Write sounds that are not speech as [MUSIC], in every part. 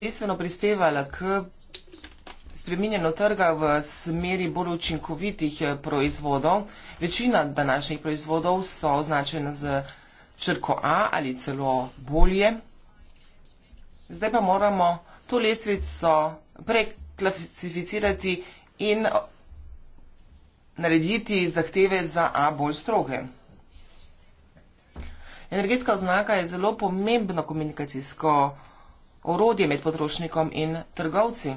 bistveno prispevala k spreminjanju trga v smeri bolj učinkovitih eh, proizvodov. Večina današnjih proizvodov so označena z črko A ali celo bolje. Zdaj pa moramo to lestvico preklasificirati in narediti zahteve za A bolj stroge. Energetska oznaka je zelo pomembno komunikacijsko vprašanje orodje med potrošnikom in trgovci.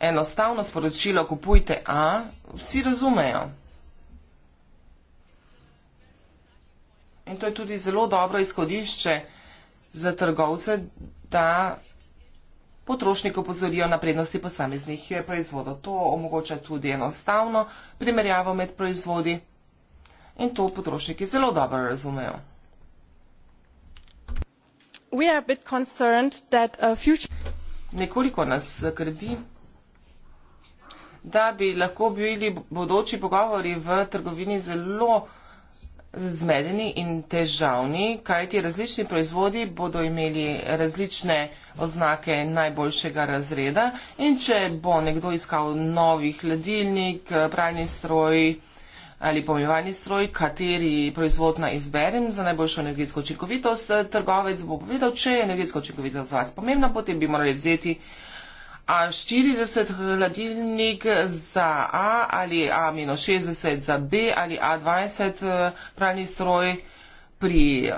Enostavno sporočilo kupujte A, vsi razumejo. In to je tudi zelo dobro izhodišče za trgovce, da potrošniku pozorijo na prednosti posameznih proizvodov. To omogoča tudi enostavno primerjavo med proizvodi in to potrošniki zelo dobro razumejo. Uh, Nekoliko nas skrbi, da bi lahko bili bodoči pogovori v trgovini zelo zmedeni in težavni, kajti različni proizvodi bodo imeli različne oznake najboljšega razreda in če bo nekdo iskal novi hladilnik, pralni stroj, ali pomivalni stroj, kateri proizvod naj izberem za najboljšo energetsko učinkovitost. Trgovec bo povedal, če je energetsko učinkovitost za vas pomembna, potem bi morali vzeti A40 hladilnik za A ali A-60 za B ali A20 eh, pralni stroj pri eh,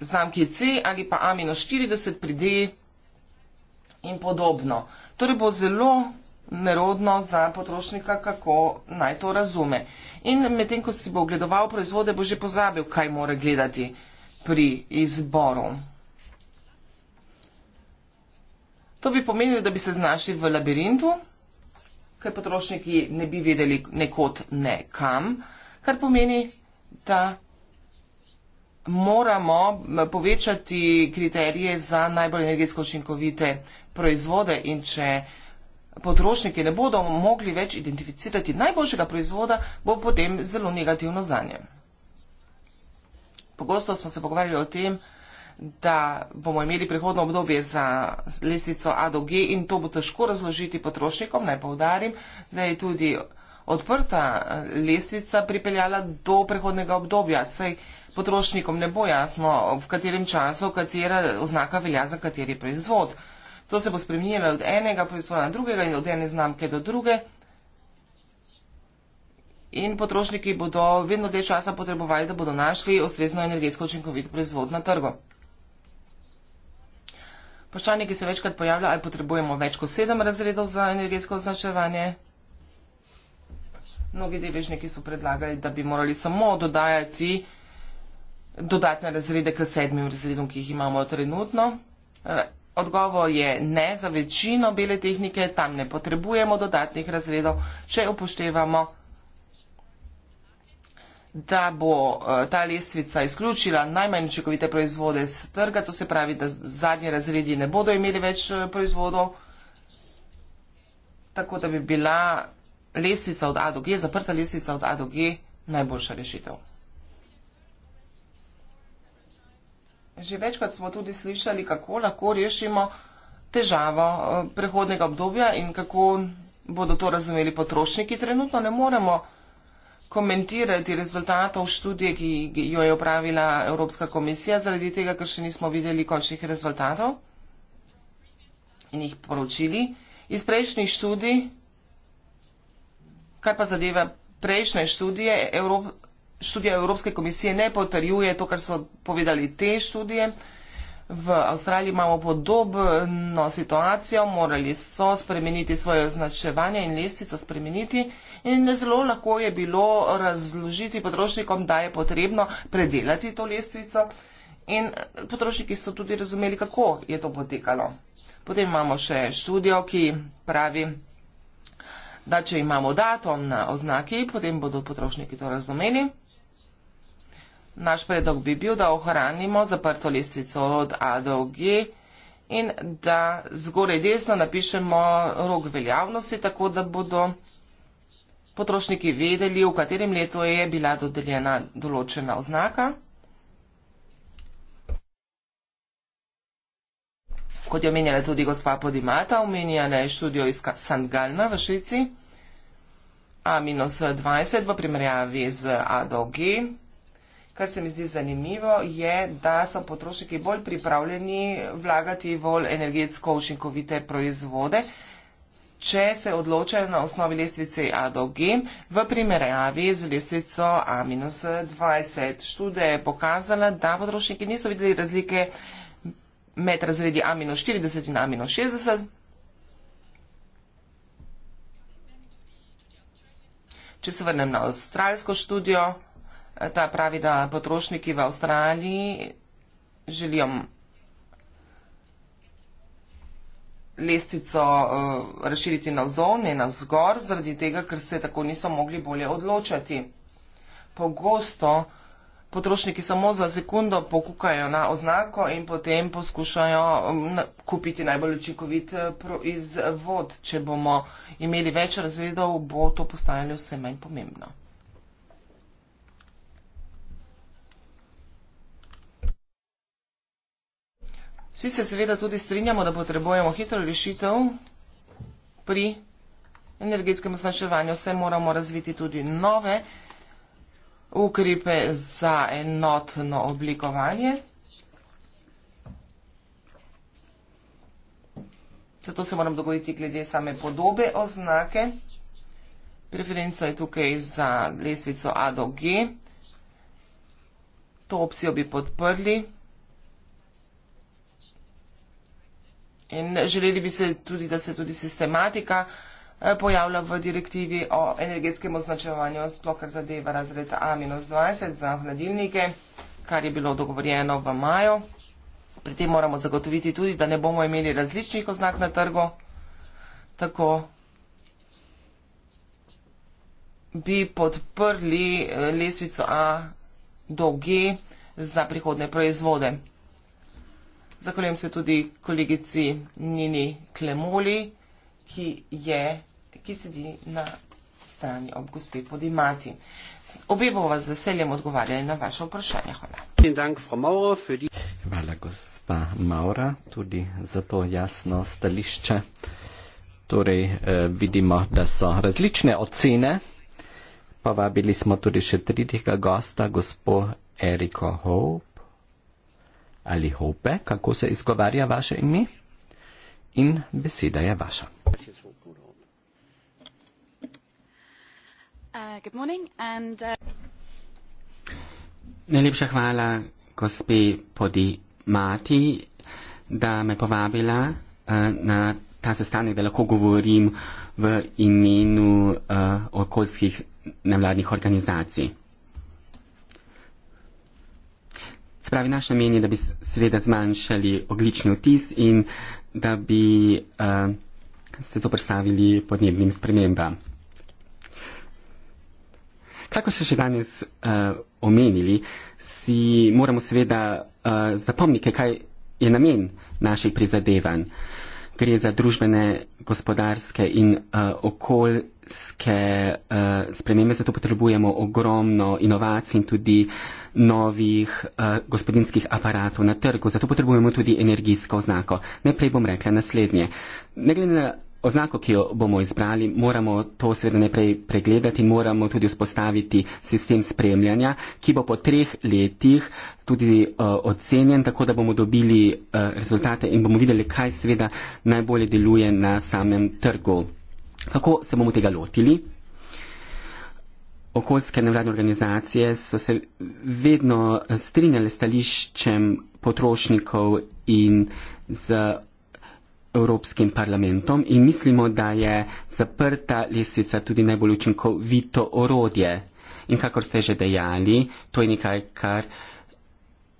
znamki C ali pa A-40 pri D in podobno. Torej bo zelo nerodno za potrošnika, kako naj to razume. In medtem, ko si bo ogledoval proizvode, bo že pozabil, kaj mora gledati pri izboru. To bi pomenilo, da bi se znašli v labirintu, ker potrošniki ne bi vedeli nekot ne kam, kar pomeni, da moramo povečati kriterije za najbolj energetsko učinkovite proizvode in če potrošniki ne bodo mogli več identificirati najboljšega proizvoda, bo potem zelo negativno za nje. Pogosto smo se pogovarjali o tem, da bomo imeli prihodno obdobje za lesnico A do G in to bo težko razložiti potrošnikom. Naj povdarim, da je tudi odprta eh, lesnica pripeljala do prihodnega obdobja, saj potrošnikom ne bo jasno, v katerem času katera oznaka velja za kateri proizvod. To se bo spremenilo od enega proizvoda na drugega in od ene znamke do druge. In potrošniki bodo vedno dve časa potrebovali, da bodo našli ustrezno energetsko učinkovit proizvod na trgu. Vprašanje, ki se večkrat pojavlja, ali potrebujemo več kot sedem razredov za energetsko označevanje. Mnogi deležniki so predlagali, da bi morali samo dodajati dodatne razrede k sedmim razredom, ki jih imamo trenutno. Odgovor je ne, za večino bele tehnike tam ne potrebujemo dodatnih razredov, če upoštevamo, da bo eh, ta lestvica izključila najmanj učinkovite proizvode z trga, to se pravi, da zadnji razredi ne bodo imeli več eh, proizvodov, tako da bi bila lestvica od A do G, zaprta lestvica od A do G, najboljša rešitev. Že večkrat smo tudi slišali, kako lahko rešimo težavo eh, prehodnega obdobja in kako bodo to razumeli potrošniki. Trenutno ne moremo komentirati rezultatov študije, ki jo je opravila Evropska komisija, zaradi tega, ker še nismo videli končnih rezultatov in jih poročili. Iz prejšnjih študij, kar pa zadeva prejšnje študije, Evropa študija Evropske komisije ne potrjuje to, kar so povedali te študije. V Avstraliji imamo podobno situacijo, morali so spremeniti svoje označevanje in lestico spremeniti in zelo lahko je bilo razložiti potrošnikom, da je potrebno predelati to lestico in potrošniki so tudi razumeli, kako je to potekalo. Potem imamo še študijo, ki pravi, da če imamo datum na oznaki, potem bodo potrošniki to razumeli. Naš predlog bi bil, da ohranimo zaprto lestvico od A do G in da zgore desno napišemo rok veljavnosti, tako da bodo potrošniki vedeli, v katerem letu je bila dodeljena določena oznaka. Kot je omenjala tudi gospa Podimata, omenjala je študijo iz St. Galna v Švici. A-20 v primerjavi z A do G, kar se mi zdi zanimivo, je, da so potrošniki bolj pripravljeni vlagati bolj energetsko učinkovite proizvode, če se odločajo na osnovi lestvice A do G v primerjavi z lestvico A-20. Študija je pokazala, da potrošniki niso videli razlike med razredi A-40 in A-60. Če se vrnem na avstralsko študijo, Ta pravi, da potrošniki v Avstraliji želijo lestvico eh, razširiti navzdol, ne navzgor, zaradi tega, ker se tako niso mogli bolje odločati. Pogosto potrošniki samo za sekundo pokukajo na oznako in potem poskušajo kupiti najbolj učinkovit eh, proizvod. Če bomo imeli več razredov, bo to postajalo vse manj pomembno. Vsi se seveda tudi strinjamo, da potrebujemo hitro rešitev pri energetskem označevanju. Vse moramo razviti tudi nove ukrepe za enotno oblikovanje. Zato se moram dogoditi glede same podobe oznake. Preferenca je tukaj za lesvico A do G. To opcijo bi podprli. In želeli bi se tudi, da se tudi sistematika eh, pojavlja v direktivi o energetskem označevanju, sploh kar zadeva razred A-20 za hladilnike, kar je bilo dogovorjeno v maju. Pri tem moramo zagotoviti tudi, da ne bomo imeli različnih oznak na trgu, tako bi podprli eh, lesvico A do G za prihodne proizvode. Zahvaljujem se tudi kolegici Nini Klemoli, ki je, ki sedi na strani ob gospe Podimati. Obe bo vas veseljem odgovarjali na vaše vprašanje. Hvala. Hvala, gospa Maura, tudi za to jasno stališče. Torej, eh, vidimo, da so različne ocene. Povabili smo tudi še tretjega gosta, gospo Eriko Hope ali hope, kako se izgovarja vaše ime. In beseda je vaša. Uh, uh, Najlepša hvala, gospe podi mati, da me povabila uh, na ta sestanek, da lahko govorim v imenu okoljskih nevladnih organizacij. Se pravi, naše mnenje je, da bi seveda zmanjšali oglični vtis in da bi uh, se zoprstavili podnebnim spremembam. Kako ste še danes uh, omenili, si moramo seveda uh, eh, zapomniti, kaj je namen naših prizadevanj. Gre za družbene, gospodarske in uh, okoljske klimatske uh, eh, spremembe, zato potrebujemo ogromno inovacij in tudi novih uh, eh, gospodinskih aparatov na trgu. Zato potrebujemo tudi energijsko oznako. Najprej bom rekla naslednje. Ne glede na oznako, ki jo bomo izbrali, moramo to seveda najprej pregledati in moramo tudi vzpostaviti sistem spremljanja, ki bo po treh letih tudi uh, ocenjen, tako da bomo dobili uh, rezultate in bomo videli, kaj seveda najbolje deluje na samem trgu. Kako se bomo tega lotili? Okoljske nevladne organizacije so se vedno strinjale s stališčem potrošnikov in z Evropskim parlamentom in mislimo, da je zaprta lesica tudi najbolj učinkovito orodje. In kakor ste že dejali, to je nekaj, kar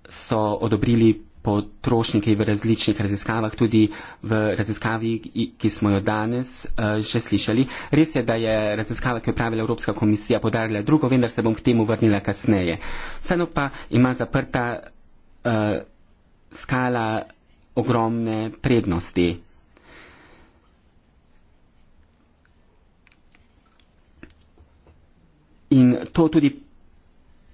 so odobrili potrošniki v različnih raziskavah, tudi v raziskavi, ki smo jo danes uh, že slišali. Res je, da je raziskava, ki jo je pravila Evropska komisija, podarila drugo, vendar se bom k temu vrnila kasneje. Vseeno pa ima zaprta uh, skala ogromne prednosti. In to tudi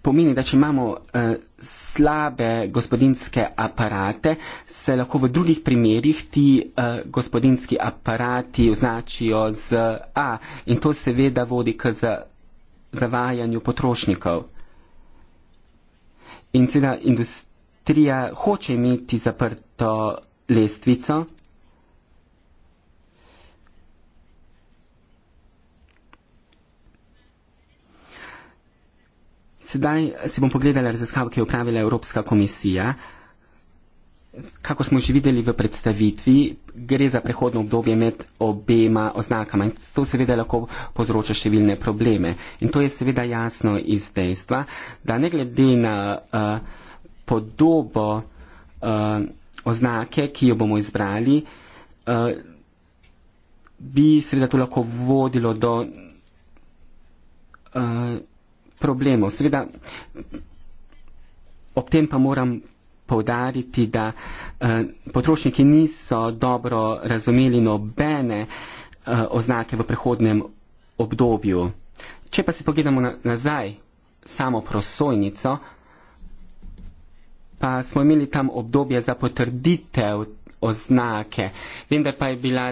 pomeni, da če imamo uh, slabe gospodinske aparate, se lahko v drugih primerjih ti uh, eh, gospodinski aparati označijo z A in to seveda vodi k zavajanju potrošnikov. In seveda industrija hoče imeti zaprto lestvico. Sedaj si bom pogledala raziskavo, ki je upravila Evropska komisija. Kako smo že videli v predstavitvi, gre za prehodno obdobje med obema oznakama in to seveda lahko povzroča številne probleme. In to je seveda jasno iz dejstva, da ne glede na uh, podobo uh, oznake, ki jo bomo izbrali, uh, bi seveda to lahko vodilo do. Uh, problemov. Seveda, ob tem pa moram povdariti, da eh, potrošniki niso dobro razumeli nobene eh, oznake v prehodnem obdobju. Če pa se pogledamo na, nazaj samo prosojnico, pa smo imeli tam obdobje za potrditev oznake, vendar pa je bila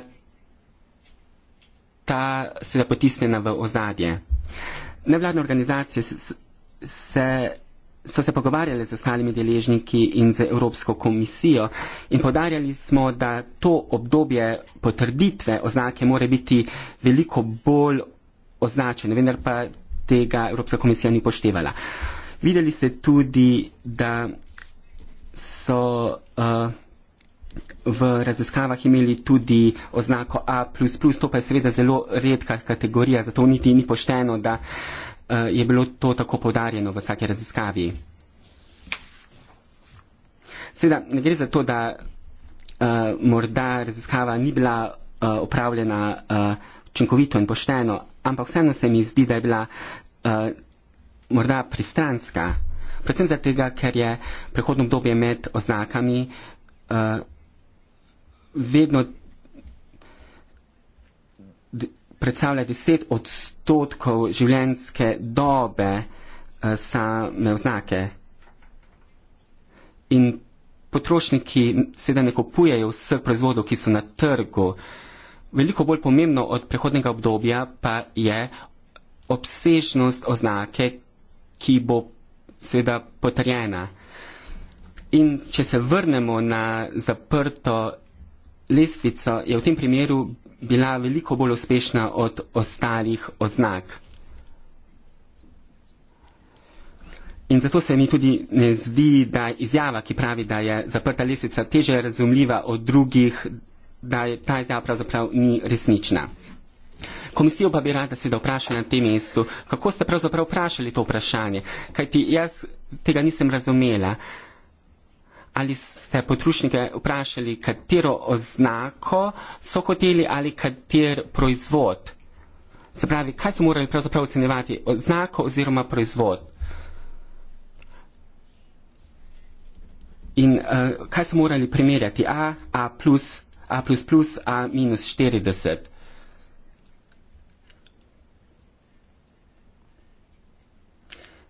ta seveda potisnjena v ozadje. Eh, Nevladne organizacije se, so se pogovarjale z ostalimi deležniki in z Evropsko komisijo in podarjali smo, da to obdobje potrditve oznake more biti veliko bolj označeno, vendar pa tega Evropska komisija ni poštevala. Videli ste tudi, da so. Uh, v raziskavah imeli tudi oznako A, to pa je seveda zelo redka kategorija, zato niti ni pošteno, da eh, je bilo to tako povdarjeno v vsaki raziskavi. Seveda ne gre za to, da uh, morda raziskava ni bila uh, opravljena uh, učinkovito in pošteno, ampak vseeno se mi zdi, da je bila uh, morda pristranska. Predvsem zato, ker je prehodno obdobje med oznakami uh, vedno predstavlja deset odstotkov življenjske dobe eh, same oznake. In potrošniki seveda ne kupujejo vseh proizvodov, ki so na trgu. Veliko bolj pomembno od prehodnega obdobja pa je obsežnost oznake, ki bo seveda potrjena. In če se vrnemo na zaprto lestvica je v tem primeru bila veliko bolj uspešna od ostalih oznak. In zato se mi tudi ne zdi, da izjava, ki pravi, da je zaprta lesica teže razumljiva od drugih, da je ta izjava pravzaprav ni resnična. Komisijo pa bi rada se da vprašala na tem mestu, kako ste pravzaprav vprašali to vprašanje, kajti jaz tega nisem razumela. Uh, ali ste potrošnike vprašali, katero oznako so hoteli ali kater proizvod. Se pravi, kaj so morali pravzaprav ocenjevati, oznako oziroma proizvod. In uh, kaj so morali primerjati? A, A, plus, A, plus, plus, A, minus 40.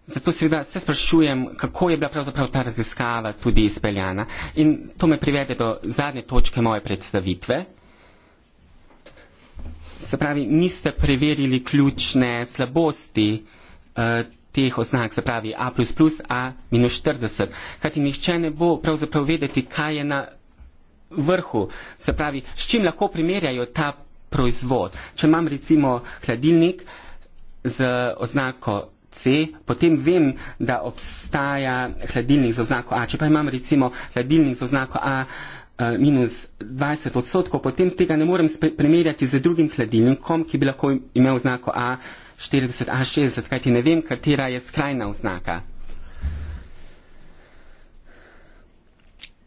Zato seveda se sprašujem, kako je bila pravzaprav ta raziskava tudi izpeljana. In to me privede do zadnje točke moje predstavitve. Se pravi, niste preverili ključne slabosti uh, teh oznak, se pravi A++, A-40, kajti nihče ne bo pravzaprav vedeti, kaj je na vrhu, se pravi, s čim lahko primerjajo ta proizvod. Če imam recimo hladilnik z oznako C, potem vem, da obstaja hladilnik z oznako A. Če pa imam recimo hladilnik z oznako A eh, minus 20 odstotkov, potem tega ne morem primerjati z drugim hladilnikom, ki bi lahko imel oznako A 40, A 60, kajti ne vem, katera je skrajna oznaka.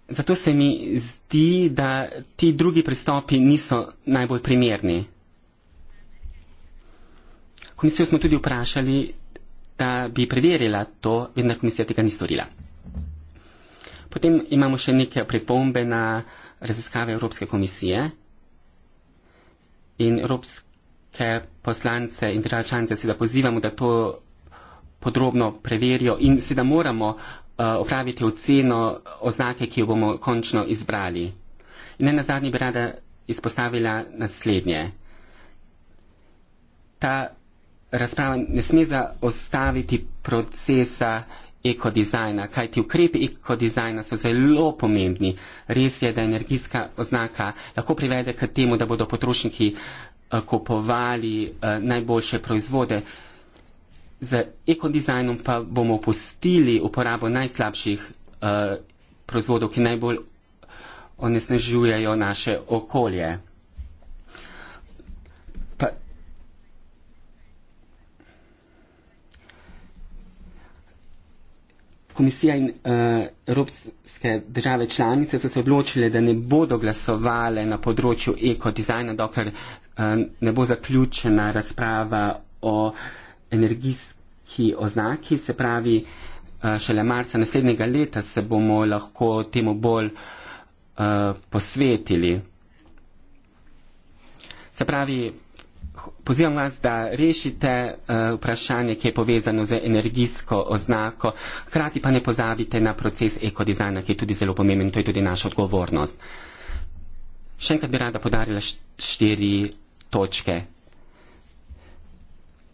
Zato se mi zdi, da ti drugi pristopi niso najbolj primerni. Komisijo smo tudi vprašali, da bi preverila to, vendar komisija tega ni storila. Potem imamo še neke pripombe na raziskave Evropske komisije in evropske poslance in države članice seveda pozivamo, da to podrobno preverijo in seveda moramo uh, opraviti oceno oznake, ki jo bomo končno izbrali. In ne nazadnje bi rada izpostavila naslednje. Ta razprava ne sme zaostaviti procesa ekodizajna, kajti ukrepi ekodizajna so zelo pomembni. Res je, da energijska oznaka lahko privede k temu, da bodo potrošniki eh, kupovali eh, najboljše proizvode. Z ekodizajnom pa bomo opustili uporabo najslabših eh, proizvodov, ki najbolj onesnažujejo naše okolje. komisija in uh, evropske države članice so se odločile, da ne bodo glasovali na področju ekodizajna, dokler uh, ne bo zaključena razprava o energijski oznaki. Se pravi, uh, šele marca naslednjega leta se bomo lahko temu bolj uh, posvetili. Se pravi, pozivam vas, da rešite uh, vprašanje, ki je povezano z energijsko oznako, hkrati pa ne pozabite na proces ekodizajna, ki je tudi zelo pomemben, to je tudi naša odgovornost. Še enkrat bi rada podarila štiri točke.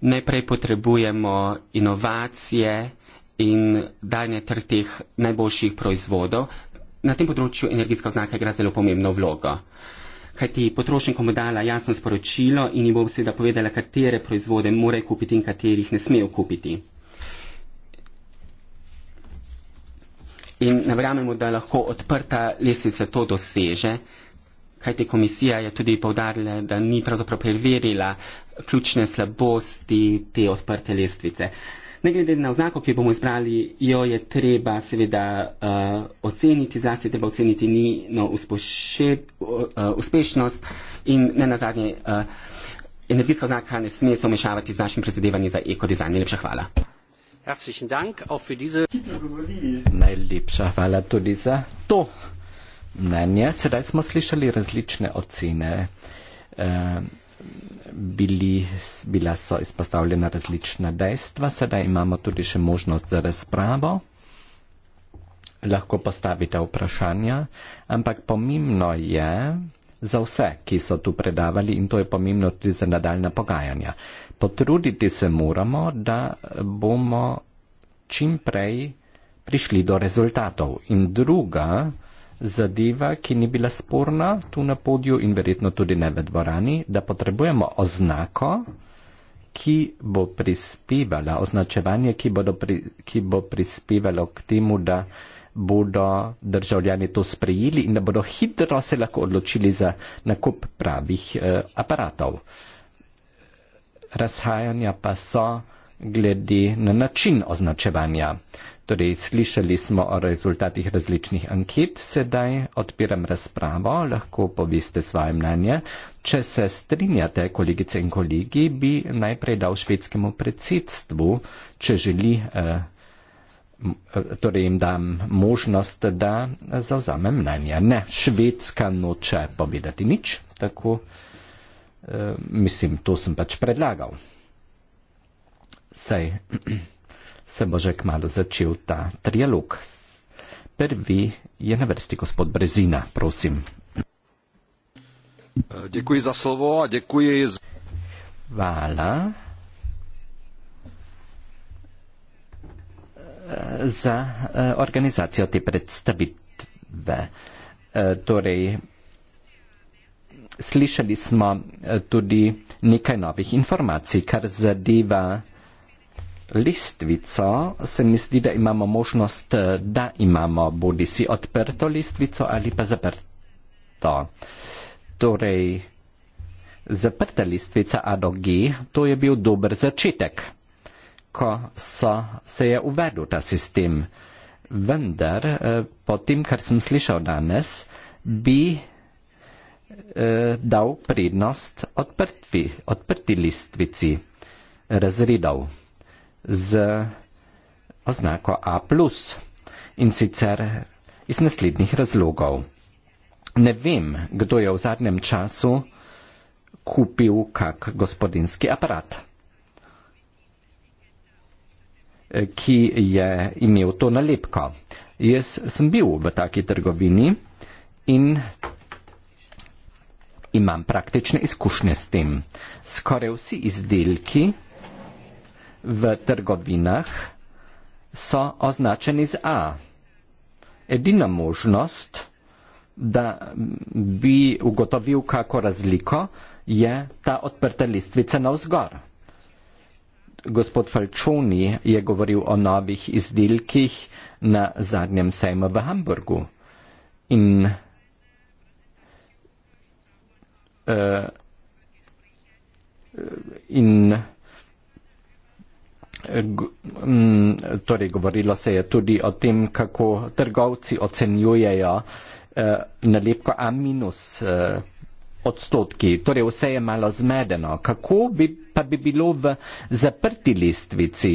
Najprej potrebujemo inovacije in danje trg teh najboljših proizvodov. Na tem področju energijska oznaka igra zelo pomembno vlogo. Uh, kajti potrošnikom bo dala jasno sporočilo in jim bo seveda povedala, katere proizvode more kupiti in katerih ne smejo kupiti. In navramemo, da lahko odprta lesnica to doseže, kajti komisija je tudi povdarila, da ni pravzaprav preverila ključne slabosti te odprte lesnice. Uh, Ne glede na oznako, ki jo bomo izbrali, jo je treba seveda uh, oceniti, zlasti treba oceniti njeno uh, uspešnost in ne nazadnje, uh, eh, energijska oznaka ne sme se omešavati z našim prizadevanjem za ekodizajn. Najlepša hvala. Najlepša hvala tudi za to mnenje. Sedaj smo slišali različne ocene. Uh, bili, bila so izpostavljena različna dejstva, sedaj imamo tudi še možnost za razpravo. Lahko postavite vprašanja, ampak pomembno je za vse, ki so tu predavali in to je pomembno tudi za nadaljna pogajanja. Potruditi se moramo, da bomo čim prej prišli do rezultatov. In druga, zadeva, ki ni bila sporna tu na podiju in verjetno tudi ne v dvorani, da potrebujemo oznako, ki bo prispevala, označevanje, ki, bodo, ki bo prispevalo k temu, da bodo državljani to sprejeli in da bodo hitro se lahko odločili za nakup pravih eh, aparatov. Razhajanja pa so glede na način označevanja. Torej, slišali smo o rezultatih različnih anket, sedaj odpiram razpravo, lahko poveste svoje mnenje. Če se strinjate, kolegice in kolegi, bi najprej dal švedskemu predsedstvu, če želi, eh, torej jim dam možnost, da zauzame mnenje. Ne, švedska noče povedati nič, tako eh, mislim, to sem pač predlagal. Sej. [CLEARS THROAT] se bo že kmalo začel ta trialog. Prvi je na vrsti gospod Brezina, prosim. Děkuji za slovo a děkuji za... Vála. Eh, za organizacijo te predstavitve. Eh, torej, slišali smo eh, tudi nekaj novih informacij, kar zadeva listvico, se mi zdi, da imamo možnost, eh, da imamo bodi si odprto listvico ali pa zaprto. Torej, zaprta listvica A do G, to je bil dober začetek, ko so, se je uvedel ta sistem. Vendar, eh, po tem, kar sem slišal danes, bi eh, dal prednost odprtvi, odprti listvici razredov z oznako A. In sicer iz naslednjih razlogov. Ne vem, kdo je v zadnjem času kupil kak gospodinski aparat, ki je imel to nalepko. Jaz sem bil v taki trgovini in imam praktične izkušnje s tem. Skoraj vsi izdelki, v trgovinah so označeni z A. Edina možnost, da bi ugotovil kako razliko, je ta odprta listvica navzgor. Gospod Falčoni je govoril o novih izdelkih na zadnjem sejmu v Hamburgu. In uh, in torej govorilo se je tudi o tem, kako trgovci ocenjujejo eh, nalepko A minus eh, odstotki. Torej vse je malo zmedeno. Kako bi, pa bi bilo v zaprti listvici?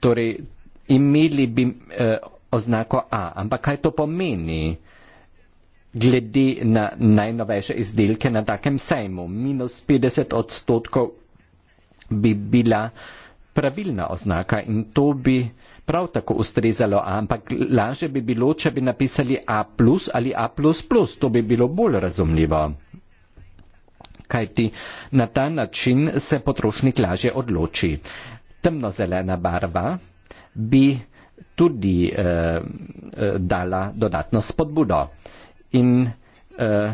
Torej imeli bi eh, oznako A, ampak kaj to pomeni? glede na najnovejše izdelke na takem sejmu. Minus 50 odstotkov bi bila uh, pravilna oznaka in to bi prav tako ustrezalo, ampak lažje bi bilo, če bi napisali A ali A, to bi bilo bolj razumljivo. Kajti na ta način se potrošnik lažje odloči. Temnozelena barva bi tudi eh, eh, dala dodatno spodbudo. In eh,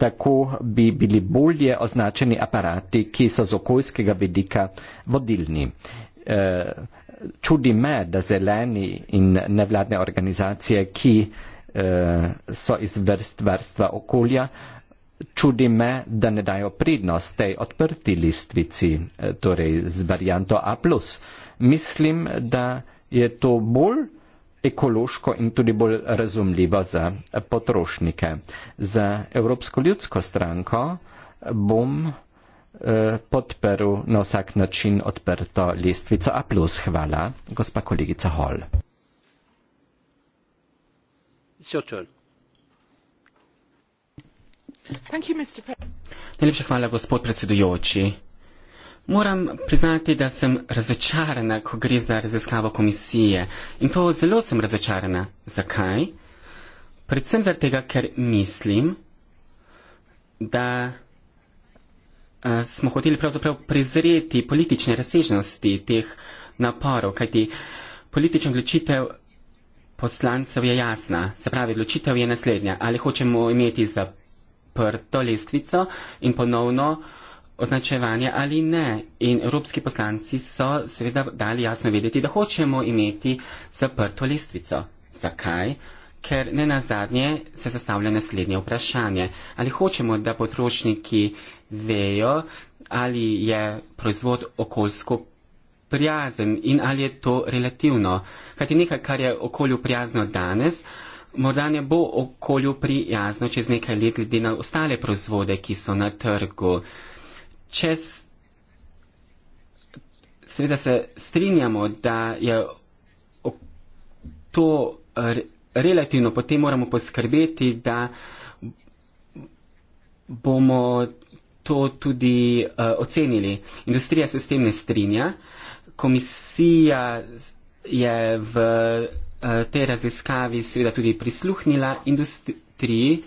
tako bi bili bolje označeni aparati, ki so z okoljskega vedika vodilni. E, čudi me, da zeleni in nevladne organizacije, ki e, so iz vrst varstva okolja, čudi me, da ne dajo prednost tej odprti listvici, e, torej z varianto A. Mislim, da je to bolj ekološko in tudi bolj razumljivo za potrošnike. Za Evropsko ljudsko stranko bom eh, podprl na vsak način odprto listvico A. Hvala, gospa kolegica Hall. Najlepša hvala, gospod predsedujoči. Moram priznati, da sem razočarana, ko gre za raziskavo komisije. In to zelo sem razočarana. Zakaj? Predvsem zato, ker mislim, da uh, smo hoteli pravzaprav prezreti politične razsežnosti teh naporov, kajti politična odločitev poslancev je jasna. Se pravi, odločitev je naslednja. Ali hočemo imeti zaprto lestvico in ponovno označevanja ali ne. In evropski poslanci so seveda dali jasno vedeti, da hočemo imeti zaprto listvico. Zakaj? Ker ne na zadnje se zastavlja naslednje vprašanje. Ali hočemo, da potrošniki vejo, ali je proizvod okoljsko prijazen in ali je to relativno. Kajti nekaj, kar je okolju prijazno danes, morda ne bo okolju prijazno čez nekaj let glede na ostale proizvode, ki so na trgu čez, seveda se strinjamo, da je to re, relativno, potem moramo poskrbeti, da bomo to tudi uh, ocenili. Industrija se s tem ne strinja. Komisija je v uh, tej raziskavi seveda tudi prisluhnila industriji,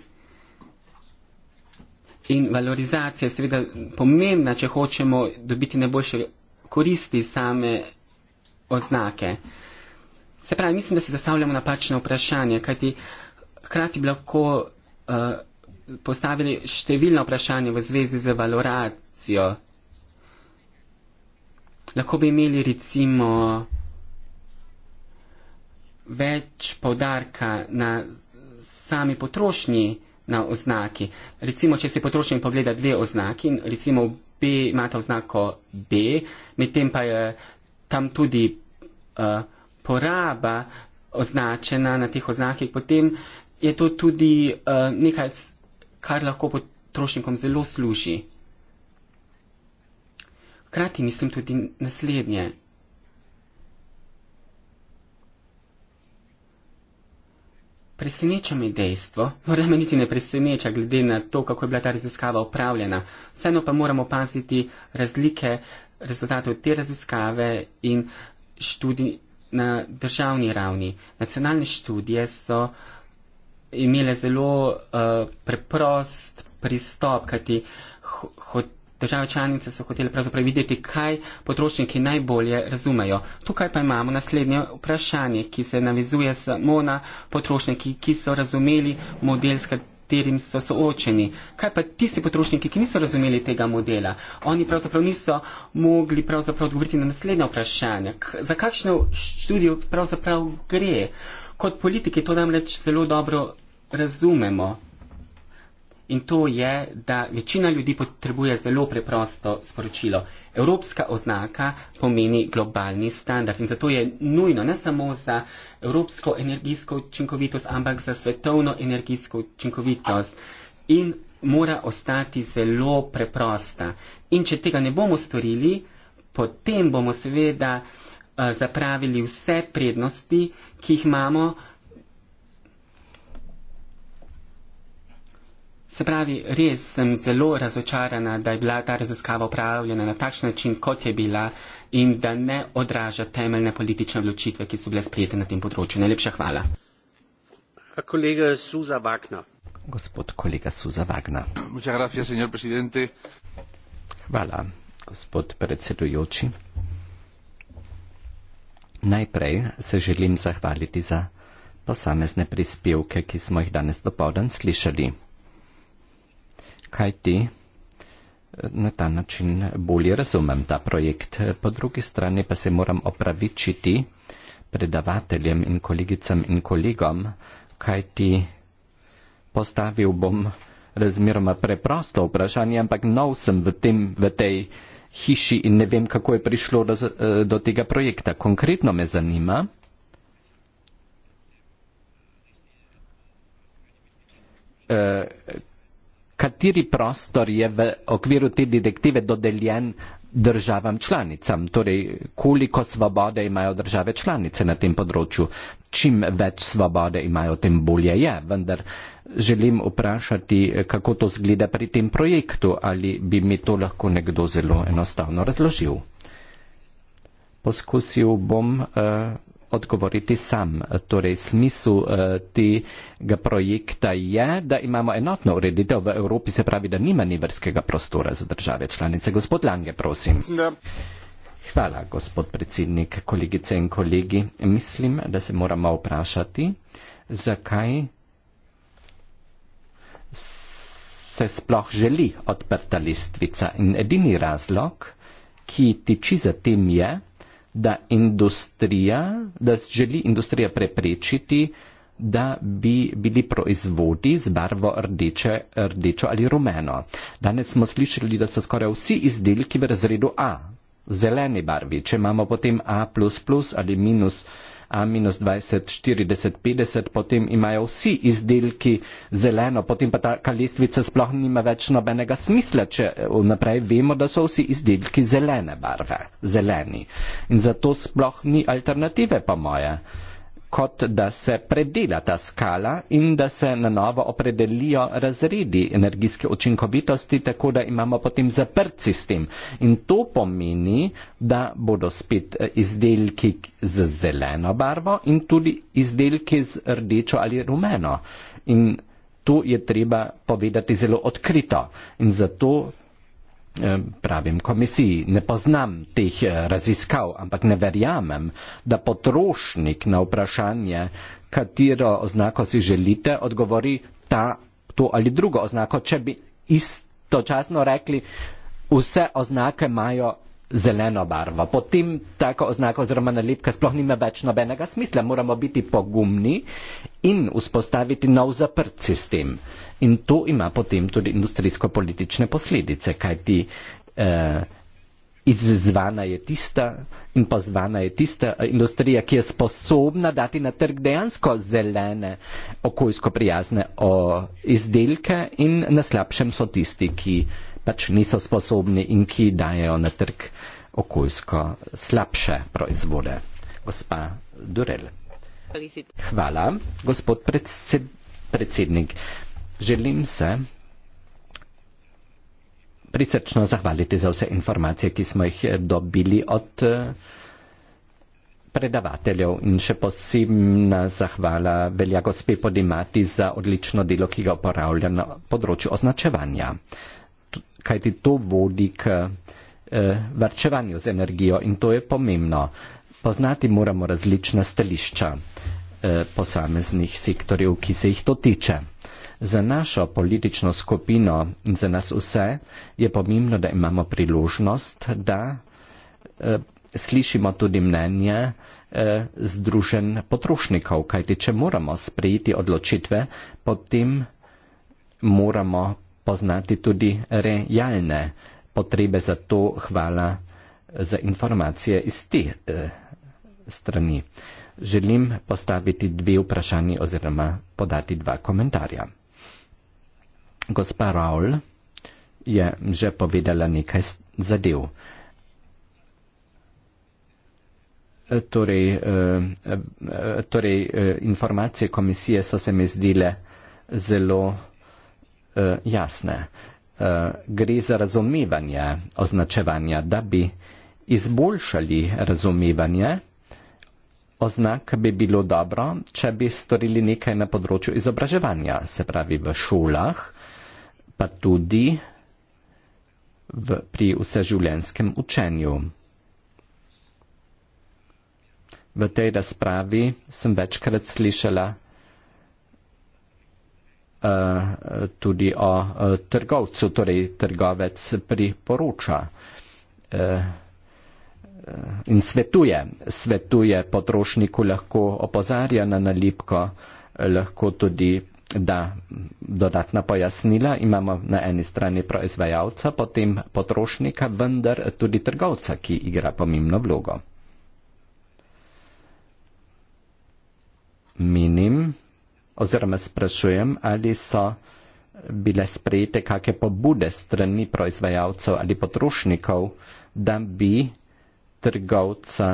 In valorizacija je seveda pomembna, če hočemo dobiti najboljše koristi same oznake. Se pravi, mislim, da se zastavljamo napačno vprašanje, kajti hkrati bi lahko uh, postavili številno vprašanje v zvezi z valoracijo. Lahko bi imeli recimo več podarka na sami potrošnji na oznaki. Recimo, če si potrošnik pogleda dve oznaki, recimo B imata oznako B, medtem pa je tam tudi uh, poraba označena na teh oznakih, potem je to tudi uh, nekaj, kar lahko potrošnikom zelo služi. Hkrati mislim tudi naslednje. Preseneča me dejstvo, morda me niti ne preseneča, glede na to, kako je bila ta raziskava upravljena. Vseeno pa moramo paziti razlike rezultatov te raziskave in študij na državni ravni. Nacionalne študije so imele zelo uh, preprost pristop, kajti ho, ho, Države članice so hotele pravzaprav videti, kaj potrošniki najbolje razumejo. Tukaj pa imamo naslednje vprašanje, ki se navizuje samo na potrošniki, ki so razumeli model, s katerim so soočeni. Kaj pa tisti potrošniki, ki niso razumeli tega modela? Oni pravzaprav niso mogli pravzaprav odgovoriti na naslednje vprašanje. K za kakšno študijo pravzaprav gre? Kot politiki to namreč zelo dobro razumemo in to je, da večina ljudi potrebuje zelo preprosto sporočilo. Evropska oznaka pomeni globalni standard in zato je nujno ne samo za evropsko energijsko učinkovitost, ampak za svetovno energijsko učinkovitost in mora ostati zelo preprosta. In če tega ne bomo storili, potem bomo seveda uh, zapravili vse prednosti, ki jih imamo, Se pravi, res sem zelo razočarana, da je bila ta raziskava upravljena na takšen način, kot je bila in da ne odraža temeljne politične odločitve, ki so bile sprejete na tem področju. Najlepša hvala. Kolega Suza Vagna. Gospod kolega Suza Vagna. Hvala, gospod predsedujoči. Najprej se želim zahvaliti za posamezne prispevke, ki smo jih danes dopoldan slišali kaj ti eh, na ta način bolje razumem ta projekt. Po drugi strani pa se moram opravičiti predavateljem in kolegicam in kolegom, kaj ti postavil bom razmeroma preprosto vprašanje, ampak nov sem v, tem, v tej hiši in ne vem, kako je prišlo do, eh, do tega projekta. Konkretno me zanima, eh, kateri prostor je v okviru te direktive dodeljen državam članicam, torej koliko svobode imajo države članice na tem področju. Čim več svobode imajo, tem bolje je. Vendar želim vprašati, kako to zgleda pri tem projektu, ali bi mi to lahko nekdo zelo enostavno razložil. Poskusil bom. Uh, odgovoriti sam. Torej, smisel uh, tega projekta je, da imamo enotno ureditev v Evropi, se pravi, da nima niverskega prostora za države članice. Gospod Lange, prosim. Da. Hvala, gospod predsednik, kolegice in kolegi. Mislim, da se moramo vprašati, zakaj se sploh želi odprta listvica. In edini razlog, ki tiči za tem, je, da industrija, da želi industrija preprečiti, da bi bili proizvodi z barvo rdeče, rdečo ali rumeno. Danes smo slišali, da so skoraj vsi izdelki v razredu A, v zeleni barvi, če imamo potem A ali minus A minus 20, 40, 50, potem imajo vsi izdelki zeleno, potem pa ta listvica sploh nima več nobenega smisla, če eh, vnaprej vemo, da so vsi izdelki zelene barve, zeleni. In zato sploh ni alternative, po moje kot da se predela ta skala in da se na novo opredelijo razredi energijske učinkovitosti, tako da imamo potem zaprt sistem. In to pomeni, da bodo spet eh, izdelki z zeleno barvo in tudi izdelki z rdečo ali rumeno. In to je treba povedati zelo odkrito. In zato pravim komisiji. Ne poznam teh eh, raziskav, ampak ne verjamem, da potrošnik na vprašanje, katero oznako si želite, odgovori ta, to ali drugo oznako, če bi istočasno rekli, vse oznake imajo zeleno barvo. Potem tako oznaka oziroma nalepka sploh nima več nobenega smisla. Moramo biti pogumni in vzpostaviti nov zaprt sistem. In to ima potem tudi industrijsko-politične posledice, kajti eh, izzvana je tista in pozvana je tista eh, industrija, ki je sposobna dati na trg dejansko zelene, okoljsko prijazne o, izdelke in na slabšem so tisti, ki pač niso sposobni in ki dajo na trg okoljsko slabše proizvode. Gospa Durel. Hvala, gospod predsed, predsednik. Želim se prisrčno zahvaliti za vse informacije, ki smo jih eh, dobili od eh, predavateljev in še posebna zahvala velja gospe Podimati za odlično delo, ki ga uporablja na področju označevanja kajti to vodi k eh, varčevanju z energijo in to je pomembno. Poznati moramo različna stališča eh, posameznih sektorjev, ki se jih to tiče. Za našo politično skupino in za nas vse je pomembno, da imamo priložnost, da eh, slišimo tudi mnenje eh, združen potrošnikov, kajti če moramo sprejeti odločitve, potem moramo poznati tudi realne potrebe za to. Hvala za informacije iz te eh, strani. Želim postaviti dve vprašanji oziroma podati dva komentarja. Gospa Raul je že povedala nekaj zadev. Eh, torej, eh, eh, torej eh, informacije komisije so se mi zdele zelo Eh, jasne. Eh, gre za razumevanje označevanja, da bi izboljšali razumevanje. Oznak bi bilo dobro, če bi storili nekaj na področju izobraževanja, se pravi v šolah, pa tudi v, pri vseživljenjskem učenju. V tej razpravi sem večkrat slišala Eh, tudi o eh, trgovcu, torej trgovec priporoča eh, in svetuje, svetuje potrošniku, lahko opozarja na nalipko, lahko tudi da dodatna pojasnila. Imamo na eni strani proizvajalca, potem potrošnika, vendar tudi trgovca, ki igra pomembno vlogo. Minim oziroma sprašujem, ali so bile sprejete kakšne pobude strani proizvajalcev ali potrošnikov, da bi trgovca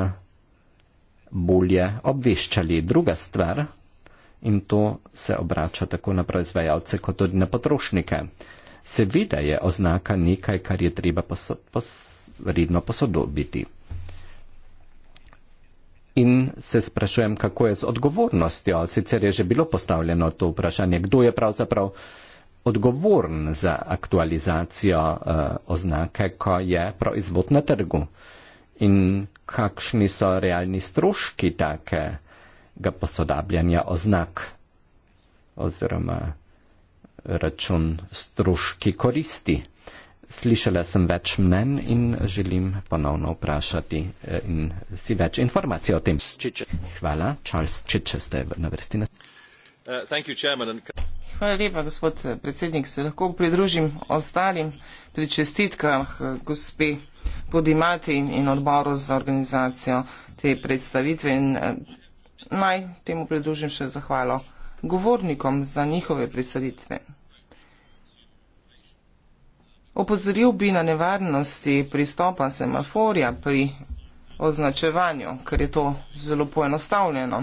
bolje obveščali. Druga stvar, in to se obrača tako na proizvajalce kot tudi na potrošnike. Seveda je oznaka nekaj, kar je treba posod, pos, redno posodobiti. In se sprašujem, kako je z odgovornostjo. Sicer je že bilo postavljeno to vprašanje, kdo je pravzaprav odgovoren za aktualizacijo uh, oznake, ko je proizvod na trgu. In kakšni so realni stroški takega posodabljanja oznak oziroma račun stroški koristi. Uh, slišala sem več mnen in želim ponovno vprašati eh, in si več informacij o tem. Hvala, Charles Čiče, ste na vrsti. Eh, Hvala lepa, gospod eh, predsednik. Se lahko pridružim ostalim pri čestitkah gospe Podimati in odboru za organizacijo te predstavitve in naj temu pridružim še zahvalo govornikom za njihove predstavitve. Opozoril bi na nevarnosti pristopa semaforja pri označevanju, ker je to zelo poenostavljeno.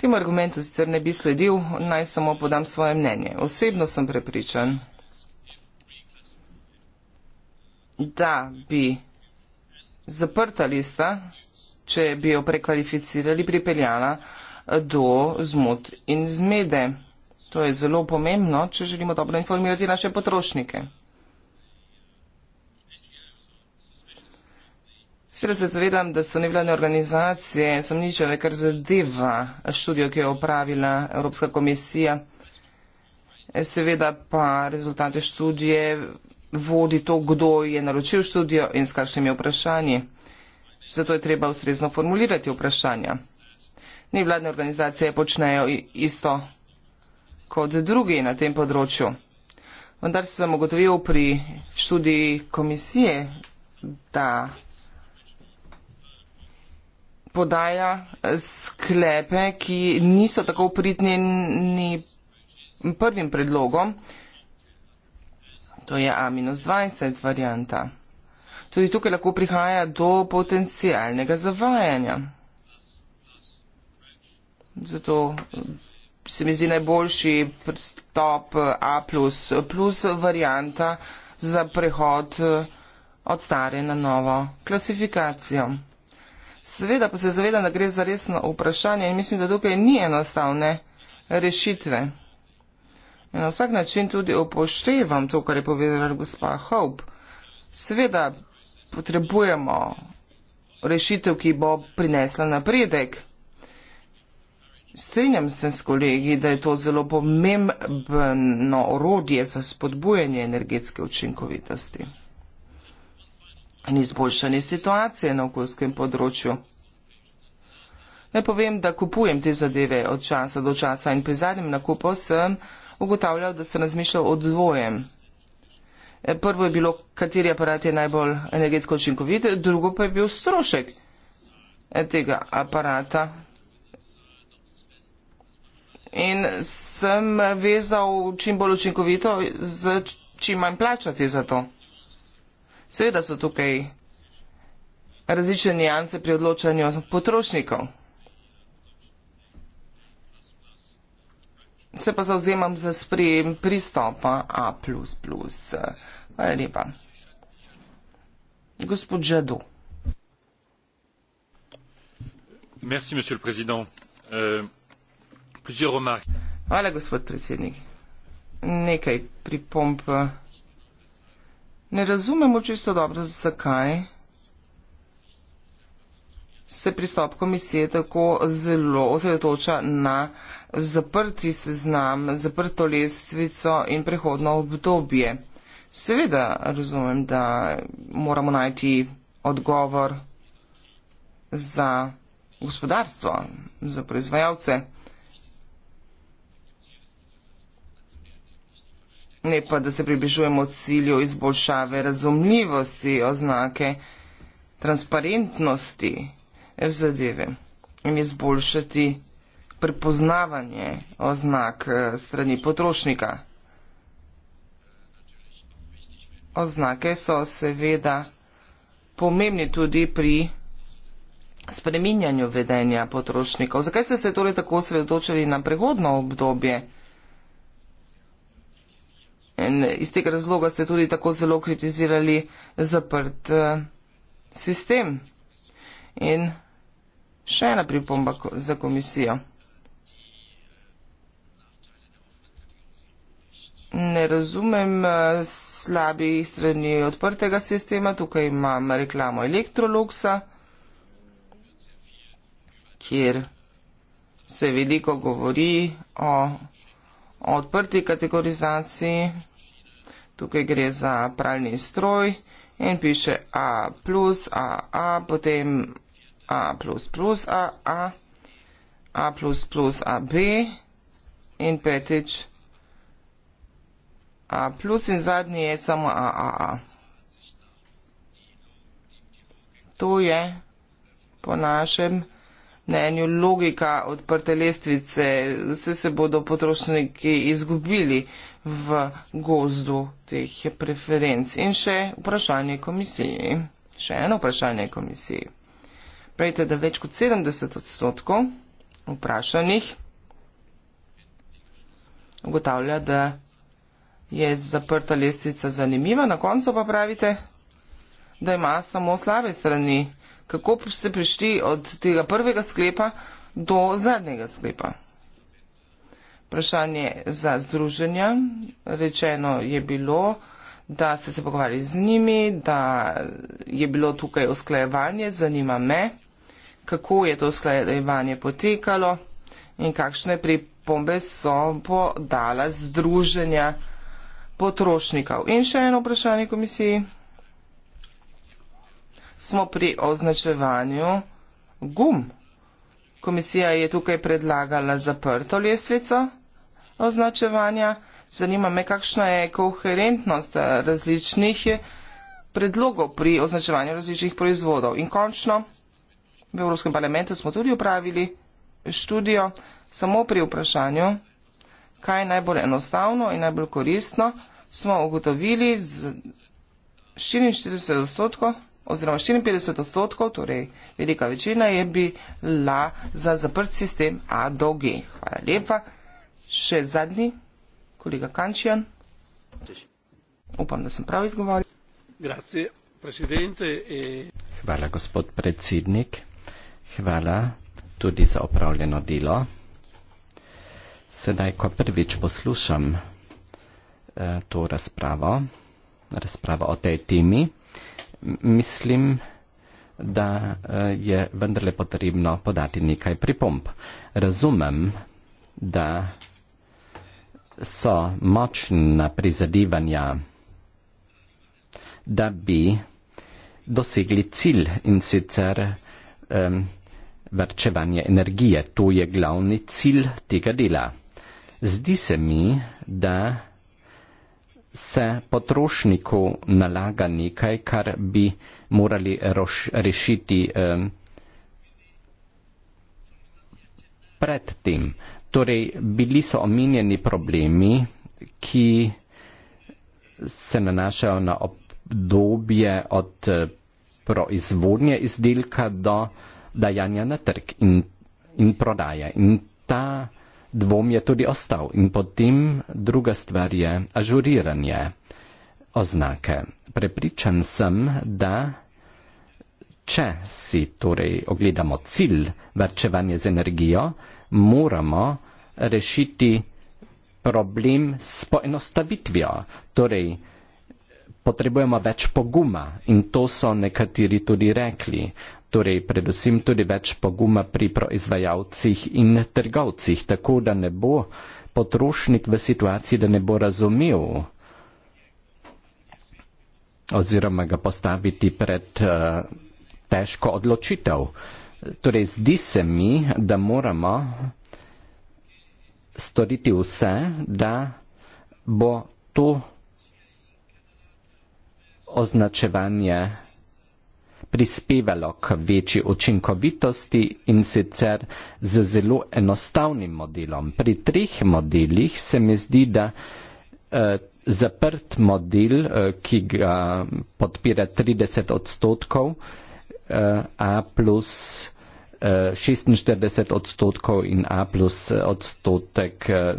Tim argumentu sicer ne bi sledil, naj samo podam svoje mnenje. Osebno sem prepričan, da bi zaprta lista, če bi jo prekvalificirali, pripeljala do zmot in zmede. To je zelo pomembno, če želimo dobro informirati naše potrošnike. Sveda se zavedam, da so nevladne organizacije sumničave, kar zadeva študijo, ki jo je opravila Evropska komisija. Seveda pa rezultate študije vodi to, kdo je naročil študijo in s kakšnimi vprašanji. Zato je treba ustrezno formulirati vprašanja. Nevladne organizacije počnejo isto kot drugi na tem področju. Vendar sem ugotovil pri študiji komisije, da podaja sklepe, ki niso tako pritnjeni prvim predlogom. To je A-20 varijanta. Tudi tukaj lahko prihaja do potencijalnega zavajanja. Zato se mi zdi najboljši pristop A, plus varijanta za prehod eh, od stare na novo klasifikacijo. Seveda pa se zavedam, da gre za resno vprašanje in mislim, da tukaj ni enostavne rešitve. In na vsak način tudi upoštevam to, kar je povedala gospa Hope. Seveda potrebujemo rešitev, ki bo prinesla napredek. Strinjam se s kolegi, da je to zelo pomembno orodje za spodbujanje energetske učinkovitosti in izboljšanje situacije na okoljskem področju. Ne povem, da kupujem te zadeve od časa do časa in pri zadnjem nakupu sem ugotavljal, da sem razmišljal o dvojem. E, prvo je bilo, kateri aparat je najbolj energetsko učinkovit, drugo pa je bil strošek e, tega aparata in sem vezal čim bolj učinkovito, z čim manj plačati za to. Seveda so tukaj različne nijanse pri odločanju potrošnikov. Se pa zauzemam za sprejem pristopa A. Hvala lepa. Gospod Žadu. Merci, monsieur le président. Euh... Hvala, gospod predsednik. Nekaj pripomp. Ne razumemo čisto dobro, zakaj se pristop komisije tako zelo osredotoča na zaprti seznam, zaprto lestvico in prehodno obdobje. Seveda razumem, da moramo najti odgovor za gospodarstvo, za proizvajalce. ne pa da se približujemo cilju izboljšave razumljivosti oznake, transparentnosti zadeve in izboljšati prepoznavanje oznak eh, strani potrošnika. Oznake so seveda pomembni tudi pri spreminjanju vedenja potrošnikov. Zakaj ste se torej tako sredočili na prehodno obdobje? In iz tega razloga ste tudi tako zelo kritizirali zaprt uh, sistem. In še ena pripomba ko za komisijo. Ne razumem eh, slabih strani odprtega sistema. Tukaj imam reklamo Elektroluxa, kjer se veliko govori o, o odprti kategorizaciji. Tukaj gre za pralni stroj in piše A plus A A, potem A plus plus A A, A plus plus A B in petič A plus in zadnji je samo A A A. To je po našem mnenju logika odprte lestvice, vse se bodo potrošniki izgubili v gozdu teh preferenc. In še vprašanje komisiji. Še eno vprašanje komisiji. Pravite, da več kot 70 odstotkov vprašanih ugotavlja, da je zaprta lestica zanimiva, na koncu pa pravite, da ima samo slabe strani. Kako ste prišli od tega prvega sklepa do zadnjega sklepa? vprašanje za združenja. Rečeno je bilo, da ste se pogovarjali z njimi, da je bilo tukaj usklajevanje. Zanima me, kako je to usklajevanje potekalo in kakšne pripombe so podala združenja potrošnikov. In še eno vprašanje komisiji. Smo pri označevanju gum. Komisija je tukaj predlagala zaprto lestvico označevanja. Zanima me, kakšna je koherentnost eh, različnih eh, predlogov pri označevanju različnih proizvodov. In končno, v Evropskem parlamentu smo tudi upravili študijo samo pri vprašanju, kaj je najbolj enostavno in najbolj koristno, smo ugotovili z 44 odstotkov oziroma 54 odstotkov, torej velika večina je bila za zaprt sistem A do G. Hvala lepa še zadnji, kolega Kančijan. Upam, da sem prav izgovoril. E- Hvala, gospod predsednik. Hvala tudi za opravljeno delo. Sedaj, ko prvič poslušam eh, to razpravo, razpravo o tej temi, mislim, da eh, je vendarle potrebno podati nekaj pripomp. Razumem, da so močna prizadevanja, da bi dosegli cilj in sicer um, vrčevanje energije. To je glavni cilj tega dela. Zdi se mi, da se potrošniku nalaga nekaj, kar bi morali roš, rešiti um, pred tem. Torej, bili so omenjeni problemi, ki se nanašajo na obdobje od eh, proizvodnje izdelka do dajanja na trg in, in prodaje. In ta dvom je tudi ostal. In potem druga stvar je ažuriranje oznake. Prepričan sem, da če si torej ogledamo cilj varčevanje z energijo, moramo rešiti problem s poenostavitvijo. Torej, potrebujemo več poguma in to so nekateri tudi rekli. Torej, predvsem tudi več poguma pri proizvajalcih in trgovcih, tako da ne bo potrošnik v situaciji, da ne bo razumel oziroma ga postaviti pred uh, težko odločitev. Uh, Torej, zdi se mi, da moramo storiti vse, da bo to označevanje prispevalo k večji učinkovitosti in sicer z zelo enostavnim modelom. Pri treh modelih se mi zdi, da eh, zaprt model, eh, ki ga podpira 30 odstotkov, eh, uh, A plus uh, eh, 46 odstotkov in A plus odstotek uh,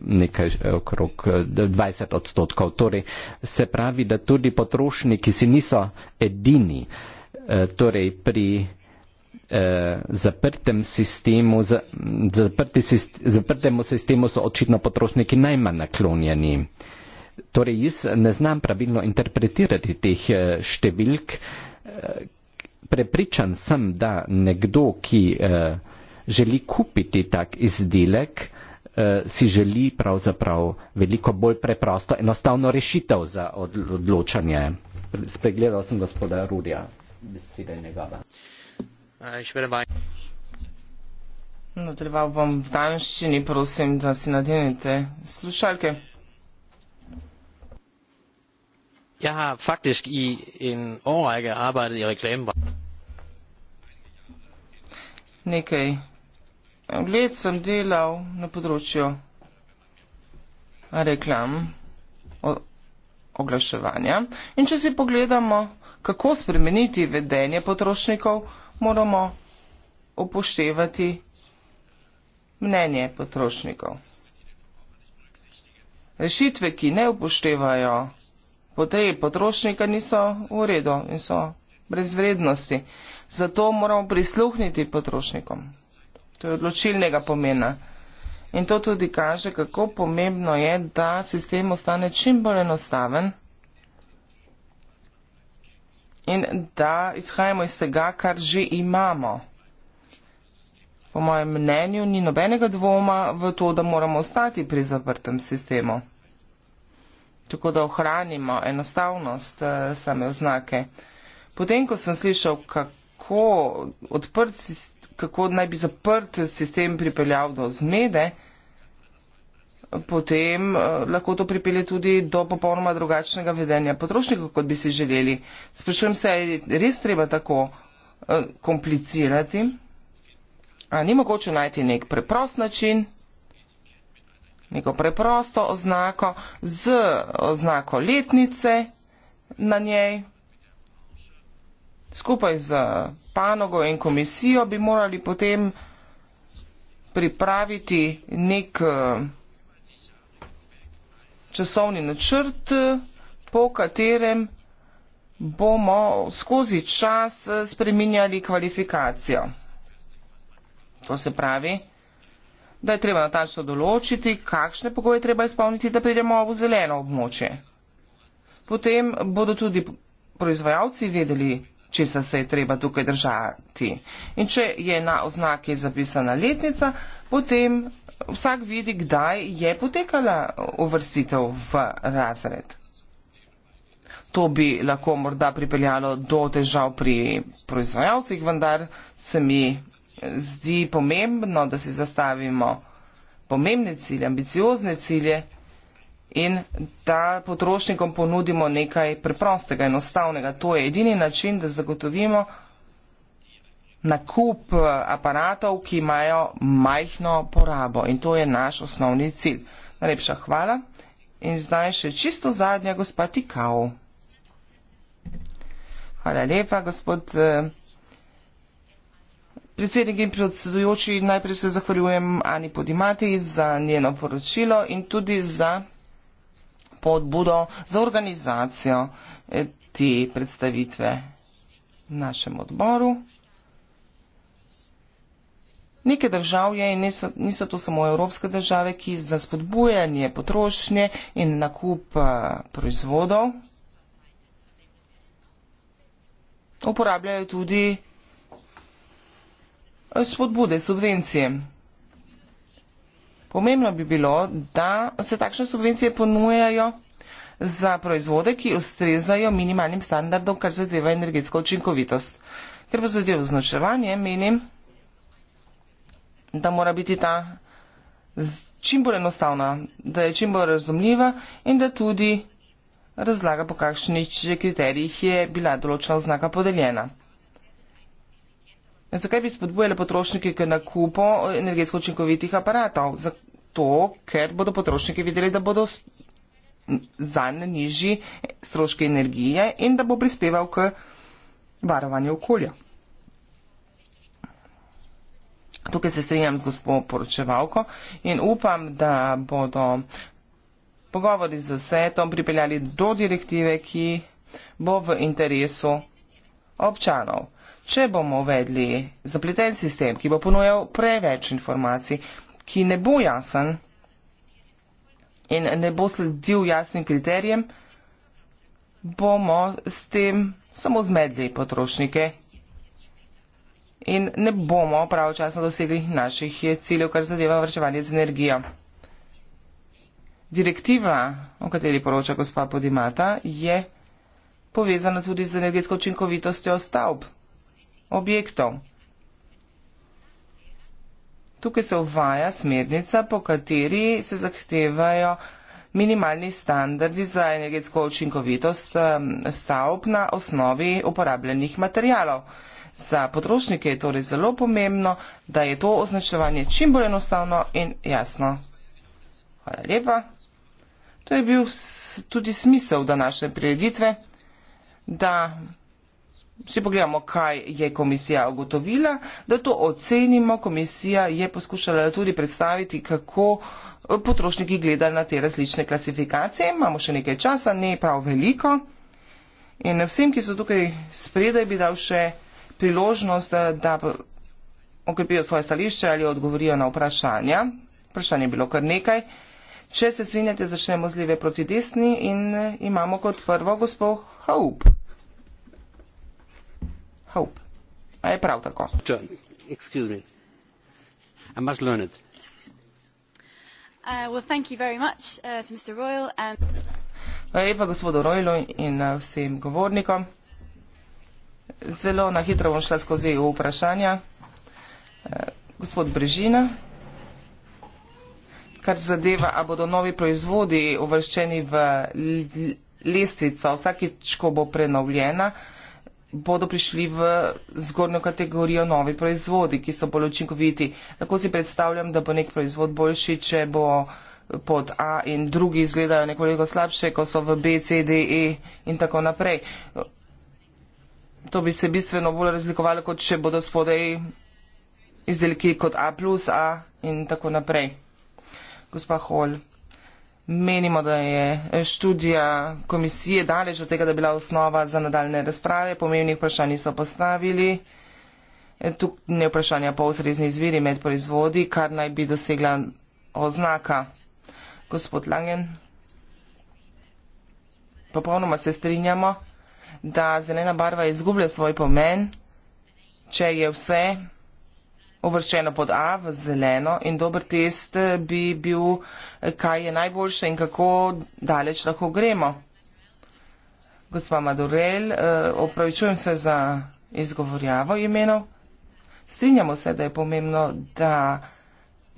nekaj eh, okrog 20 odstotkov. Torej se pravi, da tudi potrošniki si niso edini. Uh, torej pri uh, zaprtem sistemu, z, zaprti sist, zaprtemu sistemu so očitno potrošniki najmanj naklonjeni. Torej, jaz ne znam pravilno interpretirati teh številk, prepričan sem, da nekdo, ki eh, želi kupiti tak izdelek, eh, si želi pravzaprav veliko bolj preprosto, enostavno rešitev za odločanje. Spregledal sem gospoda Rudija, beseda je njegova. Nadaljeval bom v danščini, prosim, da si nadenete slušalke. Jeg har faktisk i en årrække arbejdet i reklamebranchen. Nekaj. Let sem delal na področju reklam, oglaševanja. In če si pogledamo, kako spremeniti vedenje potrošnikov, moramo upoštevati mnenje potrošnikov. Rešitve, ki ne upoštevajo potrebe potrošnika niso v redu in so brez vrednosti. Zato moramo prisluhniti potrošnikom. To je odločilnega pomena. In to tudi kaže, kako pomembno je, da sistem ostane čim bolj enostaven in da izhajamo iz tega, kar že imamo. Po mojem mnenju ni nobenega dvoma v to, da moramo ostati pri zavrtem sistemu tako da ohranimo enostavnost uh, same oznake. Potem, ko sem slišal, kako, odprt, kako naj bi zaprt sistem pripeljal do zmede, potem uh, lahko to pripelje tudi do popolnoma drugačnega vedenja potrošnikov, kot bi si želeli. Sprašujem se, je res treba tako uh, komplicirati? A ni mogoče najti nek preprost način? neko preprosto oznako z oznako letnice na njej. Skupaj z panogo in komisijo bi morali potem pripraviti nek eh, časovni načrt, po katerem bomo skozi čas eh, spreminjali kvalifikacijo. To se pravi, da je treba natančno določiti, kakšne pogoje treba izpolniti, da pridemo v zeleno območje. Potem bodo tudi proizvajalci vedeli, če se je treba tukaj držati. In če je na oznaki zapisana letnica, potem vsak vidi, kdaj je potekala uvrstitev v razred. To bi lahko morda pripeljalo do težav pri proizvajalcih, vendar se mi zdi pomembno, da si zastavimo pomembne cilje, ambiciozne cilje in da potrošnikom ponudimo nekaj preprostega, enostavnega. To je edini način, da zagotovimo nakup eh, aparatov, ki imajo majhno porabo in to je naš osnovni cilj. Najlepša hvala in zdaj še čisto zadnja gospa Tikau. Hvala lepa, gospod. Eh, Predsednik in predsedujoči, najprej se zahvaljujem Ani Podimati za njeno poročilo in tudi za podbudo, za organizacijo eh, te predstavitve v našem odboru. Neke države, in niso, niso to samo evropske države, ki za spodbujanje potrošnje in nakup eh, proizvodov uporabljajo tudi spodbude, subvencije. Pomembno bi bilo, da se takšne subvencije ponujajo za proizvode, ki ustrezajo minimalnim standardom, kar zadeva energetsko učinkovitost. Ker pa zadeva označevanje, menim, da mora biti ta čim bolj enostavna, da je čim bolj razumljiva in da tudi razlaga, po kakšnih kriterijih je bila določena oznaka podeljena. Zakaj bi spodbujali potrošnike k nakupu energetsko učinkovitih aparatov? Zato, ker bodo potrošniki videli, da bodo zanj nižji stroški energije in da bo prispeval k varovanju okolja. Tukaj se strinjam z gospod poročevalko in upam, da bodo pogovori z svetom pripeljali do direktive, ki bo v interesu občanov če bomo uvedli zapleten sistem, ki bo ponujal preveč informacij, ki ne bo jasen in ne bo sledil jasnim kriterijem, bomo s tem samo zmedli potrošnike in ne bomo pravočasno dosegli naših ciljev, kar zadeva vrčevanje z energijo. Direktiva, o kateri poroča gospa Podimata, je povezana tudi z energetsko učinkovitostjo stavb objektov. Tukaj se uvaja smernica, po kateri se zahtevajo minimalni standardi za energetsko učinkovitost stavb na osnovi uporabljenih materijalov. Za potrošnike je torej zelo pomembno, da je to označevanje čim bolj enostavno in jasno. Hvala lepa. To je bil tudi smisel današnje prireditve, da Vsi pogledamo, kaj je komisija ugotovila, da to ocenimo. Komisija je poskušala tudi predstaviti, kako eh, potrošniki gledajo na te različne klasifikacije. Imamo še nekaj časa, ne prav veliko. In vsem, ki so tukaj spredaj, bi dal še priložnost, eh, da, da okrepijo svoje stališče ali odgovorijo na vprašanja. Vprašanje je bilo kar nekaj. Če se strinjate, začnemo z leve proti desni in eh, imamo kot prvo gospod Hope hope. A je prav tako. Uh, uh, Hvala lepa gospodu Royalu in uh, vsem govornikom. Zelo na hitro bom šla skozi vprašanja. Gospod Brežina, kar zadeva, a bodo novi proizvodi uvrščeni v lestvico, vsakič, ko bo prenovljena, bodo prišli v zgornjo kategorijo novi proizvodi, ki so bolj učinkoviti. Lahko si predstavljam, da bo nek proizvod boljši, če bo pod A in drugi izgledajo nekoliko slabše, ko so v B, C, D, E in tako naprej. To bi se bistveno bolj razlikovalo, kot če bodo spodaj izdelki kot A plus A in tako naprej. Gospa Hol. Menimo, da je študija komisije daleč od tega, da bi bila osnova za nadaljne razprave. Pomembnih vprašanj so postavili. E, tu ne vprašanja po ustrezni izviri med proizvodi, kar naj bi dosegla oznaka. Gospod Langen, popolnoma se strinjamo, da zelena barva izgublja svoj pomen, če je vse uvrščeno pod A v zeleno in dober test bi bil, kaj je najboljše in kako daleč lahko gremo. Gospa Madurel, eh, opravičujem se za izgovorjavo imenov. Strinjamo se, da je pomembno, da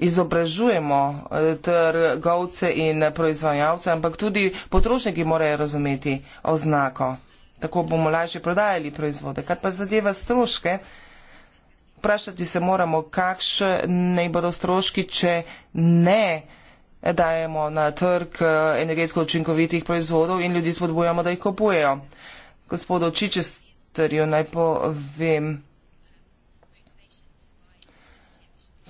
izobražujemo eh, trgovce in proizvajalce, ampak tudi potrošniki morajo razumeti oznako. Tako bomo lažje prodajali proizvode. Kar pa zadeva stroške, Vprašati se moramo, kakšne bodo stroški, če ne dajemo na trg eh, energetsko učinkovitih proizvodov in ljudi spodbujamo, da jih kupujejo. Gospodo Čičestrju naj povem,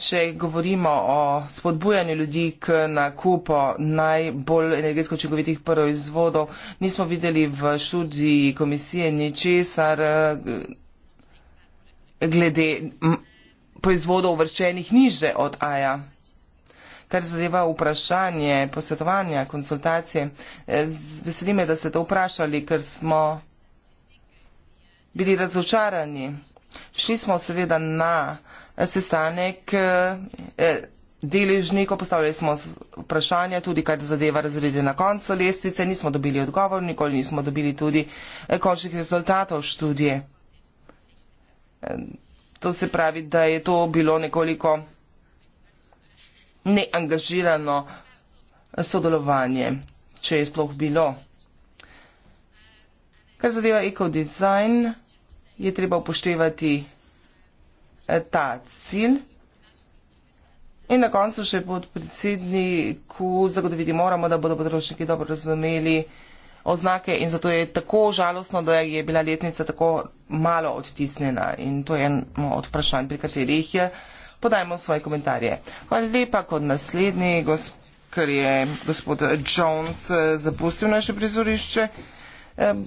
če govorimo o spodbujanju ljudi k nakupu najbolj energetsko učinkovitih proizvodov, nismo videli v študiji komisije ničesar. Eh, glede proizvodov vrščenih niže od AJA. Kar zadeva vprašanje, posvetovanja, konsultacije, eh, veseli me, da ste to vprašali, ker smo bili razočarani. Šli smo seveda na sestanek eh, eh, deležnikov, postavljali smo vprašanja tudi, kar zadeva razrede na koncu lestvice, nismo dobili odgovor, nikoli nismo dobili tudi končnih rezultatov študije. To se pravi, da je to bilo nekoliko neangažirano sodelovanje, če je sploh bilo. Kar zadeva ekodizajn, je treba upoštevati eh, ta cilj. In na koncu še podpredsedniku zagotoviti moramo, da bodo potrošniki dobro razumeli, oznake in zato je tako žalostno, da je bila letnica tako malo odtisnjena in to je eno od vprašanj, pri katerih je. Podajmo svoje komentarje. Hvala lepa kot naslednji, gos ker je gospod Jones eh, zapustil naše prizorišče. Ehm,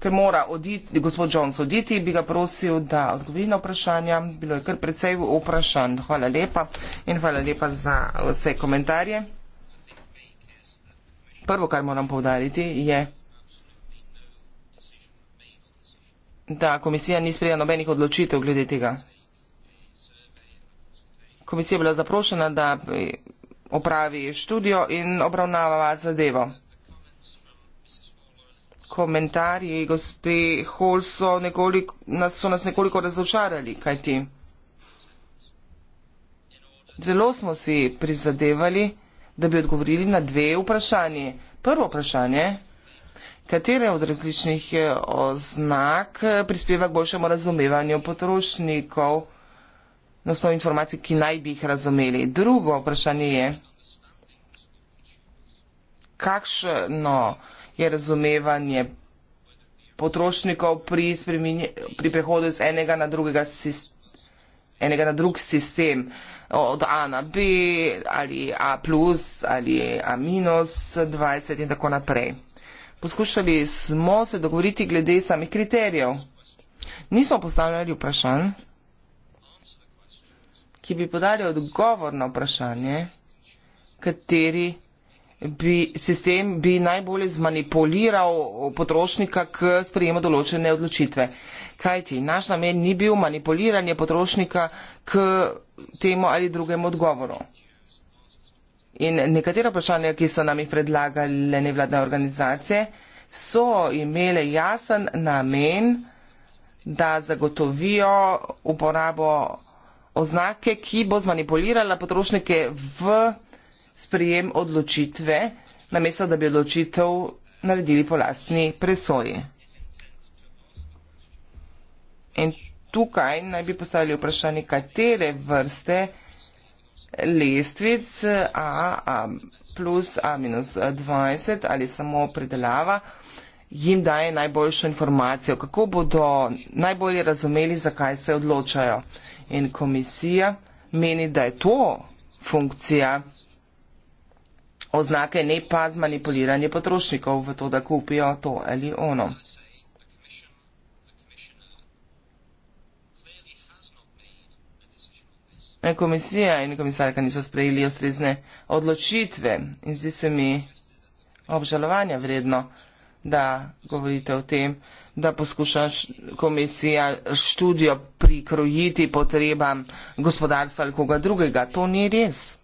ker mora oditi, gospod Jones oditi, bi ga prosil, da odgovori na vprašanja. Bilo je kar precej vprašanj. Hvala lepa in hvala lepa za vse komentarje prvo, kar moram povdariti, je, da komisija ni sprejela nobenih odločitev glede tega. Komisija je bila zaprošena, da eh, opravi študijo in obravnava zadevo. Komentarji gospe Hol so, so nas nekoliko razočarali, kajti zelo smo si prizadevali, da bi odgovorili na dve vprašanje. Prvo vprašanje, katere od različnih eh, oznak eh, prispeva k boljšemu razumevanju potrošnikov na osnovi informacij, ki naj bi jih razumeli. Drugo vprašanje je, kakšno je razumevanje potrošnikov pri, pri prehodu iz enega na drugega sistema enega na drug sistem, od A na B ali A plus ali A minus 20 in tako naprej. Poskušali smo se dogovoriti glede samih kriterijev. Nismo postavljali vprašanj, ki bi podali odgovor na vprašanje, kateri bi sistem bi najbolje zmanipuliral potrošnika k sprejemu določene odločitve. Kaj ti, naš namen ni bil manipuliranje potrošnika k temu ali drugemu odgovoru. In nekatera vprašanja, ki so nam jih predlagale nevladne organizacije, so imele jasen namen, da zagotovijo uporabo oznake, ki bo zmanipulirala potrošnike v sprejem odločitve, namesto da bi odločitev naredili po lastni presoji. In tukaj naj bi postavili vprašanje, katere vrste lestvic A, A plus A minus 20 ali samo predelava jim daje najboljšo informacijo, kako bodo najbolje razumeli, zakaj se odločajo. In komisija meni, da je to funkcija oznake, ne pa zmanipuliranje potrošnikov v to, da kupijo to ali ono. Komisija in komisarka niso sprejeli ostrezne odločitve in zdi se mi obžalovanja vredno, da govorite o tem, da poskuša komisija študijo prikrojiti potrebam gospodarstva ali koga drugega. To ni res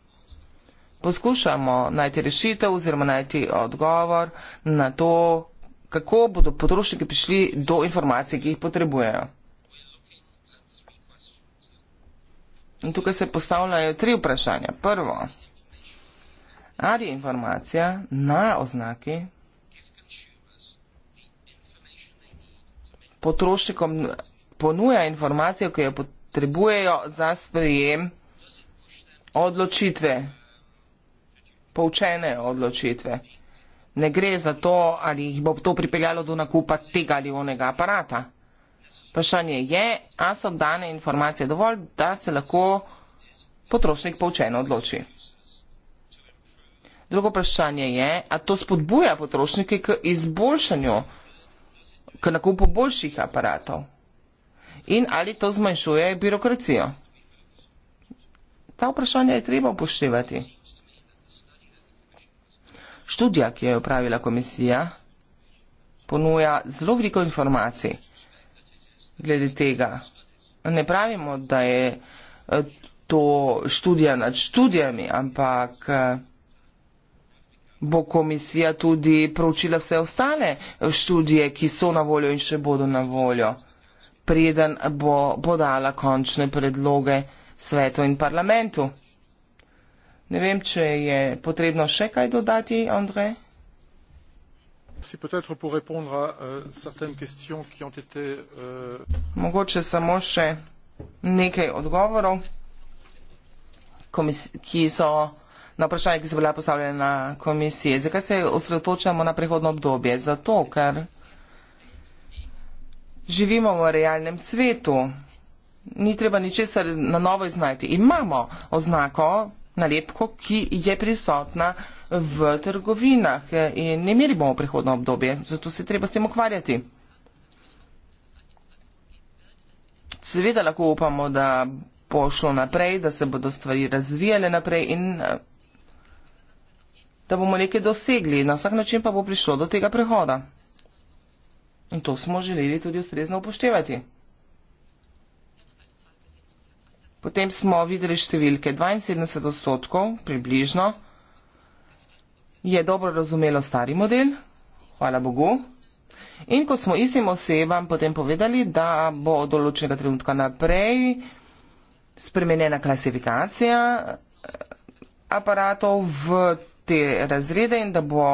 poskušamo najti rešitev oziroma najti odgovor na to, kako bodo potrošniki prišli do informacij, ki jih potrebujejo. In tukaj se postavljajo tri vprašanja. Prvo, ali je informacija na oznaki potrošnikom ponuja informacijo, ki jo potrebujejo za sprejem odločitve, poučene odločitve. Ne gre za to, ali jih bo to pripeljalo do nakupa tega ali onega aparata. Vprašanje je, a so dane informacije dovolj, da se lahko potrošnik poučeno odloči. Drugo vprašanje je, a to spodbuja potrošnike k izboljšanju, k nakupu boljših aparatov in ali to zmanjšuje birokracijo. Ta vprašanja je treba upoštevati. Študija, ki jo je upravila komisija, ponuja zelo veliko informacij glede tega. Ne pravimo, da je eh, to študija nad študijami, ampak eh, bo komisija tudi proučila vse ostale eh, študije, ki so na voljo in še bodo na voljo, preden bo podala končne predloge svetu in parlamentu. Ne vem, če je potrebno še kaj dodati, Andre. Euh, euh, Mogoče samo še nekaj odgovorov, ki so na vprašanje, ki so bila postavljena na komisije. Zakaj se osredotočamo na prehodno obdobje? Zato, ker živimo v realnem svetu. Ni treba ničesar na novo iznajti. Imamo oznako nalepko, ki je prisotna v trgovinah in ne imeli bomo prihodno obdobje, zato se treba s tem ukvarjati. Seveda lahko upamo, da bo šlo naprej, da se bodo stvari razvijale naprej in da bomo nekaj dosegli. Na vsak način pa bo prišlo do tega prehoda. In to smo želeli tudi ustrezno upoštevati. Potem smo videli številke 72 odstotkov, približno, je dobro razumelo stari model, hvala Bogu. In ko smo istim osebam potem povedali, da bo od določenega trenutka naprej spremenjena klasifikacija eh, aparatov v te razrede in da bo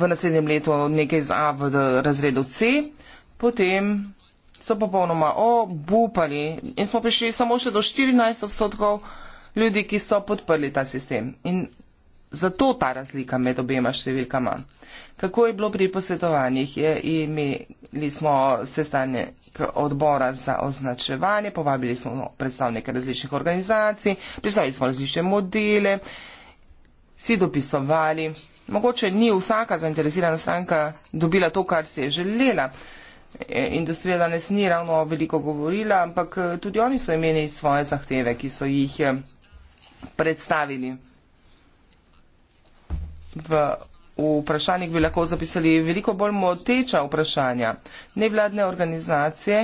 v naslednjem letu nekaj z A v razredu C, potem so popolnoma obupali in smo prišli samo še do 14 odstotkov ljudi, ki so podprli ta sistem. In zato ta razlika med obema številkama. Kako je bilo pri posvetovanjih? Je, imeli smo sestanek odbora za označevanje, povabili smo predstavnike različnih organizacij, pristavili smo različne modele, si dopisovali. Mogoče ni vsaka zainteresirana stranka dobila to, kar si je želela. Eh, industrija danes ni ravno veliko govorila, ampak eh, tudi oni so imeli svoje zahteve, ki so jih eh, predstavili. V vprašanjih bi lahko zapisali veliko bolj moteča vprašanja. Nevladne organizacije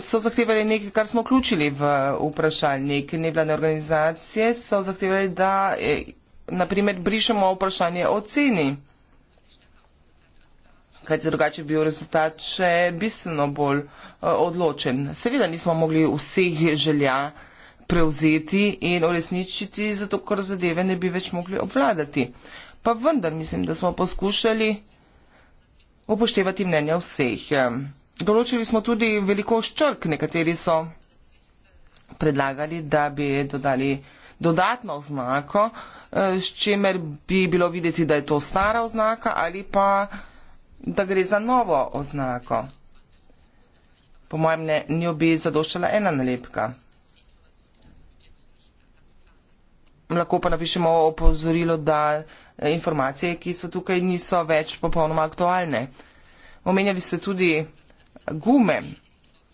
so zahtevali nekaj, kar smo vključili v vprašalnik. Nevladne organizacije so zahtevali, da naprimer brišemo vprašanje o ceni kajti drugače bi bil rezultat še bistveno bolj eh, odločen. Seveda nismo mogli vseh želja prevzeti in uresničiti, zato ker zadeve ne bi več mogli obvladati. Pa vendar mislim, da smo poskušali upoštevati mnenja vseh. Eh, določili smo tudi veliko ščrk, nekateri so predlagali, da bi dodali dodatno oznako, eh, s čimer bi bilo videti, da je to stara oznaka ali pa da gre za novo oznako. Po mojem mnenju bi zadoščala ena nalepka. Lahko pa napišemo opozorilo, da eh, informacije, ki so tukaj, niso več popolnoma aktualne. Omenjali ste tudi gume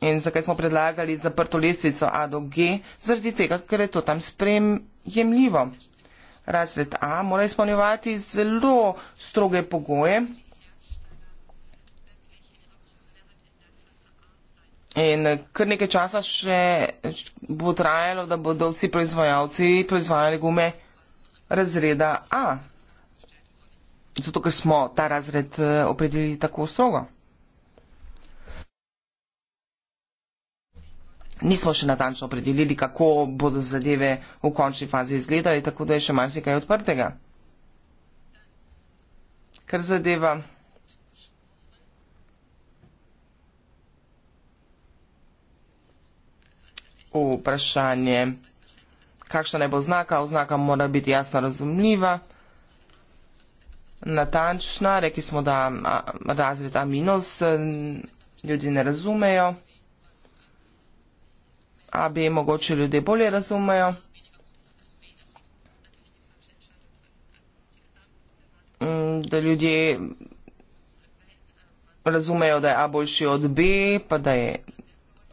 in zakaj smo predlagali zaprto lestvico A do G, zaradi tega, ker je to tam sprejemljivo. Razred A mora izpolnjevati zelo stroge pogoje In eh, kar nekaj časa še eh, bo trajalo, da bodo vsi proizvajalci proizvajali gume razreda A. Zato, ker smo ta razred eh, opredelili tako strogo. Nismo še natančno opredelili, kako bodo zadeve v končni fazi izgledali, tako da je še marsikaj odprtega. Kar zadeva. vprašanje, kakšna naj bo znaka. Oznaka mora biti jasno razumljiva, natančna. Rekli smo, da razred A minus ljudi ne razumejo. A bi mogoče ljudje bolje razumejo. Mm, da ljudje razumejo, da je A boljši od B, pa da je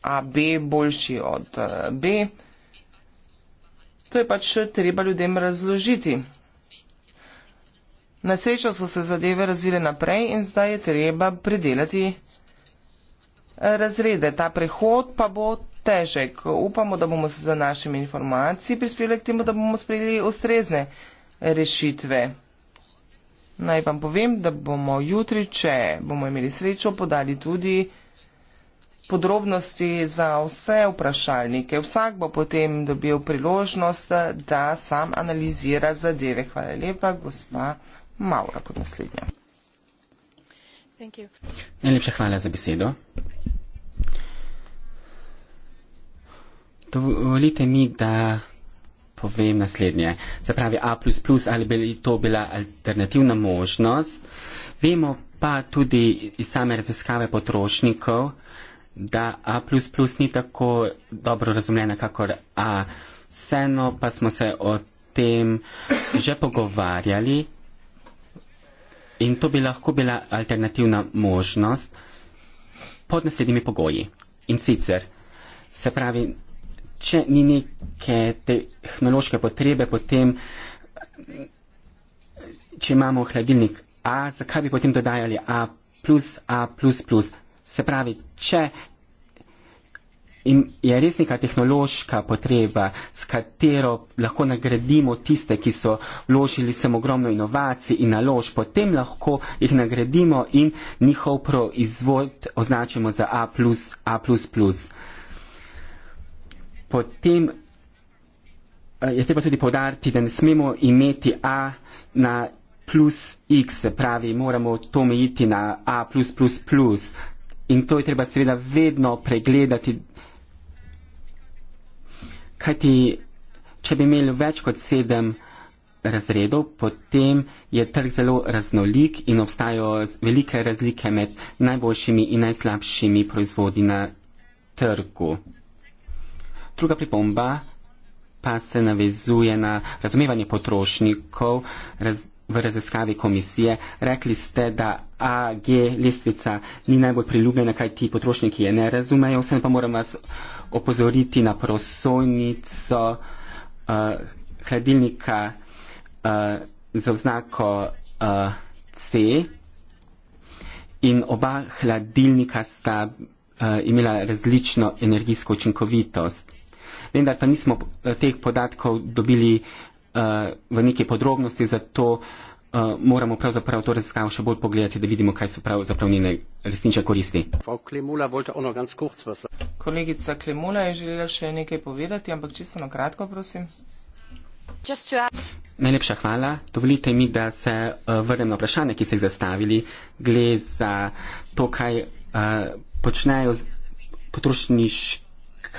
AB boljši od eh, B. To je pač treba ljudem razložiti. Na srečo so se zadeve razvile naprej in zdaj je treba predelati eh, razrede. Ta prehod pa bo težek. Upamo, da bomo se za našimi informacijami prispeli k temu, da bomo sprejeli ustrezne rešitve. Naj vam povem, da bomo jutri, če bomo imeli srečo, podali tudi podrobnosti za vse vprašalnike. Vsak bo potem dobil priložnost, da sam analizira zadeve. Hvala lepa, gospa Maura, kot naslednja. Najlepša hvala za besedo. Dovolite mi, da povem naslednje. Se pravi, A, ali bi to bila alternativna možnost. Vemo pa tudi iz same raziskave potrošnikov, da A ni tako dobro razumljena, kakor A. Vseeno pa smo se o tem že pogovarjali in to bi lahko bila alternativna možnost pod naslednjimi pogoji. In sicer, se pravi, če ni neke tehnološke potrebe, potem, če imamo hladilnik A, zakaj bi potem dodajali A plus A plus plus? Se pravi, če In je res neka tehnološka potreba, s katero lahko nagradimo tiste, ki so vložili sem ogromno inovacij in nalož, potem lahko jih nagradimo in njihov proizvod označimo za A+. A++. Potem eh, je treba tudi povdariti, da ne smemo imeti A na plus X, pravi, moramo to mejiti na A++. In to je treba seveda vedno pregledati, Kajti, če bi imeli več kot sedem razredov, potem je trg zelo raznolik in obstajajo velike razlike med najboljšimi in najslabšimi proizvodi na trgu. Druga pripomba pa se navezuje na razumevanje potrošnikov. Raz, v raziskavi komisije, rekli ste, da AG listvica ni najbolj priljubljena, kaj ti potrošniki je ne razumejo, vse pa moram vas opozoriti na prosojnico uh, hladilnika uh, za oznako uh, C in oba hladilnika sta uh, imela različno energijsko učinkovitost. Vendar pa nismo teh podatkov dobili uh, uh, v neki podrobnosti, zato uh, moramo pravzaprav to raziskavo še bolj pogledati, da vidimo, kaj so pravzaprav njene resnične koristi. Kolegica Klemula je želela še nekaj povedati, ampak čisto na kratko, prosim. Najlepša hvala. Dovolite mi, da se uh, vrnem na vprašanje, ki ste jih zastavili. Gle za to, kaj uh, počnejo potrošniški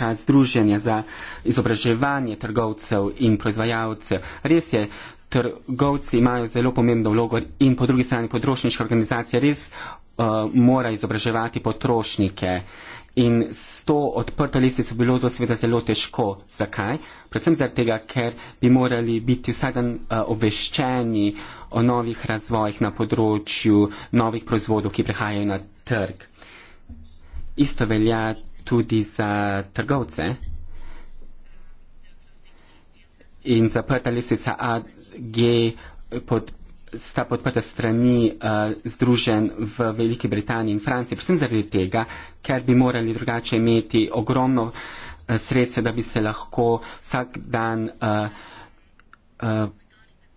Slovenska združenja za izobraževanje trgovcev in proizvajalcev. Res je, trgovci imajo zelo pomembno vlogo in po drugi strani potrošniške organizacije res uh, mora izobraževati potrošnike. In s to odprto listico bilo to seveda zelo težko. Zakaj? Predvsem zato, ker bi morali biti vsak dan uh, obveščeni o novih razvojih na področju novih proizvodov, ki prihajajo na trg. Isto velja tudi za trgovce. In zaprta lesica AG pod, sta podprta strani uh, eh, združen v Veliki Britaniji in Franciji, predvsem zaradi tega, ker bi morali drugače imeti ogromno uh, eh, sredstva, da bi se lahko vsak dan uh, uh,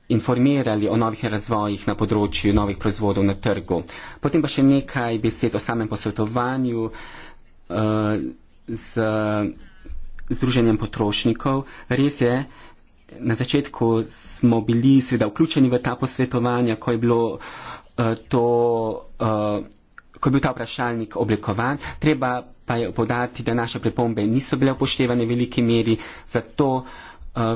informirali o novih razvojih na področju novih proizvodov na trgu. Potem pa še nekaj besed o samem posvetovanju. Uh, Eh, z Združenjem potrošnikov. Res je, na začetku smo bili seveda vključeni v ta posvetovanja, ko je bilo eh, to. Eh, ko je bil ta vprašalnik oblikovan, treba pa je podati, da naše pripombe niso bile upoštevane v veliki meri, zato,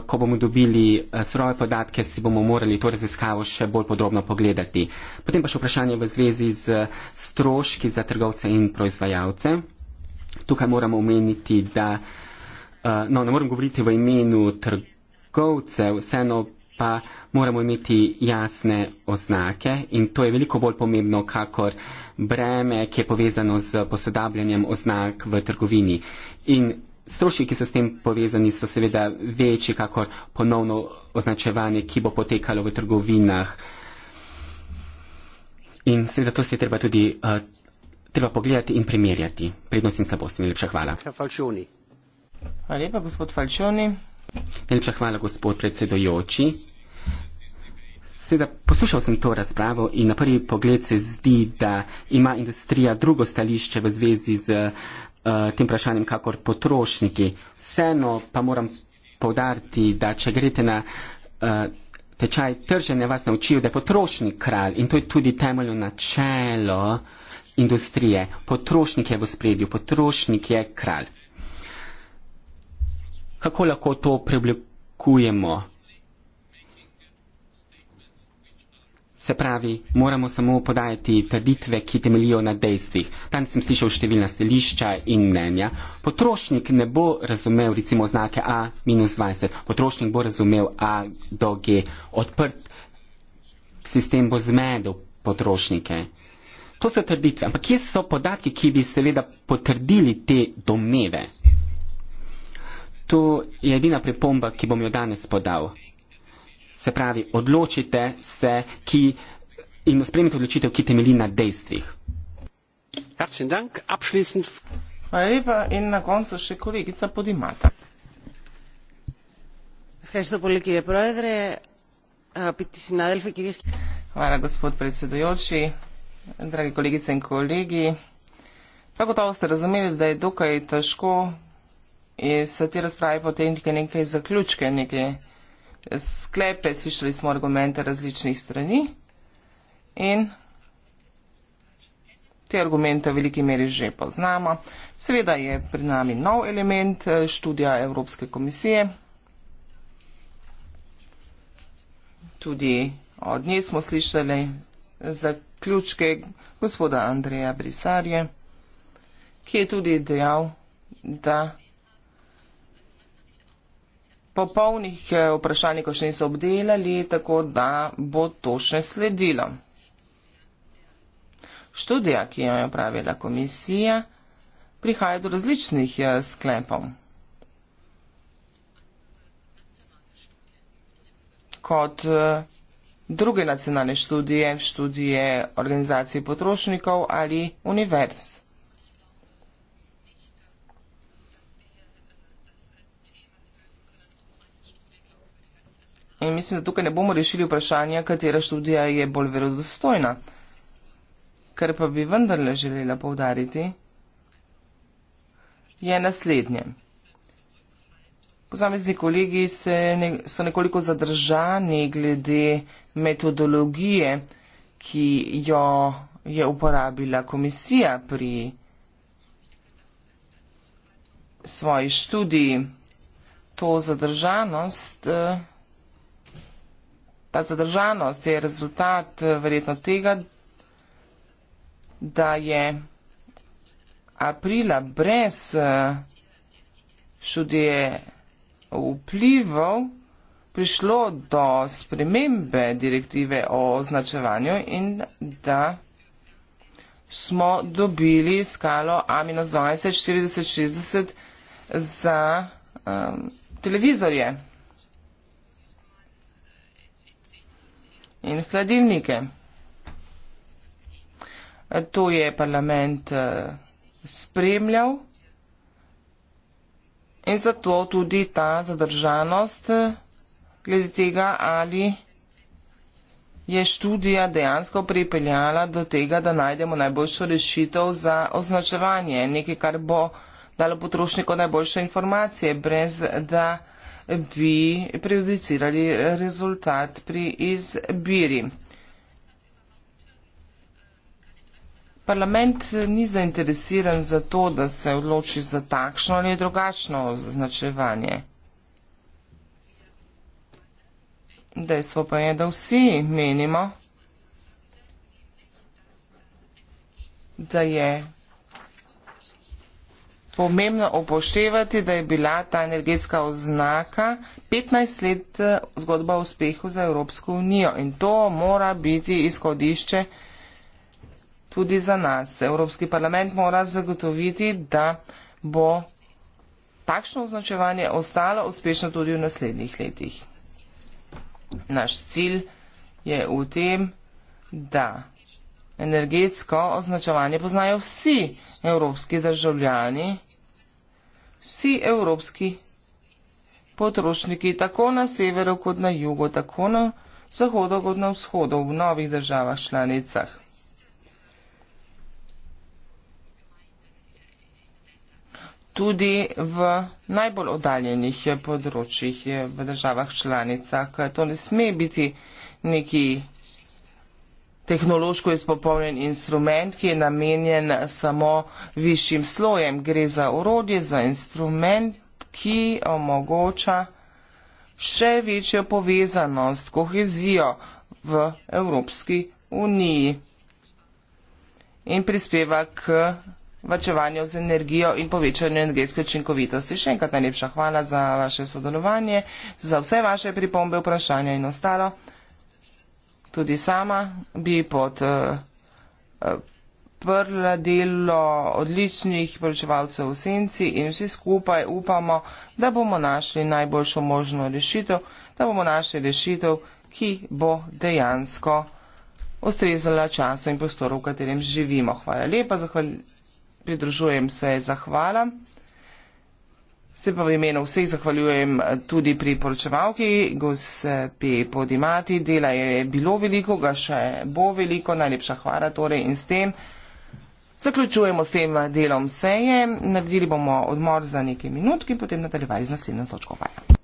ko bomo dobili surove podatke, si bomo morali to raziskavo še bolj podrobno pogledati. Potem pa še vprašanje v zvezi z stroški za trgovce in proizvajalce. Tukaj moramo omeniti, da uh, no, ne morem govoriti v imenu trgovcev, vseeno pa moramo imeti jasne oznake in to je veliko bolj pomembno, kakor breme, ki je povezano z posodabljanjem oznak v trgovini. In stroški, ki so s tem povezani, so seveda večji, kakor ponovno označevanje, ki bo potekalo v trgovinah. In seveda to se je treba tudi uh, treba pogledati in primerjati. Prednostnica Bosne, najlepša hvala. Hvala lepa, gospod Falčoni. Najlepša hvala, gospod predsedojoči. Seveda, poslušal sem to razpravo in na prvi pogled se zdi, da ima industrija drugo stališče v zvezi z uh, tem vprašanjem, kakor potrošniki. Vseeno pa moram povdariti, da če greste na uh, tečaj trženja, vas naučijo, da je potrošnik kralj in to je tudi temeljno načelo uh, industrije. Potrošnik je v spredju, potrošnik je kralj. Kako lahko to preoblikujemo? Se pravi, moramo samo podajati trditve, ki temelijo na dejstvih. Tam sem slišal številna stališča in mnenja. Potrošnik ne bo razumel recimo znake A minus 20. Potrošnik bo razumel A do G. Odprt sistem bo zmedel potrošnike. To so trditve. Ampak kje so podatki, ki bi seveda potrdili te domneve? To je edina pripomba, ki bom jo danes podal. Se pravi, odločite se ki, in sprejmite odločitev, ki temelji na dejstvih. Hvala lepa in na koncu še kolegica Podimata. Hvala, gospod predsedujoči. Dragi kolegice in kolegi, prav gotovo ste razumeli, da je dokaj težko iz te razprave potem nekaj, nekaj zaključke, nekaj sklepe, slišali smo argumente različnih strani in te argumente v veliki meri že poznamo. Seveda je pri nami nov element eh, študija Evropske komisije. Tudi od nje smo slišali zaključke gospoda Andreja Brisarje, ki je tudi dejal, da popolnih eh, vprašanj, ko še niso obdelali, tako da bo to še sledilo. Študija, ki jo je opravila komisija, prihaja do različnih eh, sklepov. Kot eh, druge nacionalne študije, študije organizacije potrošnikov ali univerz. In mislim, da tukaj ne bomo rešili vprašanja, katera študija je bolj verodostojna. Kar pa bi vendarle želela povdariti, je naslednje. Posamezni kolegi ne, so nekoliko zadržani glede metodologije, ki jo je uporabila komisija pri svoji študiji. To zadržanost, eh, ta zadržanost je rezultat eh, verjetno tega, da je aprila brez eh, študije vplivov prišlo do spremembe direktive o označevanju in da smo dobili skalo A-20 4060 za um, televizorje in hladilnike. To je parlament uh, spremljal in zato tudi ta zadržanost eh, glede tega, ali je študija dejansko pripeljala do tega, da najdemo najboljšo rešitev za označevanje, nekaj, kar bo dalo potrošniku najboljše informacije, brez da bi prejudicirali rezultat pri izbiri. Parlament ni zainteresiran za to, da se odloči za takšno ali drugačno označevanje. Dejstvo pa je, da vsi menimo, da je pomembno upoštevati, da je bila ta energetska oznaka 15 let eh, zgodba o uspehu za Evropsko unijo in to mora biti izhodišče tudi za nas. Evropski parlament mora zagotoviti, da bo takšno označevanje ostalo uspešno tudi v naslednjih letih. Naš cilj je v tem, da energetsko označevanje poznajo vsi evropski državljani, vsi evropski potrošniki, tako na severu kot na jugu, tako na zahodu kot na vzhodu v novih državah članicah. tudi v najbolj oddaljenih področjih v državah članicah. To ne sme biti neki tehnološko izpopolnjen instrument, ki je namenjen samo višjim slojem. Gre za orodje, za instrument, ki omogoča še večjo povezanost, kohezijo v Evropski uniji in prispeva k vačevanju z energijo in povečanju energetske učinkovitosti. Še enkrat najlepša hvala za vaše sodelovanje, za vse vaše pripombe, vprašanja in ostalo. Tudi sama bi pod eh, eh, prla delo odličnih poročevalcev v senci in vsi skupaj upamo, da bomo našli najboljšo možno rešitev, da bomo našli rešitev, ki bo dejansko ustrezala času in prostoru, v katerem živimo. Hvala lepa, zahvaljujem pridružujem se zahvala. Se pa v imenu vseh zahvaljujem tudi pri poročevalki, gospe Podimati, dela je bilo veliko, ga še bo veliko, najlepša hvala torej in s tem. Zaključujemo s tem delom seje, naredili bomo odmor za nekaj minut in potem nadaljevali z naslednjo točko. Hvala.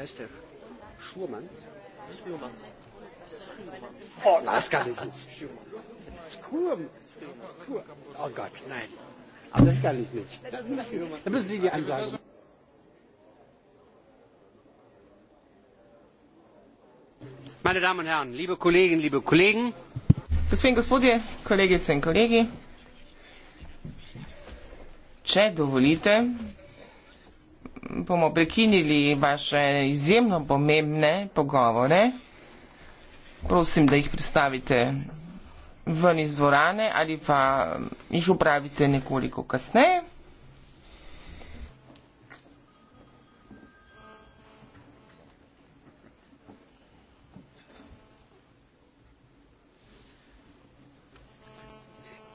Wer ist der? Schurmanns? Schurmanns. Oh, nein, das kann ich nicht. Schurmanns. Schurmanns. Oh Gott, nein. Aber das kann ich nicht. Da müssen Sie die Ansagen. Meine Damen und Herren, liebe Kolleginnen, liebe Kollegen. Gospod in gospodje, kolegice in kolegi, če dovolite, bomo prekinili vaše izjemno pomembne pogovore. Prosim, da jih predstavite ven iz dvorane ali pa jih upravite nekoliko kasneje.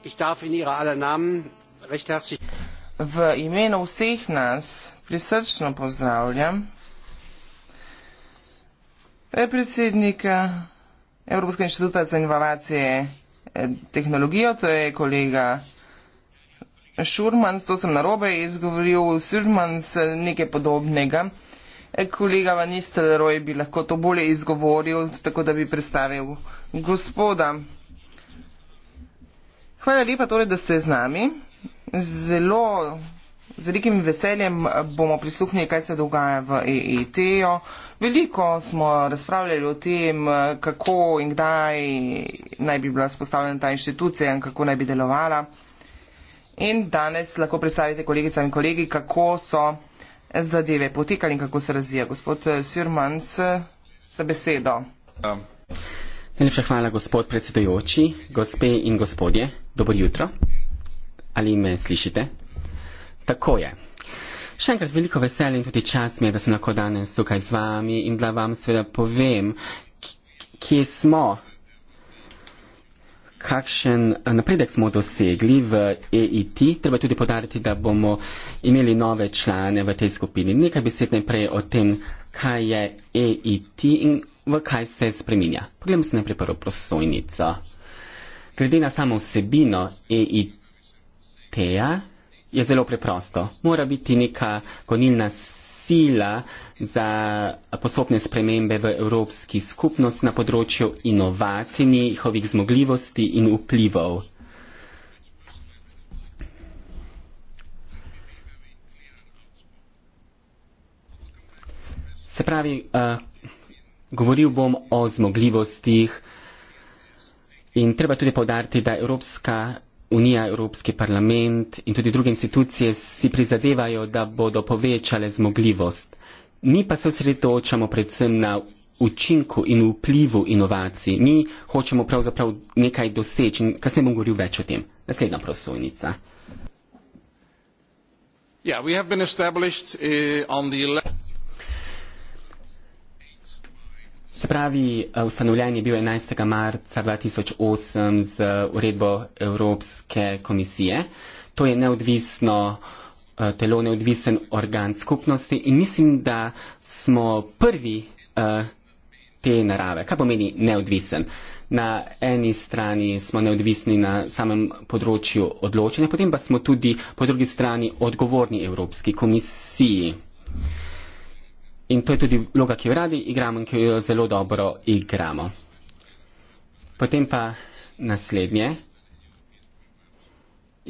Ich darf in ihrer aller Namen recht herzlich v imenu vseh nas prisrčno pozdravljam predsednika Evropske inštituta za inovacije tehnologijo, to je kolega Šurmans, to sem narobe izgovoril, Šurmans nekaj podobnega. Kolega Van Nistelrooy bi lahko to bolje izgovoril, tako da bi predstavil gospoda. Hvala lepa torej, da ste z nami zelo, z velikim veseljem bomo prisluhnili, kaj se dogaja v EET-u. Veliko smo razpravljali o tem, kako in kdaj naj bi bila spostavljena ta inštitucija in kako naj bi delovala. In danes lahko predstavite kolegicam in kolegi, kako so zadeve potekali in kako se razvija. Gospod Sirmans, za besedo. Um. Najlepša hvala, gospod predsedujoči, gospe in gospodje. Dobro jutro. Ali me slišite? Tako je. Še enkrat veliko veselje in tudi čas mi je, da sem lahko danes tukaj z vami in da vam seveda povem, kje smo, kakšen eh, napredek smo dosegli v EIT. Treba tudi podariti, da bomo imeli nove člane v tej skupini. Nekaj besed najprej o tem, kaj je EIT in v kaj se spreminja. Poglejmo se najprej prvo prosojnico. Glede na samo vsebino EIT, Timoteja, je zelo preprosto. Mora biti neka gonilna sila za postopne spremembe v Evropski skupnosti na področju inovacij, njihovih zmogljivosti in vplivov. Se pravi, uh, govoril bom o zmogljivostih in treba tudi povdariti, da Evropska Unija, Evropski parlament in tudi druge institucije si prizadevajo, da bodo povečale zmogljivost. Mi pa se osredotočamo predvsem na učinku in vplivu inovacij. Mi hočemo pravzaprav nekaj doseči in kasneje bom govoril več o tem. Naslednja prosojnica. Yeah, Se pravi, eh, ustanovljen je bil 11. marca 2008 z uredbo Evropske komisije. To je neodvisno eh, telo, neodvisen organ skupnosti in mislim, da smo prvi eh, te narave. Kaj pomeni neodvisen? Na eni strani smo neodvisni na samem področju odločenja, potem pa smo tudi po drugi strani odgovorni Evropski komisiji. In to je tudi vloga, ki jo radi igramo in ki jo zelo dobro igramo. Potem pa naslednje.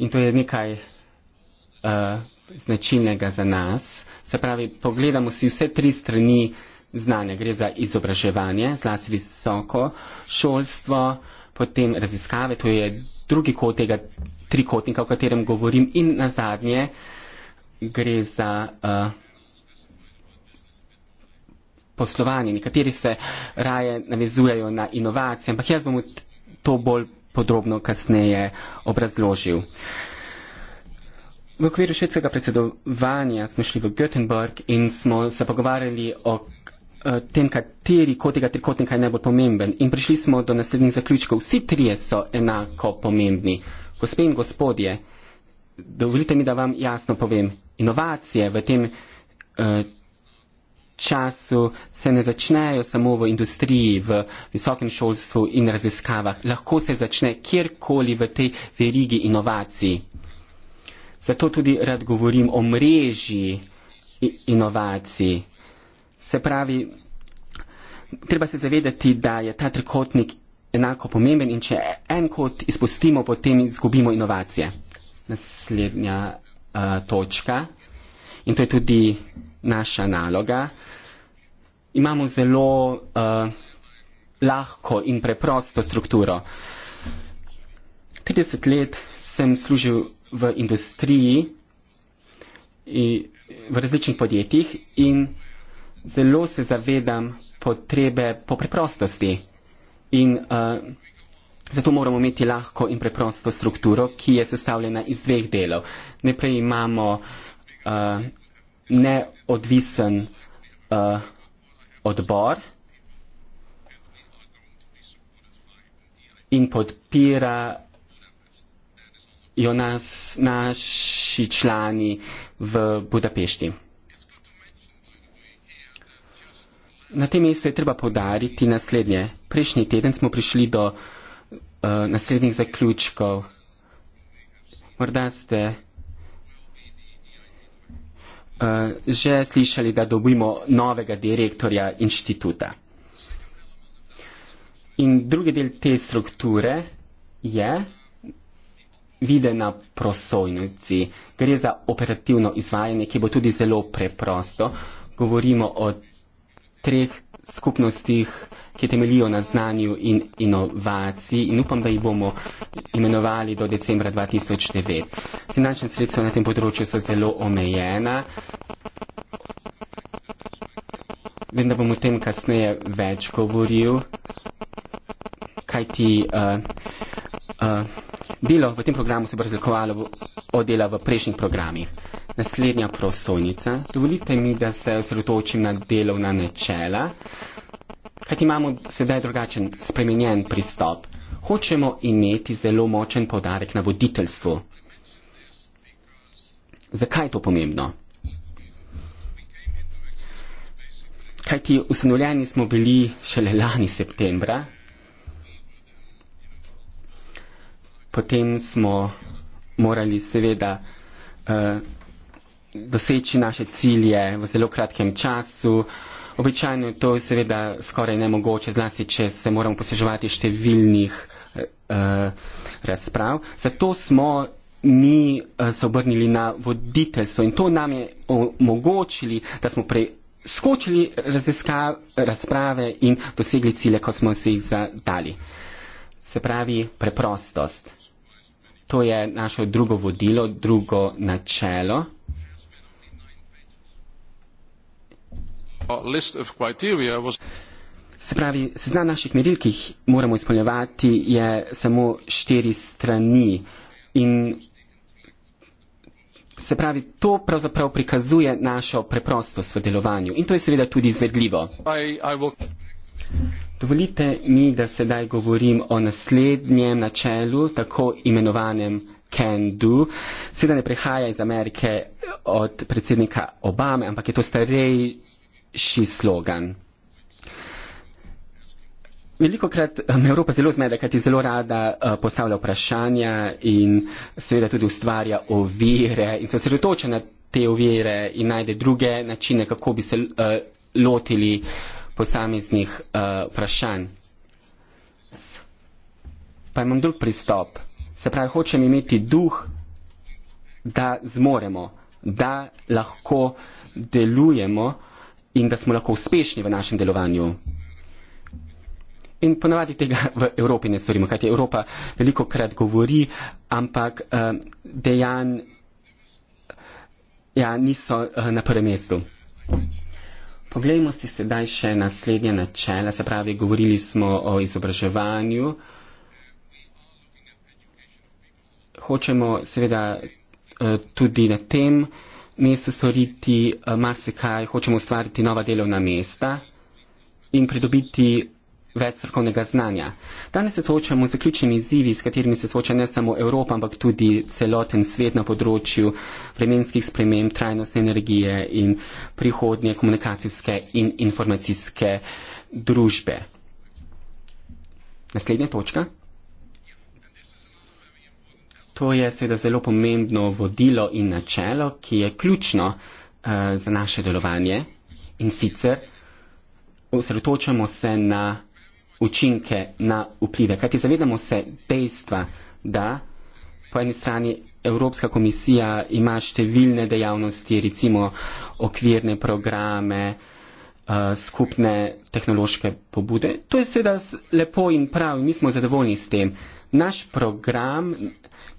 In to je nekaj uh, značilnega za nas. Se pravi, pogledamo si vse tri strani znanja. Gre za izobraževanje, zlasti visoko šolstvo, potem raziskave, to je drugi kot tega trikotnika, o katerem govorim, in nazadnje gre za. Uh, poslovanje, nekateri se raje navezujejo na inovacije, ampak jaz bom to bolj podrobno kasneje obrazložil. V okviru švedskega predsedovanja smo šli v Göteborg in smo se pogovarjali o tem, kateri kot tega trikotnika je najbolj pomemben. In prišli smo do naslednjih zaključkov. Vsi trije so enako pomembni. Gospe in gospodje, dovolite mi, da vam jasno povem. Inovacije v tem uh, času se ne začnejo samo v industriji, v visokem šolstvu in raziskavah. Lahko se začne kjerkoli v tej verigi inovacij. Zato tudi rad govorim o mreži inovacij. Se pravi, treba se zavedati, da je ta trikotnik enako pomemben in če en kot izpustimo, potem izgubimo inovacije. Naslednja uh, točka. In to je tudi naša naloga. Imamo zelo uh, lahko in preprosto strukturo. 30 let sem služil v industriji, v različnih podjetjih in zelo se zavedam potrebe po preprostosti. In uh, zato moramo imeti lahko in preprosto strukturo, ki je sestavljena iz dveh delov. Najprej imamo uh, neodvisen uh, odbor in podpira jo nas, naši člani v Budapešti. Na tem mestu je treba podariti naslednje. Prejšnji teden smo prišli do uh, naslednjih zaključkov. Morda ste Eh, že slišali, da dobimo novega direktorja inštituta. In drugi del te strukture je videna prosojnici. Gre za operativno izvajanje, ki bo tudi zelo preprosto. Govorimo o treh skupnostih, ki temelijo na znanju in inovaciji in upam, da jih bomo imenovali do decembra 2009. Finančne sredstva na tem področju so zelo omejena. Vem, da bom o tem kasneje več govoril, kajti uh, Uh, delo v tem programu se bo razlikovalo od dela v prejšnjih programih. Naslednja prosojnica. Dovolite mi, da se osredotočim na delovna načela, kajti imamo sedaj drugačen, spremenjen pristop. Hočemo imeti zelo močen podarek na voditeljstvu. Zakaj je to pomembno? Kajti ustanovljeni smo bili šele lani septembra, potem smo morali seveda uh, doseči naše cilje v zelo kratkem času. Običajno je to seveda skoraj nemogoče, zlasti če se moramo posluževati številnih uh, razprav. Zato smo mi uh, se obrnili na voditeljstvo in to nam je omogočili, da smo preskočili razprave in dosegli cilje, kot smo si jih zadali. Se pravi preprostost. To je naše drugo vodilo, drugo načelo. Se pravi, seznam naših meril, ki jih moramo izpolnjevati, je samo štiri strani. In se pravi, to pravzaprav prikazuje našo preprostost v delovanju. In to je seveda tudi izvedljivo. I, I will... Dovolite mi, da sedaj govorim o naslednjem načelu, tako imenovanem can do. Seveda ne prihaja iz Amerike od predsednika Obame, ampak je to starejši slogan. Veliko krat me um, Evropa zelo zmede, kajti zelo rada uh, postavlja vprašanja in seveda tudi ustvarja ovire in se osredotoča na te ovire in najde druge načine, kako bi se uh, lotili uh, posameznih uh, vprašanj. Pa imam drug pristop. Se pravi, hočem imeti duh, da zmoremo, da lahko delujemo in da smo lahko uspešni v našem delovanju. In ponavadi tega v Evropi ne storimo, kajti Evropa veliko krat govori, ampak uh, dejanj ja, niso uh, na prvem mestu. Poglejmo si sedaj še naslednje načela, se pravi, govorili smo o izobraževanju. Hočemo seveda eh, tudi na tem mestu storiti eh, marsikaj, hočemo ustvariti nova delovna mesta in pridobiti več strokovnega znanja. Danes se soočamo z zaključnimi izzivi, s katerimi se sooča ne samo Evropa, ampak tudi celoten svet na področju vremenskih sprememb, trajnostne energije in prihodnje komunikacijske in informacijske družbe. Naslednja točka. To je seveda zelo pomembno vodilo in načelo, ki je ključno uh, za naše delovanje in sicer osredotočamo se na učinke, na vplive. Kajti zavedamo se dejstva, da po eni strani Evropska komisija ima številne dejavnosti, recimo okvirne programe, eh, skupne tehnološke pobude. To je seveda lepo in prav in mi smo zadovoljni s tem. Naš program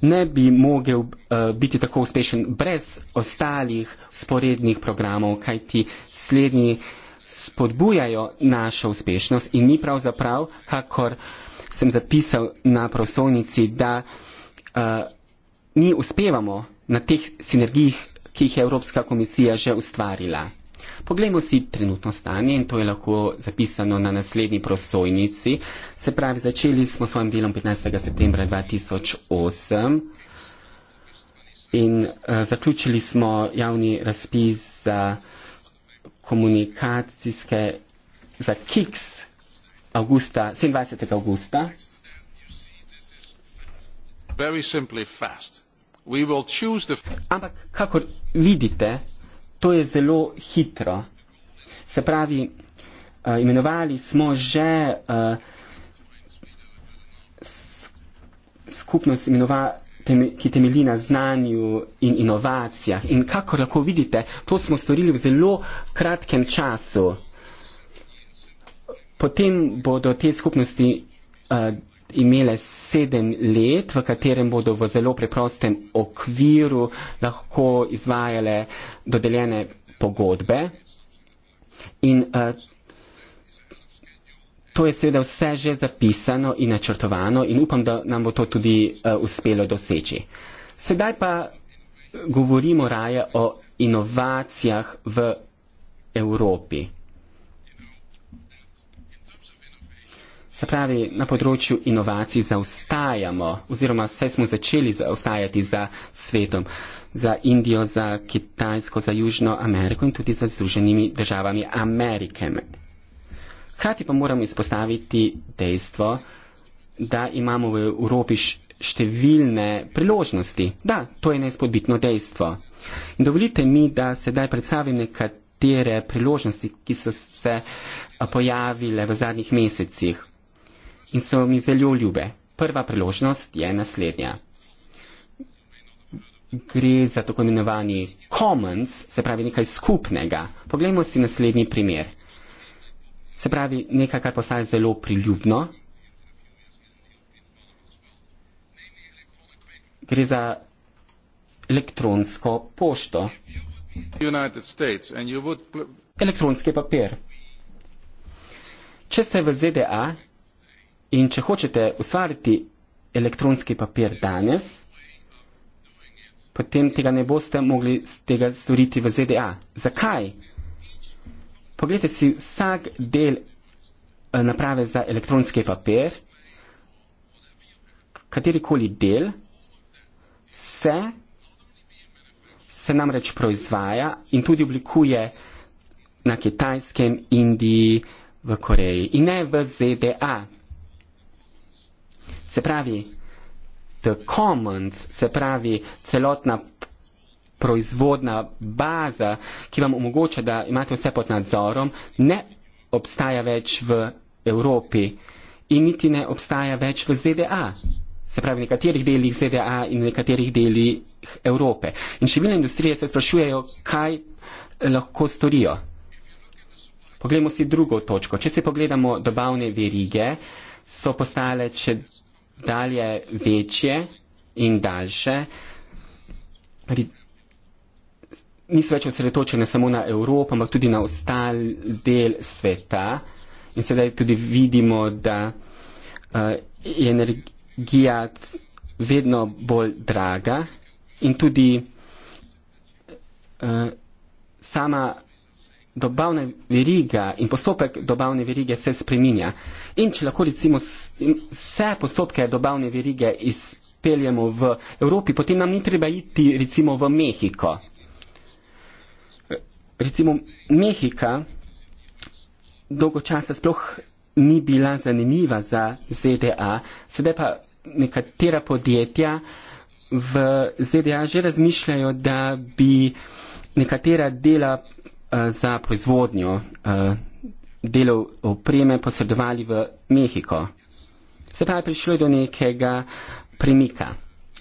ne bi mogel eh, biti tako uspešen brez ostalih sporednih programov, kajti slednji spodbujajo našo uspešnost in ni pravzaprav, kakor sem zapisal na prosovnici, da uh, mi uspevamo na teh sinergijih, ki jih je Evropska komisija že ustvarila. Poglejmo si trenutno stanje in to je lahko zapisano na naslednji prosojnici. Se pravi, začeli smo s svojim delom 15. septembra 2008 in uh, zaključili smo javni razpis za uh, komunikacijske za Kiks avgusta, 27. avgusta. Very simply fast. We will choose the... Ampak kakor vidite, to je zelo hitro. Se pravi, uh, imenovali smo že uh, skupnost imenovali teme, ki temelji na znanju in inovacijah. In kakor lahko vidite, to smo storili v zelo kratkem času. Potem bodo te skupnosti uh, imele sedem let, v katerem bodo v zelo preprostem okviru lahko izvajale dodeljene pogodbe. In uh, to je seveda vse že zapisano in načrtovano in upam, da nam bo to tudi uh, uspelo doseči. Sedaj pa govorimo raje o inovacijah v Evropi. Se pravi, na področju inovacij zaostajamo oziroma vse smo začeli zaostajati za svetom, za Indijo, za Kitajsko, za Južno Ameriko in tudi za Združenimi državami Amerike. Hrati pa moram izpostaviti dejstvo, da imamo v Evropi številne priložnosti. Da, to je neizpodbitno dejstvo. In dovolite mi, da sedaj predstavim nekatere priložnosti, ki so se pojavile v zadnjih mesecih in so mi zelo ljube. Prva priložnost je naslednja. Gre za tako imenovani commons, se pravi nekaj skupnega. Poglejmo si naslednji primer. Se pravi, nekaj, kar postane zelo priljubno. Gre za elektronsko pošto. Elektronski papir. Če ste v ZDA in če hočete ustvariti elektronski papir danes, potem tega ne boste mogli storiti v ZDA. Zakaj? Poglejte si vsak del eh, naprave za elektronski papir, katerikoli del, se, se namreč proizvaja in tudi oblikuje na Kitajskem, Indiji, v Koreji in ne v ZDA. Se pravi, the commons, se pravi celotna proizvodna baza, ki vam omogoča, da imate vse pod nadzorom, ne obstaja več v Evropi in niti ne obstaja več v ZDA. Se pravi, v nekaterih delih ZDA in v nekaterih delih Evrope. In številne industrije se sprašujejo, kaj eh, lahko storijo. Poglejmo si drugo točko. Če se pogledamo dobavne verige, so postale če dalje večje in daljše niso več osredotočene samo na Evropo, ampak tudi na ostal del sveta. In sedaj tudi vidimo, da uh, je energija vedno bolj draga in tudi uh, sama dobavna veriga in postopek dobavne verige se spreminja. In če lahko recimo vse postopke dobavne verige izpeljemo v Evropi, potem nam ni treba iti recimo v Mehiko recimo Mehika dolgo časa sploh ni bila zanimiva za ZDA, sedaj pa nekatera podjetja v ZDA že razmišljajo, da bi nekatera dela eh, za proizvodnjo eh, delov opreme posredovali v Mehiko. Se pravi, prišlo je do nekega premika.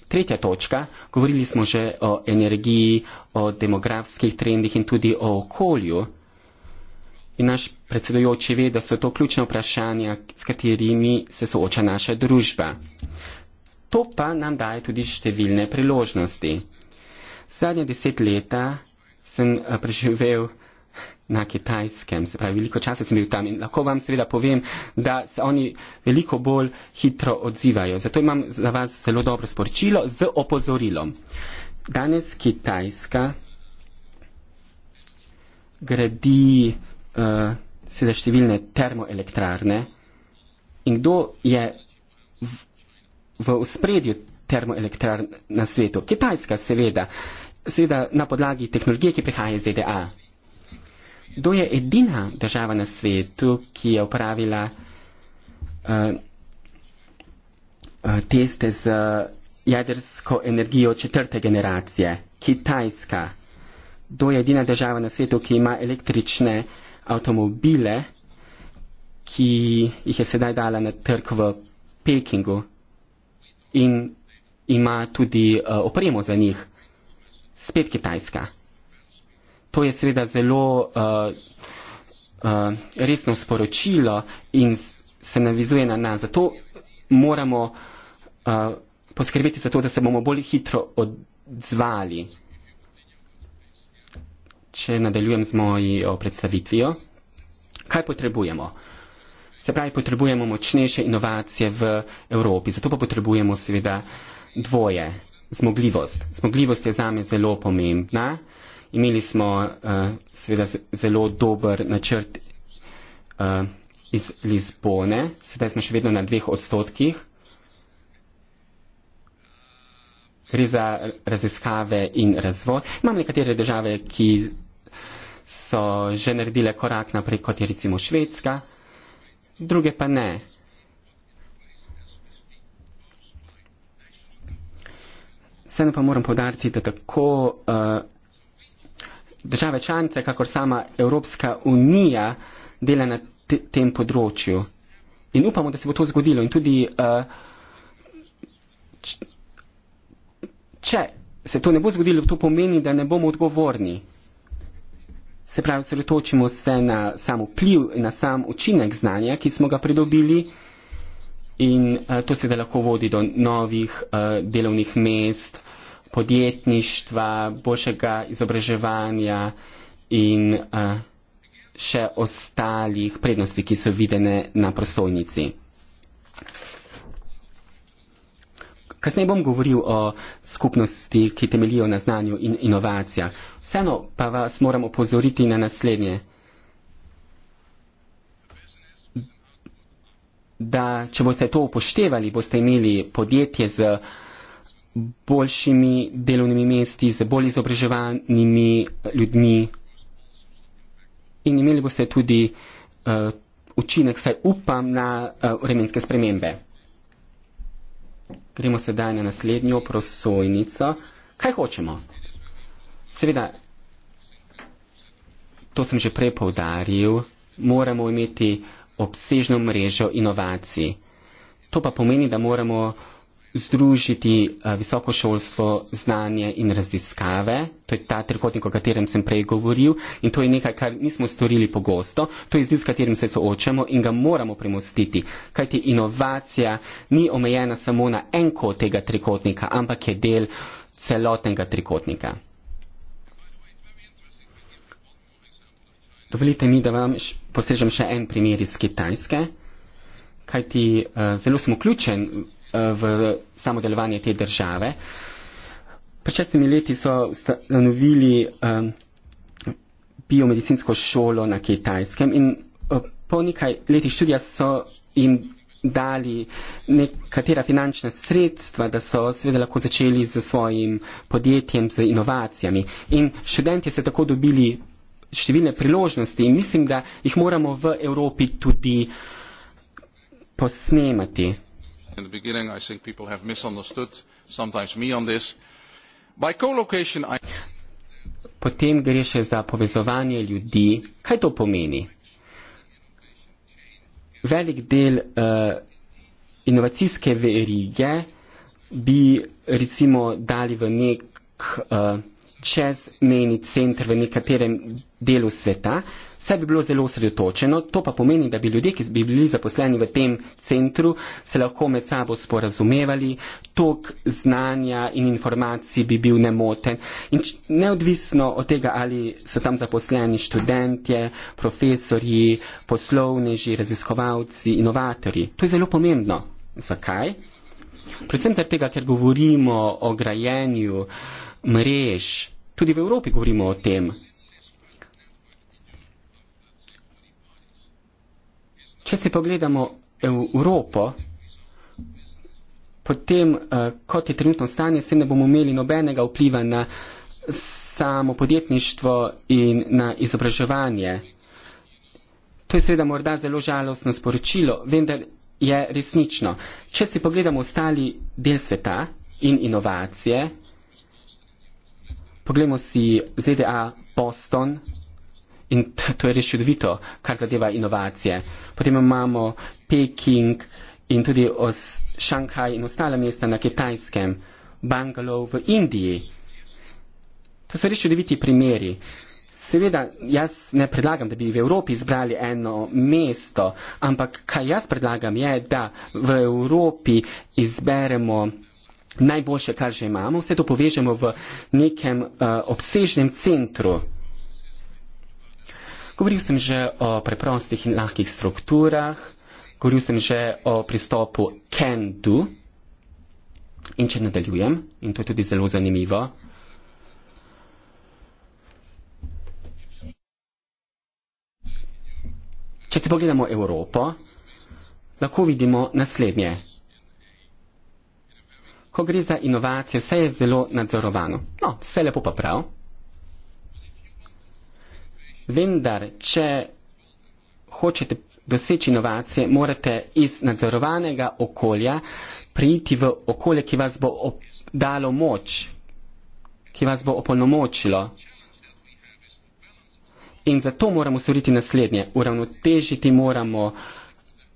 Tretja točka, govorili smo že o energiji, o demografskih trendih in tudi o okolju. In naš predsedujoči ve, da so to ključne vprašanja, s katerimi se sooča naša družba. To pa nam daje tudi številne priložnosti. Zadnje deset leta sem eh, preživel na kitajskem, se pravi, veliko časa sem bil tam in lahko vam seveda povem, da se oni veliko bolj hitro odzivajo. Zato imam za vas zelo dobro sporočilo z opozorilom. Danes Kitajska gradi uh, seveda številne termoelektrarne in kdo je v, v spredju termoelektrarn na svetu? Kitajska seveda, seveda na podlagi tehnologije, ki prihaja iz ZDA to je edina država na svetu, ki je upravila uh, eh, uh, eh, teste z jedrsko energijo četrte generacije, Kitajska. To je edina država na svetu, ki ima električne avtomobile, ki jih je sedaj dala na trg v Pekingu in ima tudi uh, opremo za njih. Spet Kitajska to je seveda zelo uh, uh, resno sporočilo in se navizuje na nas. Zato moramo uh, poskrbeti za to, da se bomo bolj hitro odzvali. Če nadaljujem z mojo predstavitvijo, kaj potrebujemo? Se pravi, potrebujemo močnejše inovacije v Evropi, zato pa potrebujemo seveda dvoje. Zmogljivost. Zmogljivost je zame zelo pomembna imeli smo uh, seveda zelo dober načrt uh, iz Lizbone, sedaj smo še vedno na dveh odstotkih. Gre za raziskave in razvoj. Imamo nekatere države, ki so že naredile korak naprej, kot je recimo Švedska, druge pa ne. Vseeno pa moram povdariti, da tako uh, države članice, kakor sama Evropska unija dela na te, tem področju. In upamo, da se bo to zgodilo. In tudi, uh, če se to ne bo zgodilo, to pomeni, da ne bomo odgovorni. Se pravi, sredotočimo se na sam vpliv in na sam učinek znanja, ki smo ga pridobili in uh, to se da lahko vodi do novih uh, delovnih mest, uh, podjetništva, boljšega izobraževanja in uh, še ostalih prednosti, ki so videne na prosojnici. Kasneje bom govoril o skupnosti, ki temelijo na znanju in inovacijah. Vseeno pa vas moram opozoriti na naslednje. Da, če boste to upoštevali, boste imeli podjetje z uh, boljšimi delovnimi mesti, z bolj izobraževanimi ljudmi. In imeli boste tudi uh, učinek, saj upam, na uh, vremenske spremembe. Gremo sedaj na naslednjo prosojnico. Kaj hočemo? Seveda, to sem že prej povdaril, moramo imeti obsežno mrežo inovacij. To pa pomeni, da moramo združiti eh, visoko šolstvo, znanje in raziskave. To je ta trikotnik, o katerem sem prej govoril in to je nekaj, kar nismo storili pogosto. To je izziv, s katerim se soočamo in ga moramo premostiti. Kajti inovacija ni omejena samo na enko tega trikotnika, ampak je del celotnega trikotnika. Dovolite mi, da vam posežem še en primer iz Kitajske. Kajti uh, zelo sem vključen v samo delovanje te države. Pred šestimi leti so ustanovili um, biomedicinsko šolo na Kitajskem in uh, po nekaj letih študija so jim dali nekatera finančna sredstva, da so seveda lahko začeli z svojim podjetjem, z inovacijami. In študenti so tako dobili številne priložnosti in mislim, da jih moramo v Evropi tudi posnemati in the beginning. I think people have misunderstood sometimes me on this. By co-location, I. Potem gre še za povezovanje ljudi. Kaj to pomeni? Velik del uh, inovacijske verige bi recimo dali v nek uh, čezmejni center v nekaterem delu sveta, vse bi bilo zelo sredotočeno, to pa pomeni, da bi ljudje, ki bi bili zaposleni v tem centru, se lahko med sabo sporazumevali, tok znanja in informacij bi bil nemoten. In neodvisno od tega, ali so tam zaposleni študentje, profesorji, poslovneži, raziskovalci, inovatorji. To je zelo pomembno. Zakaj? Predvsem zato, ker govorimo o grajenju mrež. Tudi v Evropi govorimo o tem, Če si pogledamo Evropo, potem, eh, kot je trenutno stanje, se ne bomo imeli nobenega vpliva na samo podjetništvo in na izobraževanje. To je seveda morda zelo žalostno sporočilo, vendar je resnično. Če si pogledamo ostali del sveta in inovacije, pogledamo si ZDA, Boston, in [LAUGHS] to je res čudovito, kar zadeva inovacije. Potem imamo Peking in tudi Šanghaj in ostale mesta na Kitajskem, Bangalov v Indiji. To so res čudoviti primeri. Seveda, jaz ne predlagam, da bi v Evropi izbrali eno mesto, ampak kaj jaz predlagam je, da v Evropi izberemo najboljše, kar že imamo, vse to povežemo v nekem uh, obsežnem centru. Govoril sem že o preprostih in lahkih strukturah, govoril sem že o pristopu can do. In če nadaljujem, in to je tudi zelo zanimivo. Če si pogledamo Evropo, lahko vidimo naslednje. Ko gre za inovacije, vse je zelo nadzorovano. No, vse lepo pa prav. Vendar, če hočete doseči inovacije, morate iz nadzorovanega okolja priti v okolje, ki vas bo dalo moč, ki vas bo opolnomočilo. In zato moramo storiti naslednje. Uravnotežiti moramo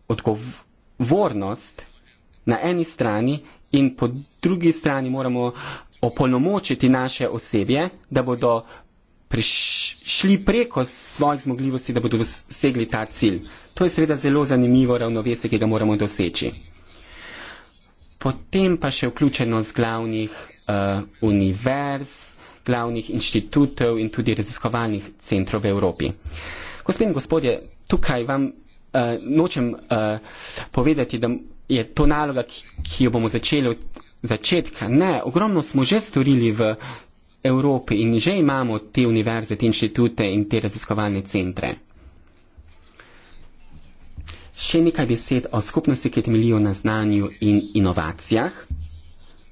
odgovornost na eni strani in po drugi strani moramo opolnomočiti naše osebje, da bodo prišli preko svojih zmogljivosti, da bodo dosegli ta cilj. To je seveda zelo zanimivo ravnovesje, ki ga moramo doseči. Potem pa še vključenost glavnih uh, univerz, glavnih inštitutov in tudi raziskovalnih centrov v Evropi. Gospod in gospodje, tukaj vam uh, nočem uh, povedati, da je to naloga, ki, ki jo bomo začeli od začetka. Ne, ogromno smo že storili v Evropi in že imamo te univerze, te inštitute in te raziskovalne centre. Še nekaj besed o skupnosti, ki temeljijo na znanju in inovacijah,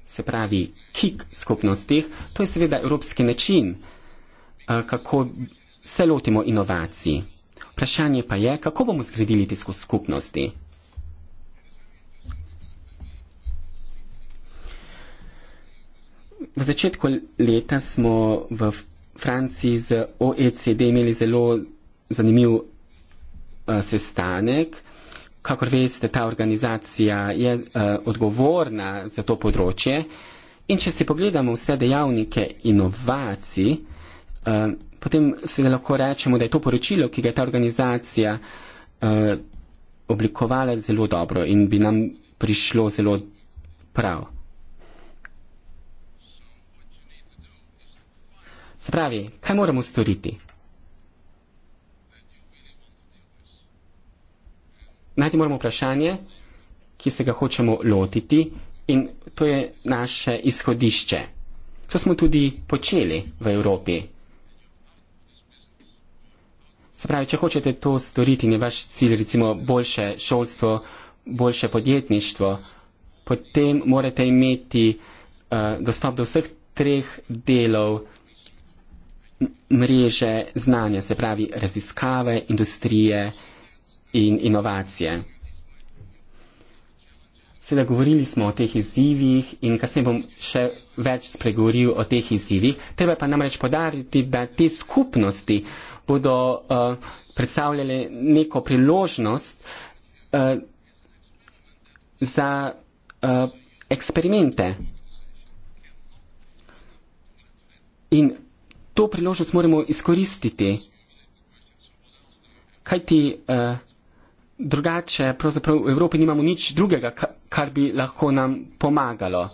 se pravi KIK skupnostih. To je seveda evropski način, eh, kako se lotimo inovacij. Vprašanje pa je, kako bomo zgradili te skupnosti. v začetku leta smo v Franciji z OECD imeli zelo zanimiv uh, sestanek. Kakor veste, ta organizacija je uh, odgovorna za to področje. In če si pogledamo vse dejavnike inovacij, uh, potem se lahko rečemo, da je to poročilo, ki ga je ta organizacija uh, oblikovala zelo dobro in bi nam prišlo zelo prav. pravi, kaj moramo storiti? Najti moramo vprašanje, ki se ga hočemo lotiti in to je naše izhodišče. To smo tudi počeli v Evropi. Se pravi, če hočete to storiti in je vaš cilj recimo boljše šolstvo, boljše podjetništvo, potem morate imeti uh, dostop do vseh treh delov mreže znanja, se pravi raziskave, industrije in inovacije. Seveda govorili smo o teh izzivih in kasneje bom še več spregovoril o teh izzivih. Treba pa namreč podariti, da te skupnosti bodo uh, predstavljale neko priložnost uh, za uh, eksperimente. In to priložnost moramo izkoristiti. Kaj ti eh, drugače, pravzaprav v Evropi nimamo nič drugega, kar bi lahko nam pomagalo.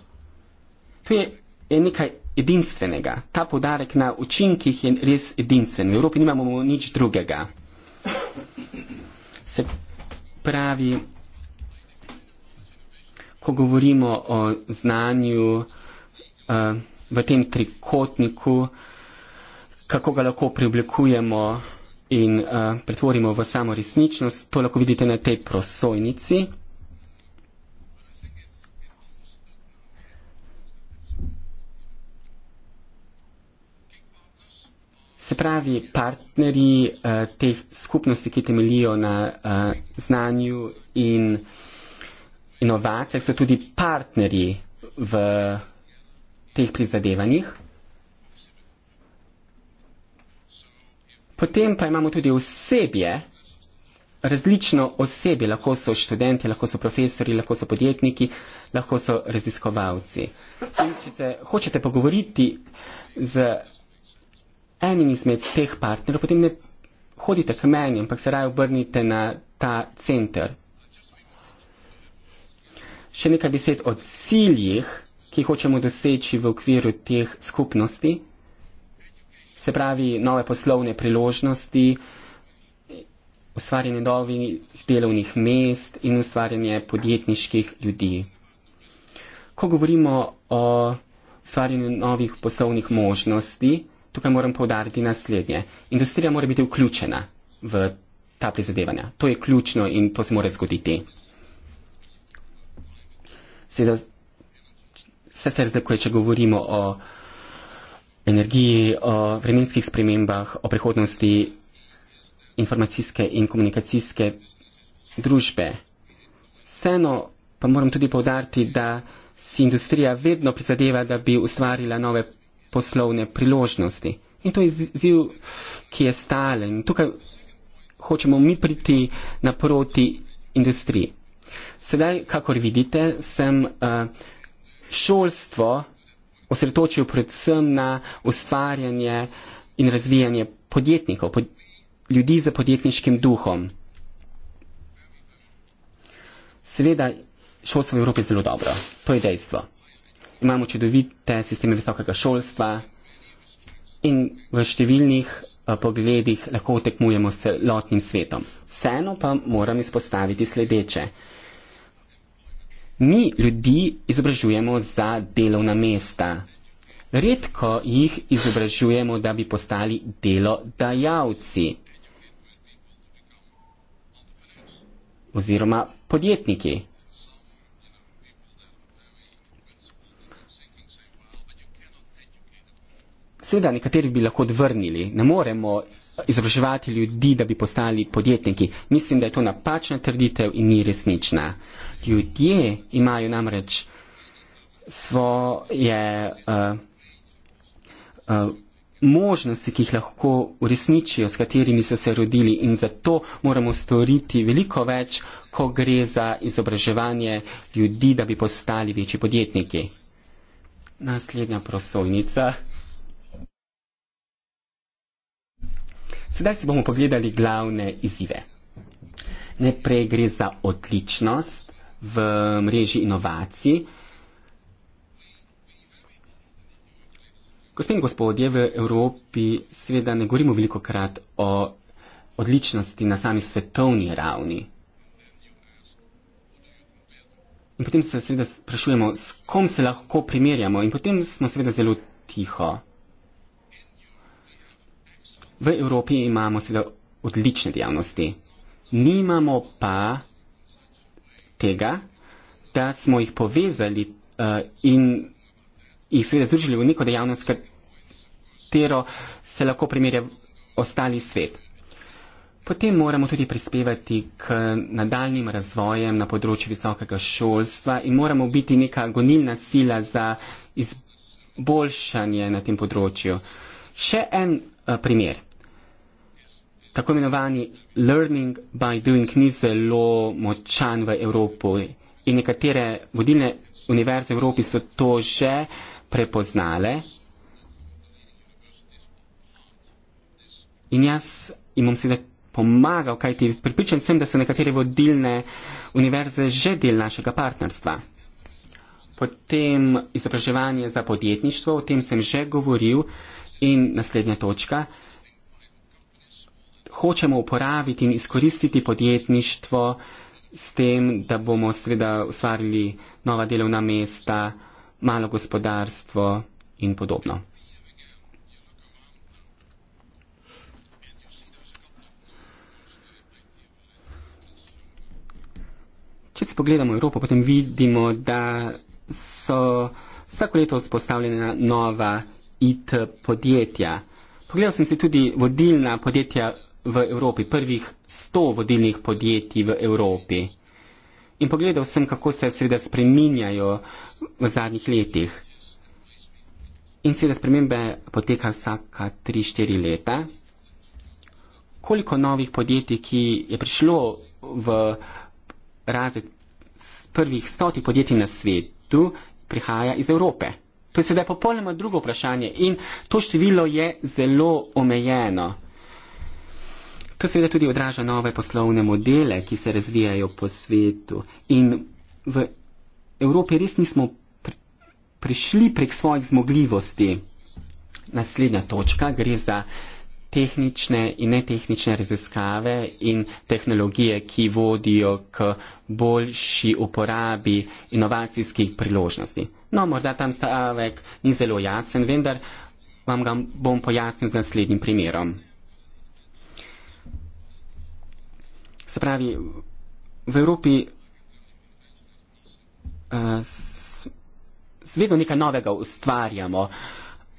To je, je nekaj edinstvenega. Ta podarek na učinkih je res edinstven. V Evropi nimamo nič drugega. Se pravi, ko govorimo o znanju eh, v tem trikotniku, eh, kako ga lahko preoblikujemo in uh, pretvorimo v samo resničnost. To lahko vidite na tej prosojnici. Se pravi, partnerji uh, teh skupnosti, ki temelijo na uh, znanju in inovacijah, so tudi partnerji v teh prizadevanjih. Potem pa imamo tudi osebje, različno osebje, lahko so študenti, lahko so profesori, lahko so podjetniki, lahko so raziskovalci. In če se hočete pogovoriti z enim izmed teh partnerjev, potem ne hodite k meni, ampak se raje obrnite na ta center. Še nekaj besed o ciljih, ki hočemo doseči v okviru teh skupnosti se pravi nove poslovne priložnosti, ustvarjanje novih delovnih mest in ustvarjanje podjetniških ljudi. Ko govorimo o ustvarjanju novih poslovnih možnosti, tukaj moram povdariti naslednje. Industrija mora biti vključena v ta prizadevanja. To je ključno in to se mora zgoditi. Seveda, vse se razlikuje, če govorimo o energiji, o vremenskih spremembah, o prihodnosti informacijske in komunikacijske družbe. Vseeno pa moram tudi povdarti, da si industrija vedno prizadeva, da bi ustvarila nove poslovne priložnosti. In to je izziv, ki je stalen. Tukaj hočemo mi priti naproti industriji. Sedaj, kakor vidite, sem uh, šolstvo osredotočil predvsem na ustvarjanje in razvijanje podjetnikov, pod, ljudi z podjetniškim duhom. Seveda, šolstvo v Evropi je zelo dobro, to je dejstvo. Imamo čudovite sisteme visokega šolstva in v številnih eh, pogledih lahko tekmujemo s celotnim svetom. Vseeno pa moram izpostaviti sledeče. Mi ljudi izobražujemo za delovna mesta. Redko jih izobražujemo, da bi postali delodajalci oziroma podjetniki. Seveda, nekateri bi lahko odvrnili, ne moremo izobraževati ljudi, da bi postali podjetniki. Mislim, da je to napačna trditev in ni resnična. Ljudje imajo namreč svoje uh, uh, možnosti, ki jih lahko uresničijo, s katerimi so se rodili in zato moramo storiti veliko več, ko gre za izobraževanje ljudi, da bi postali večji podjetniki. Naslednja prosojnica. Sedaj si bomo pogledali glavne izzive. Najprej gre za odličnost v mreži inovacij. Gospe in gospodje, v Evropi seveda ne govorimo veliko krat o odličnosti na sami svetovni ravni. In potem se seveda sprašujemo, s kom se lahko primerjamo in potem smo seveda zelo tiho v Evropi imamo seveda odlične dejavnosti. Nimamo pa tega, da smo jih povezali uh, in jih seveda združili v neko dejavnost, katero se lahko primerja ostali svet. Potem moramo tudi prispevati k nadaljnim razvojem na področju visokega šolstva in moramo biti neka gonilna sila za izboljšanje na tem področju. Še en uh, primer tako imenovani learning by doing ni zelo močan v Evropi. In nekatere vodilne univerze v Evropi so to že prepoznale. In jaz imam seveda pomagal, kajti pripričan sem, da so nekatere vodilne univerze že del našega partnerstva. Potem izobraževanje za podjetništvo, o tem sem že govoril in naslednja točka hočemo uporabiti in izkoristiti podjetništvo s tem, da bomo seveda ustvarili nova delovna mesta, malo gospodarstvo in podobno. Če si pogledamo Evropo, potem vidimo, da so vsako leto vzpostavljena nova IT podjetja. Pogledal sem si tudi vodilna podjetja v Evropi, prvih sto vodilnih podjetij v Evropi. In pogledal sem, kako se seveda spreminjajo v zadnjih letih. In seveda spremembe poteka vsaka 3-4 leta. Koliko novih podjetij, ki je prišlo v razred prvih stotih podjetij na svetu, prihaja iz Evrope? To je sedaj popolnoma drugo vprašanje in to število je zelo omejeno. To seveda tudi odraža nove poslovne modele, ki se razvijajo po svetu. In v Evropi res nismo prišli prek svojih zmogljivosti. Naslednja točka gre za tehnične in netehnične raziskave in tehnologije, ki vodijo k boljši uporabi inovacijskih priložnosti. No, morda tam stavek ni zelo jasen, vendar vam ga bom pojasnil z naslednjim primerom. Se pravi, v Evropi uh, vedno nekaj novega ustvarjamo,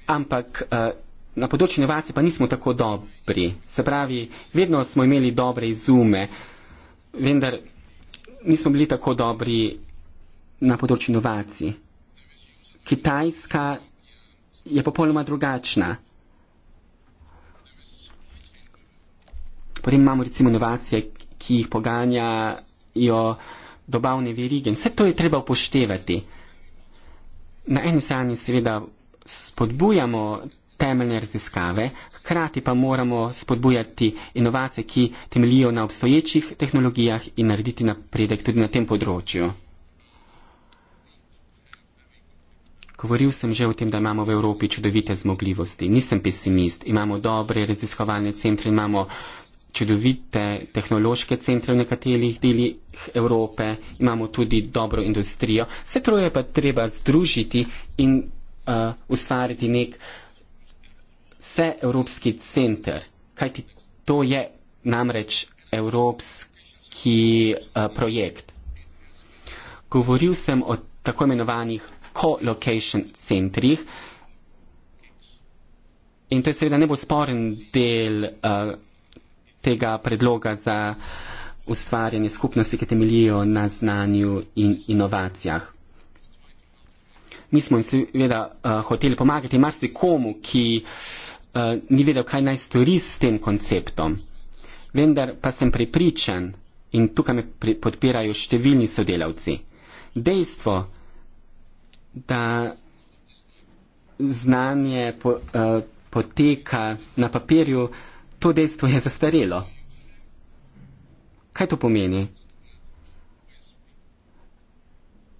ampak uh, na področju inovacij pa nismo tako dobri. Se pravi, vedno smo imeli dobre izume, vendar nismo bili tako dobri na področju inovacij. Kitajska je popolnoma drugačna. Potem imamo recimo inovacije, ki jih poganjajo dobavne verige. Vse to je treba upoštevati. Na eni strani seveda spodbujamo temeljne raziskave, hkrati pa moramo spodbujati inovacije, ki temelijo na obstoječih tehnologijah in narediti napredek tudi na tem področju. Govoril sem že o tem, da imamo v Evropi čudovite zmogljivosti. Nisem pesimist. Imamo dobre raziskovalne centre, imamo uh, čudovite tehnološke centre v nekaterih delih Evrope, imamo tudi dobro industrijo. Vse troje pa treba združiti in uh, ustvariti nek vseevropski center, kajti to je namreč evropski uh, projekt. Govoril sem o tako imenovanih co-location centrih in to je seveda ne bo sporen del uh, tega predloga za ustvarjanje skupnosti, ki temeljijo na znanju in inovacijah. Mi smo jim seveda uh, hoteli pomagati marsikomu, ki uh, ni vedel, kaj naj stori s tem konceptom. Vendar pa sem prepričan in tukaj me podpirajo številni sodelavci. Dejstvo, da znanje po, uh, poteka na papirju, uh, to dejstvo je zastarelo. Kaj to pomeni?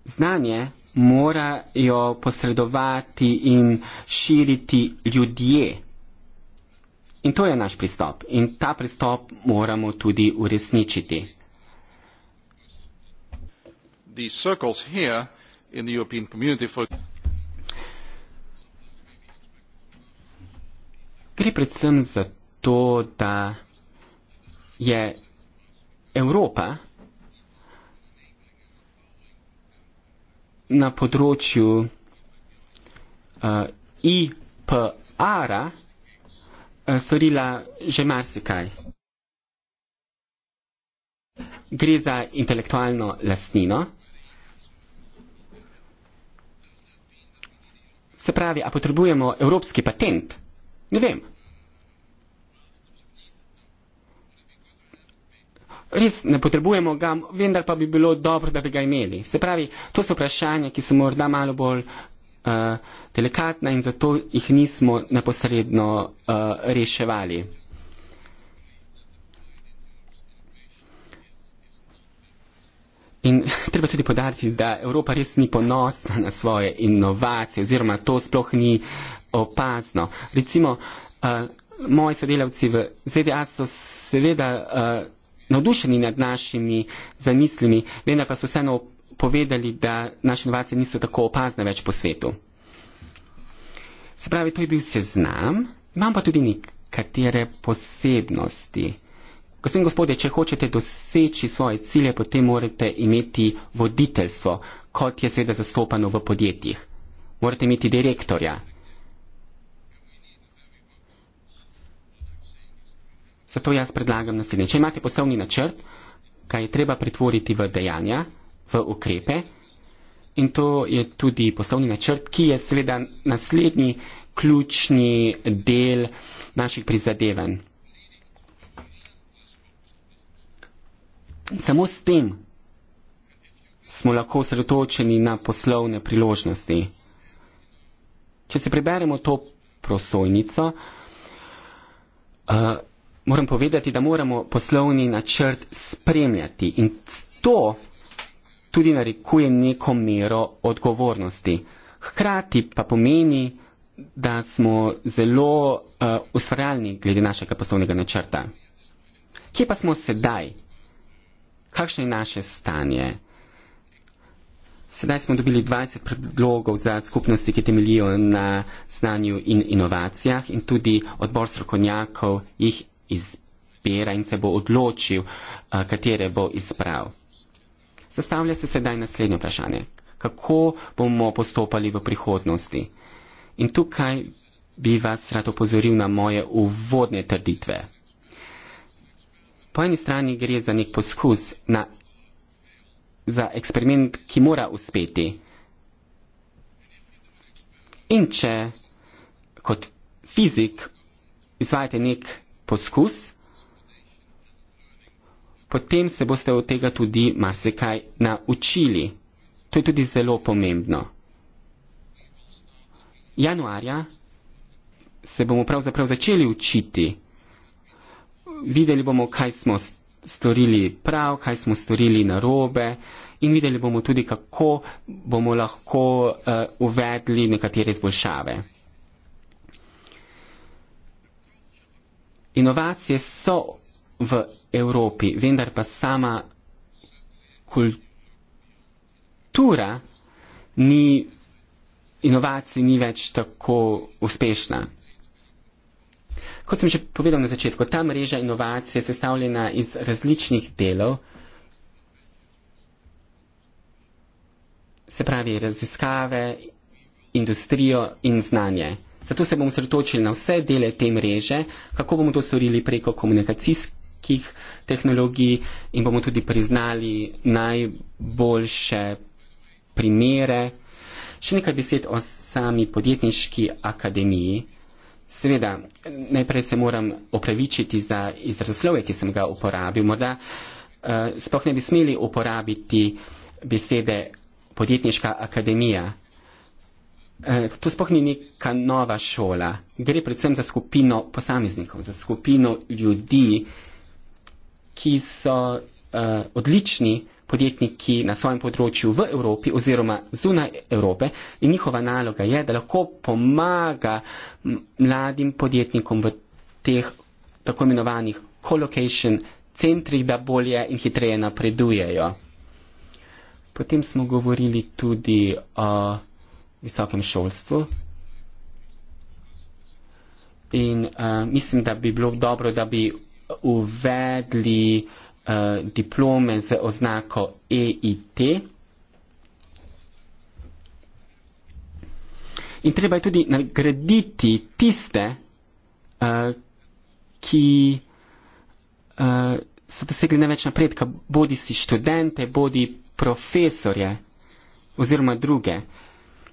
Znanje morajo posredovati in širiti ljudje. In to je naš pristop. In ta pristop moramo tudi uresničiti. Gre predvsem za to, da je Evropa na področju uh, eh, IPR-a uh, eh, storila že marsikaj. Gre za intelektualno lastnino. Se pravi, a potrebujemo evropski patent? Ne vem. Res ne potrebujemo ga, vendar pa bi bilo dobro, da bi ga imeli. Se pravi, to so vprašanja, ki so morda malo bolj uh, delikatna in zato jih nismo neposredno uh, reševali. In [LAUGHS] treba tudi podariti, da Evropa res ni ponosna na svoje inovacije oziroma to sploh ni opazno. Recimo, uh, moji sodelavci v ZDA so seveda. Uh, navdušeni nad našimi zamislimi, vendar pa so vseeno povedali, da naše inovacije niso tako opazne več po svetu. Se pravi, to je bil seznam, imam pa tudi nekatere posebnosti. Gospod in gospodje, če hočete doseči svoje cilje, potem morate imeti voditeljstvo, kot je seveda zastopano v podjetjih. Morate imeti direktorja, Zato jaz predlagam naslednje. Če imate poslovni načrt, kaj je treba pretvoriti v dejanja, v ukrepe, in to je tudi poslovni načrt, ki je seveda naslednji ključni del naših prizadevanj. Samo s tem smo lahko osredotočeni na poslovne priložnosti. Če se preberemo to prosojnico, eh, moram povedati, da moramo poslovni načrt spremljati in to tudi narekuje neko mero odgovornosti. Hkrati pa pomeni, da smo zelo uh, ustvarjalni glede našega poslovnega načrta. Kje pa smo sedaj? Kakšno je naše stanje? Sedaj smo dobili 20 predlogov za skupnosti, ki temelijo na znanju in inovacijah in tudi odbor strokovnjakov jih izbira in se bo odločil, eh, katere bo izbral. Zastavlja se sedaj naslednje vprašanje. Kako bomo postopali v prihodnosti? In tukaj bi vas rad opozoril na moje uvodne trditve. Po eni strani gre za nek poskus, na, za eksperiment, ki mora uspeti. In če kot fizik izvajate nek poskus, potem se boste od tega tudi marsikaj naučili. To je tudi zelo pomembno. Januarja se bomo pravzaprav začeli učiti. Videli bomo, kaj smo storili prav, kaj smo storili narobe in videli bomo tudi, kako bomo lahko uh, uvedli nekatere izboljšave. inovacije so v Evropi, vendar pa sama kultura ni, inovacij ni več tako uspešna. Kot sem že povedal na začetku, ta mreža inovacij je sestavljena iz različnih delov, se pravi raziskave, industrijo in znanje. Zato se bomo sredotočili na vse dele te mreže, kako bomo to storili preko komunikacijskih tehnologij in bomo tudi priznali najboljše primere. Še nekaj besed o sami podjetniški akademiji. Seveda, najprej se moram opravičiti za izrazoslove, ki sem ga uporabil. Morda uh, sploh ne bi smeli uporabiti besede podjetniška akademija. Eh, to sploh ni neka nova šola, gre predvsem za skupino posameznikov, za skupino ljudi, ki so uh, odlični podjetniki na svojem področju v Evropi oziroma zunaj Evrope in njihova naloga je, da lahko pomaga mladim podjetnikom v teh tako imenovanih colocation centrih, da bolje in hitreje napredujejo. Potem smo govorili tudi o. Uh, visokem šolstvu. In uh, mislim, da bi bilo dobro, da bi uvedli uh, diplome z oznako EIT. In treba je tudi nagraditi tiste, uh, ki uh, so dosegli največ napredka, bodi si študente, bodi profesorje oziroma druge.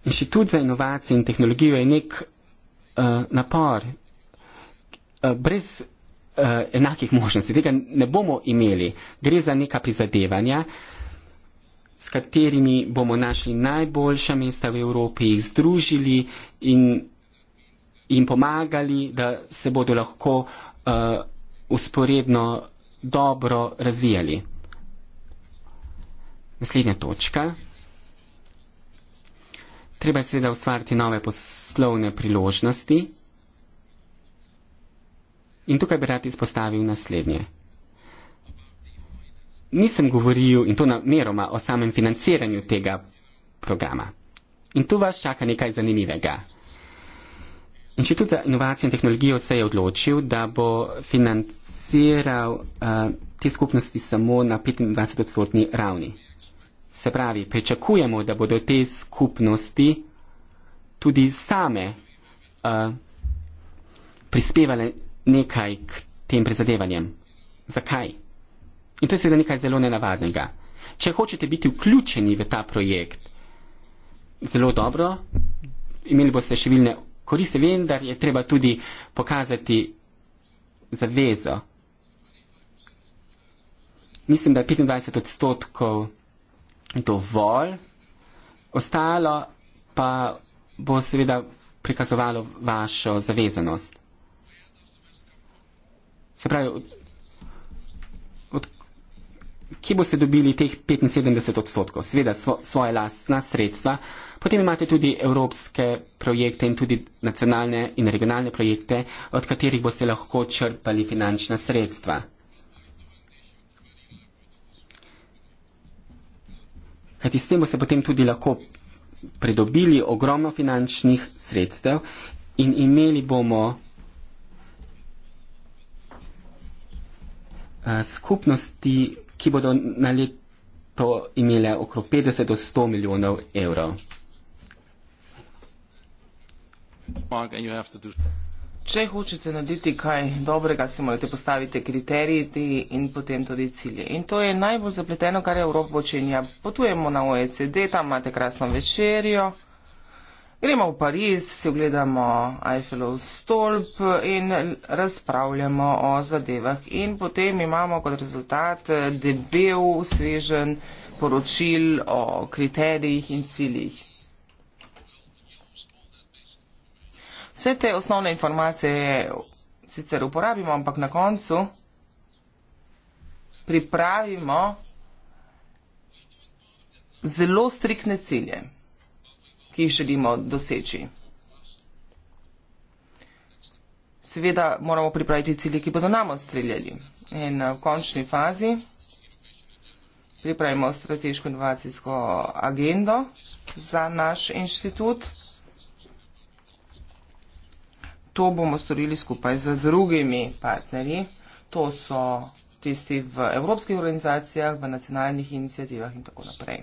Inštitut za inovacije in tehnologijo je nek uh, napor uh, brez uh, enakih možnosti. Tega ne bomo imeli. Gre za neka prizadevanja, s katerimi bomo našli najboljša mesta v Evropi, jih združili in, in pomagali, da se bodo lahko uh, usporedno dobro razvijali. Naslednja točka treba je seveda ustvariti nove poslovne priložnosti. In tukaj bi rad izpostavil naslednje. Nisem govoril in to nameroma o samem financiranju tega programa. In tu vas čaka nekaj zanimivega. Inštitut za inovacije in tehnologijo se je odločil, da bo financiral uh, te skupnosti samo na 25-odstotni ravni. Se pravi, pričakujemo, da bodo te skupnosti tudi same uh, prispevale nekaj k tem prizadevanjem. Zakaj? In to je seveda nekaj zelo nenavadnega. Če hočete biti vključeni v ta projekt, zelo dobro, imeli boste številne koriste, vendar je treba tudi pokazati zavezo. Mislim, da je 25 odstotkov dovolj, ostalo pa bo seveda prikazovalo vašo zavezanost. Se pravi, od, od, kje boste dobili teh 75 odstotkov? Seveda svo, svoje lastna sredstva. Potem imate tudi evropske projekte in tudi nacionalne in regionalne projekte, od katerih boste lahko črpali finančna sredstva. kajti s tem bo se potem tudi lahko pridobili ogromno finančnih sredstev in imeli bomo eh, skupnosti, ki bodo na leto imele okrog 50 do 100 milijonov evrov. Mark, and you have to do... Če hočete narediti kaj dobrega, si morate postaviti kriteriji in potem tudi cilje. In to je najbolj zapleteno, kar Evropa počenja. Potujemo na OECD, tam imate krasno večerjo, gremo v Pariz, si ogledamo Eiffelov stolp in razpravljamo o zadevah. In potem imamo kot rezultat eh, debel, svežen poročil o kriterijih in ciljih. Vse te osnovne informacije sicer uporabimo, ampak na koncu pripravimo zelo strikne cilje, ki jih želimo doseči. Seveda moramo pripraviti cilje, ki bodo nam ostreljali. In v končni fazi pripravimo strateško inovacijsko agendo za naš inštitut to bomo storili skupaj z drugimi partnerji. To so tisti v evropskih organizacijah, v nacionalnih inicijativah in tako naprej.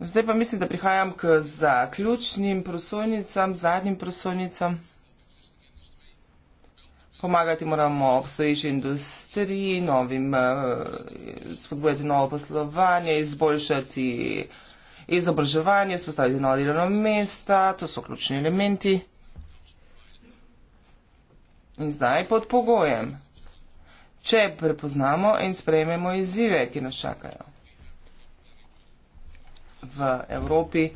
Zdaj pa mislim, da prihajam k zaključnim prosojnicam, zadnjim prosojnicam. Pomagati moramo obstoječi industriji, novim, eh, spodbujati novo poslovanje, izboljšati izobraževanje, spostaviti nova delovna mesta, to so ključni elementi. In zdaj pod pogojem, če prepoznamo in sprejmemo izzive, ki nas čakajo. V Evropi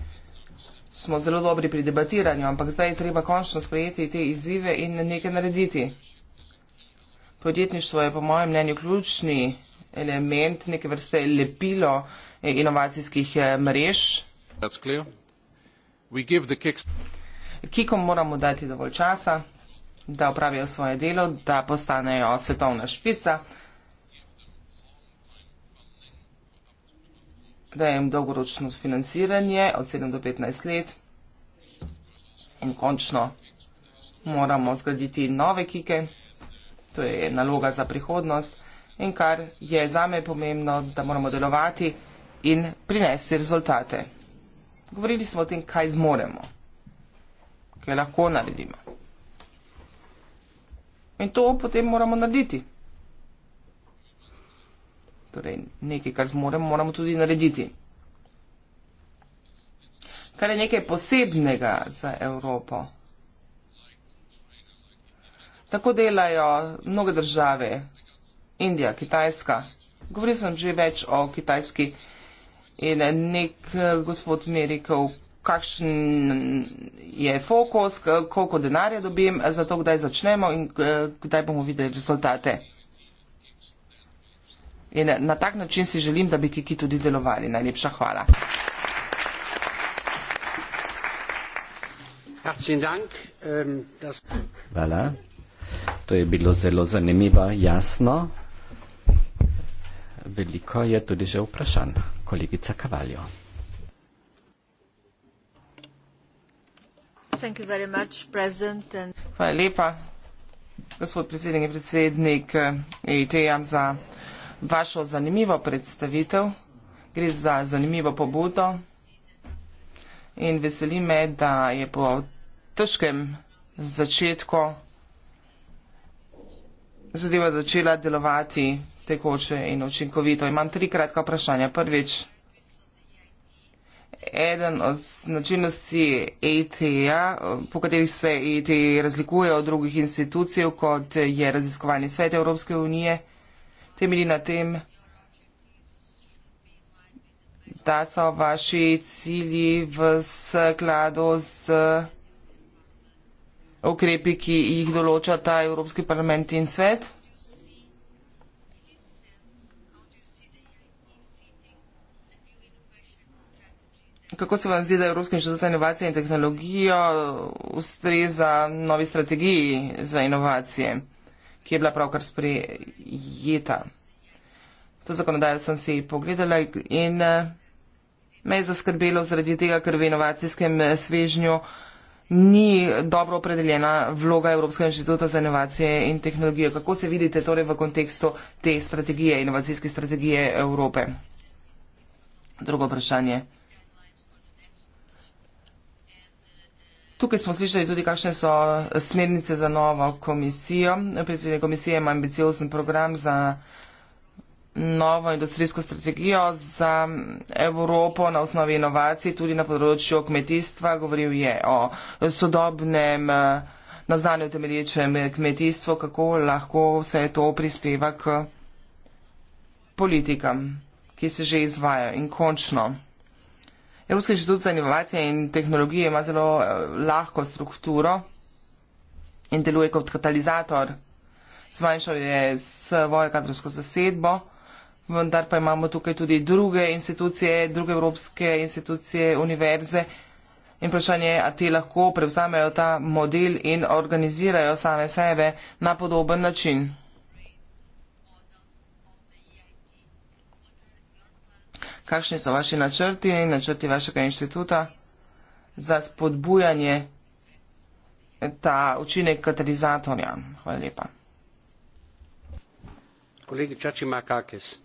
smo zelo dobri pri debatiranju, ampak zdaj je treba končno sprejeti te izzive in nekaj narediti. Podjetništvo je po mojem mnenju ključni element, neke vrste lepilo, Eh, inovacijskih eh, mrež. Kikom moramo dati dovolj časa, da opravijo svoje delo, da postanejo svetovna špica, da jim dolgoročno financiranje od 7 do 15 let in končno moramo zgraditi nove kike, to je naloga za prihodnost in kar je zame pomembno, da moramo delovati in prinesti rezultate. Govorili smo o tem, kaj zmoremo, kaj lahko naredimo. In to potem moramo narediti. Torej, nekaj, kar zmoremo, moramo tudi narediti. Kar je nekaj posebnega za Evropo. Tako delajo mnoge države, Indija, Kitajska. Govoril sem že več o kitajski In nek eh, gospod mi je rekel, kakšen je fokus, koliko denarja dobim, zato kdaj začnemo in eh, kdaj bomo videli rezultate. In eh, na tak način si želim, da bi kiki tudi delovali. Najlepša hvala. Ähm, hvala. To je bilo zelo zanimivo, jasno veliko je tudi že vprašanj. Kolegica Kavaljo. Hvala lepa, gospod predsednik in predsednik ETM, eh, e za vašo zanimivo predstavitev. Gre za zanimivo pobudo in veseli me, da je po težkem začetku zadeva začela delovati tekoče in učinkovito. Imam tri kratka vprašanja. Prvič, eden od značilnosti ETA, po katerih se ETA razlikuje od drugih institucij, kot je raziskovalni svet Evropske unije, temelji na tem, da so vaši cilji v skladu z ukrepi, ki jih določa ta Evropski parlament in svet. kako se vam zdi, da Evropski inštitut za inovacije in tehnologijo ustreza novi strategiji za inovacije, ki je bila pravkar sprejeta? To zakonodajo sem si pogledala in eh, me je zaskrbelo zaradi tega, ker v inovacijskem eh, svežnju ni dobro opredeljena vloga Evropskega inštituta za inovacije in tehnologijo. Kako se vidite torej v kontekstu te strategije, inovacijske strategije Evrope? Drugo vprašanje. Tukaj smo slišali tudi, kakšne so smernice za novo komisijo. Predsednik komisije ima ambiciozen program za novo industrijsko strategijo za Evropo na osnovi inovacij, tudi na področju kmetijstva. Govoril je o sodobnem, na znanju temelječem kmetijstvu, kako lahko vse to prispeva k politikam, ki se že izvajajo in končno. Evropski inštitut za inovacije in tehnologije ima zelo eh, lahko strukturo in deluje kot katalizator. Zmanjšal je svojo kadrovsko zasedbo, vendar pa imamo tukaj tudi druge institucije, druge evropske institucije, univerze. In vprašanje je, ali ti lahko prevzamejo ta model in organizirajo same sebe na podoben način. kakšni so vaši načrti in načrti vašega inštituta za spodbujanje ta učinek katalizatorja. Hvala lepa. Kolegi Čači Makakis.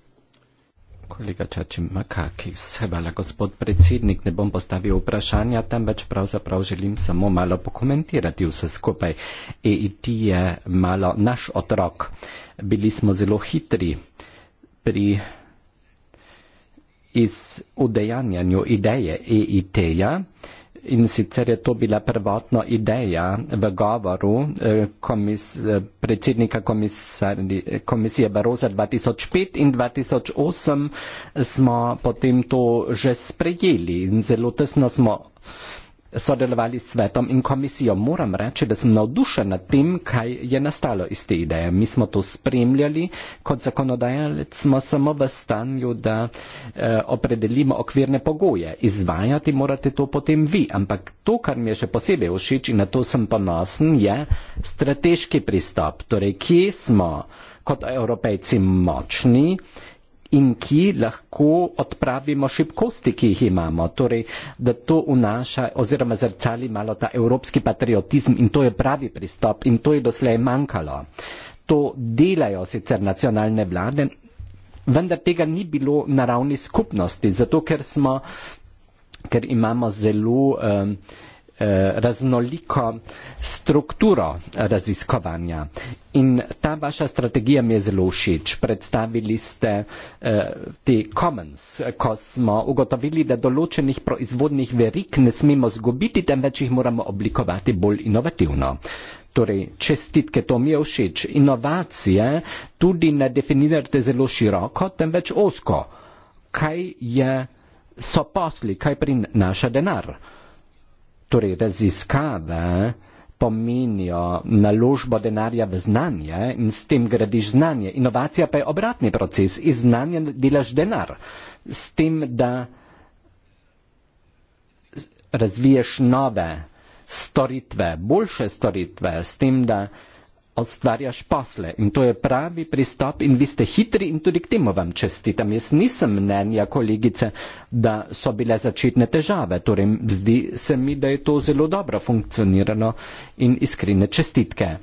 Kolega Čači Makakis, hvala gospod predsednik, ne bom postavil vprašanja, temveč pravzaprav želim samo malo pokomentirati vse skupaj. EIT je malo naš otrok. Bili smo zelo hitri pri iz udejanjanju ideje EIT-ja. In sicer je to bila prvotna ideja v govoru eh, komis, eh, predsednika eh, komisije Baroza 2005 in 2008, smo potem to že sprejeli in zelo tesno smo sodelovali s svetom in komisijo. Moram reči, da sem navdušen nad tem, kaj je nastalo iz te ideje. Mi smo to spremljali, kot zakonodajalec smo samo v stanju, da eh, opredelimo okvirne pogoje. Izvajati morate to potem vi. Ampak to, kar mi je še posebej všeč in na to sem ponosen, je strateški pristop. Torej, kje smo kot evropejci močni? Eh, in ki lahko odpravimo šibkosti, ki jih imamo. Torej, da to vnaša oziroma zrcali malo ta evropski patriotizem in to je pravi pristop in to je doslej manjkalo. To delajo sicer nacionalne vlade, vendar tega ni bilo na ravni skupnosti, zato ker, smo, ker imamo zelo. Um, Eh, raznoliko strukturo raziskovanja. In ta vaša strategija mi je zelo všeč. Predstavili ste eh, te commons, ko smo ugotovili, da določenih proizvodnih verik ne smemo zgubiti, temveč jih moramo oblikovati bolj inovativno. Torej, čestitke, to mi je všeč. Inovacije tudi ne definirate zelo široko, temveč osko. Kaj je so posli, kaj prinaša denar? torej raziskave pomenijo naložbo denarja v znanje in s tem gradiš znanje. Inovacija pa je obratni proces. Iz znanja delaš denar. S tem, da razviješ nove storitve, boljše storitve, s tem, da uh, ustvarjaš posle in to je pravi pristop in vi ste hitri in tudi k temu vam čestitam. Jaz nisem mnenja kolegice, da so bile začetne težave, torej zdi se mi, da je to zelo dobro funkcioniralo in iskrene čestitke.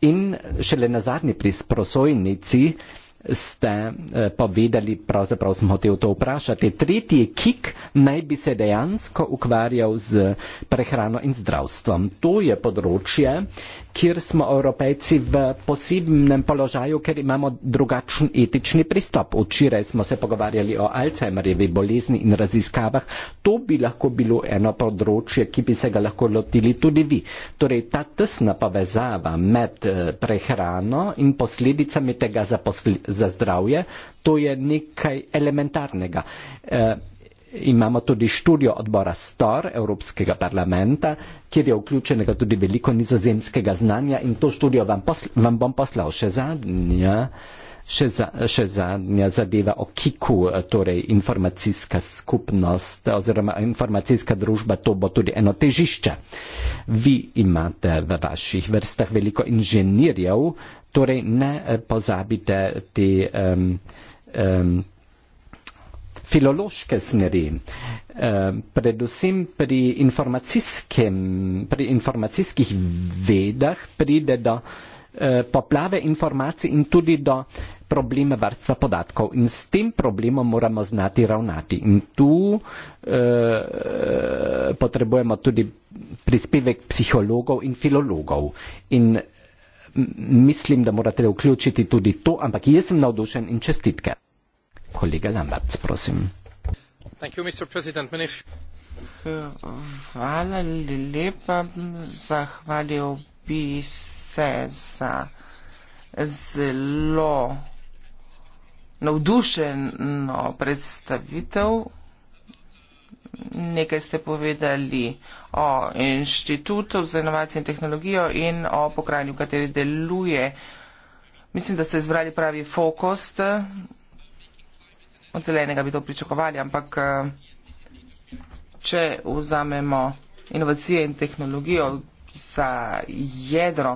In šele na zadnji prisprosojnici ste eh, povedali, pravzaprav sem hotel to vprašati, tretji kik naj bi se dejansko ukvarjal z prehrano in zdravstvom. To je področje, kjer smo Evropejci v posebnem položaju, ker imamo drugačen etični pristop. Včeraj smo se pogovarjali o Alzheimerjevi bolezni in raziskavah. To bi lahko bilo eno področje, ki bi se ga lahko lotili tudi vi. Torej, ta tesna povezava med eh, prehrano in posledicami tega za, posl za zdravje, to je nekaj elementarnega. E, Imamo tudi študijo odbora STOR Evropskega parlamenta, kjer je vključenega tudi veliko nizozemskega znanja in to študijo vam, posla, vam bom poslal še zadnja, še, za, še zadnja zadeva o KIKU, torej informacijska skupnost oziroma informacijska družba, to bo tudi eno težišče. Vi imate v vaših vrstah veliko inženirjev, torej ne eh, pozabite te. Um, um, filološke smeri, eh, predvsem pri, pri informacijskih vedah pride do eh, poplave informacij in tudi do problema varstva podatkov. In s tem problemom moramo znati ravnati. In tu eh, potrebujemo tudi prispevek psihologov in filologov. In mislim, da morate vključiti tudi to, ampak jaz sem navdušen in čestitke. Kollege Lamberts, prosim. Thank you, Mr. President. Hvala lepa. Zahvalil bi se za zelo navdušeno predstavitev. Nekaj ste povedali o inštitutu za inovacijo in tehnologijo in o pokrajini, v kateri deluje. Mislim, da ste izbrali pravi fokus od zelenega bi to pričakovali, ampak eh, če vzamemo inovacije in tehnologijo za jedro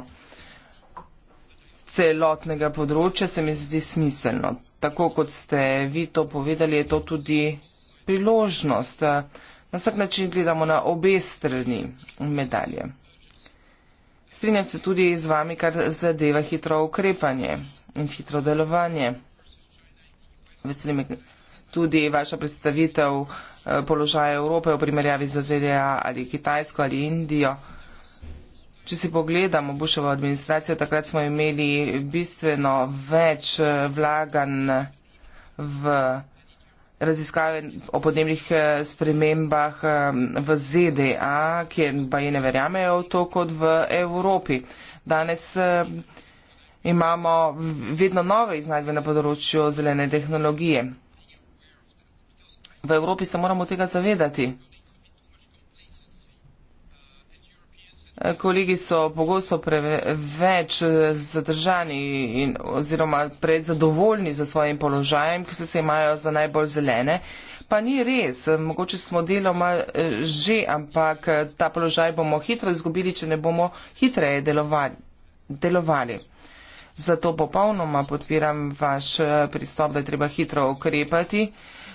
celotnega področja, se mi zdi smiselno. Tako kot ste vi to povedali, je to tudi priložnost. Eh, na vsak način gledamo na obe strani medalje. Strinjam se tudi z vami, kar zadeva hitro ukrepanje in hitro delovanje veseli me tudi vaša predstavitev eh, položaja Evrope v primerjavi z ZDA ali Kitajsko ali Indijo. Če si pogledamo Bušovo administracijo, takrat smo imeli bistveno več eh, vlagan v raziskave o podnebnih eh, spremembah v ZDA, kjer pa je ne verjamejo v to kot v Evropi. Danes imamo vedno nove iznajdbe na področju zelene tehnologije. V Evropi se moramo tega zavedati. Kolegi so pogosto preveč zadržani in, oziroma predzadovoljni za svojim položajem, ki se se imajo za najbolj zelene. Pa ni res, mogoče smo deloma eh, že, ampak eh, ta položaj bomo hitro izgubili, če ne bomo hitreje delovali. delovali. Zato popolnoma podpiram vaš eh, pristop, da treba hitro ukrepati.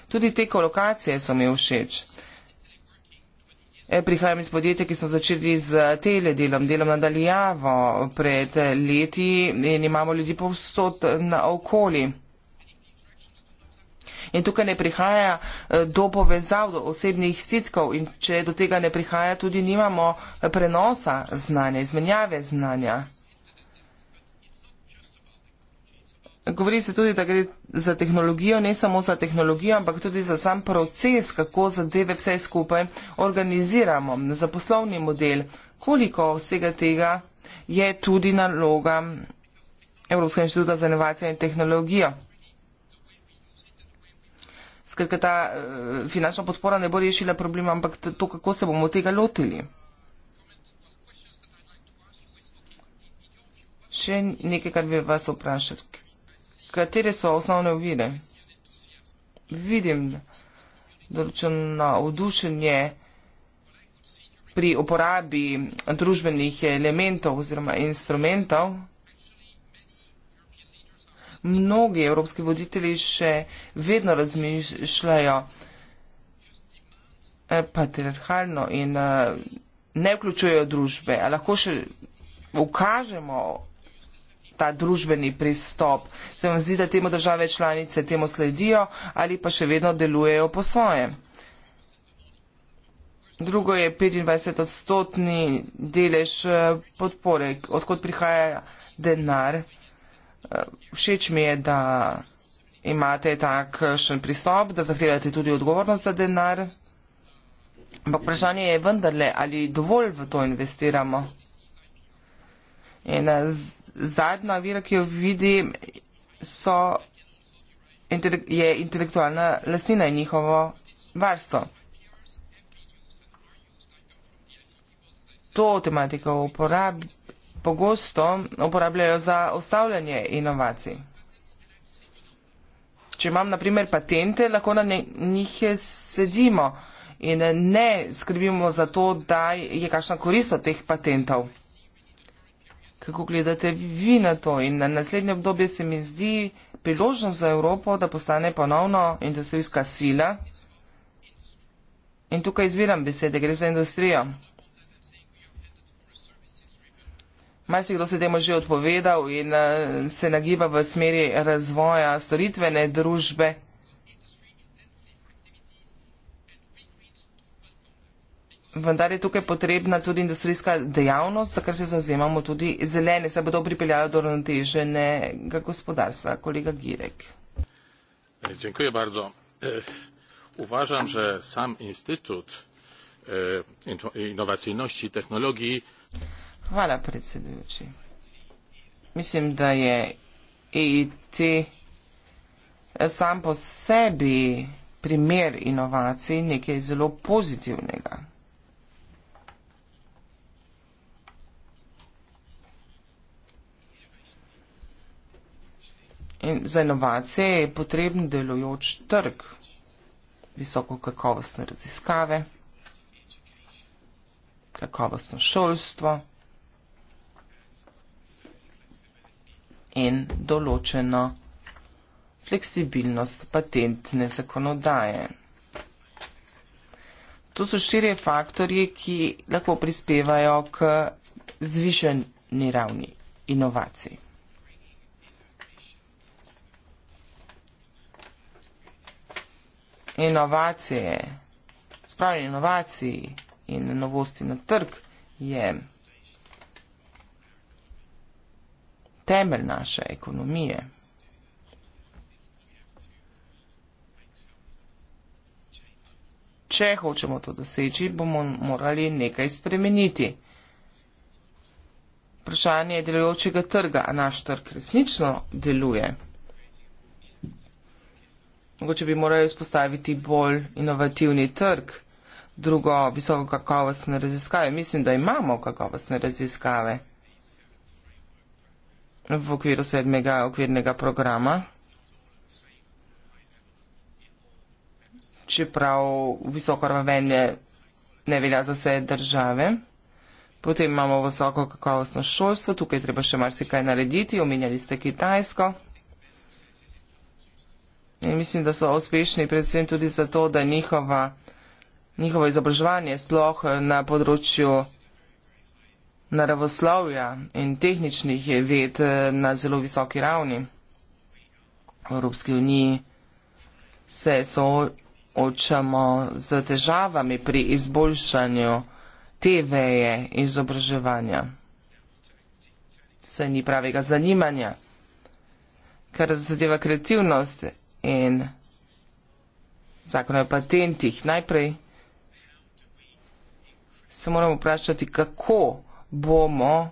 Tudi te kolokacije so mi všeč. Eh, prihajam iz podjetja, ki smo začeli z teledelom, delom nadaljavo pred eh, leti in imamo ljudi povsod na okoli. In tukaj ne prihaja do povezav, do osebnih stitkov in če do tega ne prihaja, tudi nimamo prenosa znanja, izmenjave znanja. Govori se tudi, da gre za tehnologijo, ne samo za tehnologijo, ampak tudi za sam proces, kako zadeve vse skupaj organiziramo, za poslovni model. Koliko vsega tega je tudi naloga Evropskega inštituta za inovacijo in tehnologijo? Skratka, ta eh, finančna podpora ne bo rešila problema, ampak to, kako se bomo tega lotili. Še nekaj, kar bi vas vprašal. Katere so osnovne ovire? Vidim določeno odušenje pri uporabi družbenih elementov oziroma instrumentov. Mnogi evropski voditelji še vedno razmišljajo eh, patriarhalno in eh, ne vključujejo družbe. A lahko še ukažemo ta družbeni pristop. Se vam zdi, da temu države članice temu sledijo ali pa še vedno delujejo po svoje? Drugo je 25 odstotni delež eh, podpore, odkot prihaja denar. Eh, všeč mi je, da imate takšen pristop, da zahtevate tudi odgovornost za denar. Ampak vprašanje je vendarle, ali dovolj v to investiramo. In eh, zadnja vira, ki jo vidim, so, je intelektualna lastnina in njihovo varstvo. To tematiko uporab, pogosto uporabljajo za ustavljanje inovacij. Če imam na primer patente, lahko na njih sedimo in ne skrbimo za to, da je kakšna korist od teh patentov kako gledate vi na to in na naslednje obdobje se mi zdi priložnost za Evropo, da postane ponovno industrijska sila. In tukaj izbiram besede, gre za industrijo. Mar si kdo se temu že odpovedal in eh, se nagiba v smeri razvoja storitvene družbe. vendar je tukaj potrebna tudi industrijska dejavnost, za kar se zauzemamo tudi zelene, se bodo pripeljali do ravnoteženega gospodarstva. Kolega Girek. Eh, dziękuję bardzo. Eh, uważam, że sam Instytut eh, Innowacyjności i Technologii. Hvala, predsedujoči. Mislim, da je EIT sam po sebi primer inovacij nekaj zelo pozitivnega. In za inovacije je potreben delujoč trg, visoko kakovostne raziskave, kakovostno šolstvo in določeno fleksibilnost patentne zakonodaje. To so štirje faktorji, ki lahko prispevajo k zvišeni ravni inovacij. inovacije, spravljanje inovacij in novosti na trg je temelj naše ekonomije. Če hočemo to doseči, bomo morali nekaj spremeniti. Vprašanje je delujočega trga, a naš trg resnično deluje mogoče bi morali vzpostaviti bolj inovativni trg, drugo visoko kakovostne raziskave. Mislim, da imamo kakovostne raziskave v okviru sedmega okvirnega programa. Čeprav visoko raven je ne velja za vse države. Potem imamo visoko kakovostno šolstvo, tukaj treba še marsikaj narediti, omenjali ste Kitajsko. In mislim, da so uspešni predvsem tudi zato, da njihova, njihovo izobraževanje sploh na področju naravoslovja in tehničnih je ved eh, na zelo visoki ravni. V Evropski uniji se soočamo z težavami pri izboljšanju te veje izobraževanja. Se ni pravega zanimanja. Kar zadeva kreativnost in zakon o patentih. Najprej se moramo vprašati, kako bomo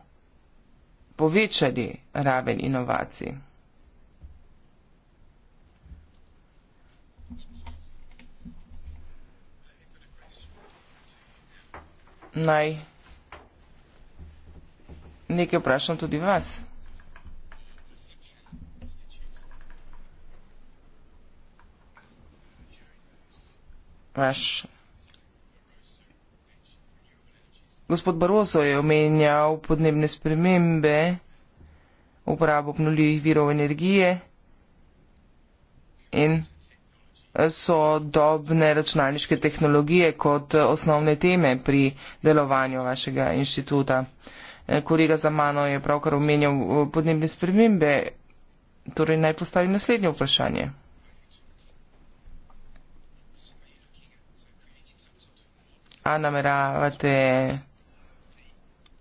povečali raven inovacij. Naj nekaj vprašam tudi vas. vaš. Gospod Baroso je omenjal podnebne spremembe, uporabo obnuljivih virov energije in sodobne računalniške tehnologije kot osnovne teme pri delovanju vašega inštituta. E, kolega za mano je pravkar omenjal podnebne spremembe, torej naj postavim naslednje vprašanje. A nameravate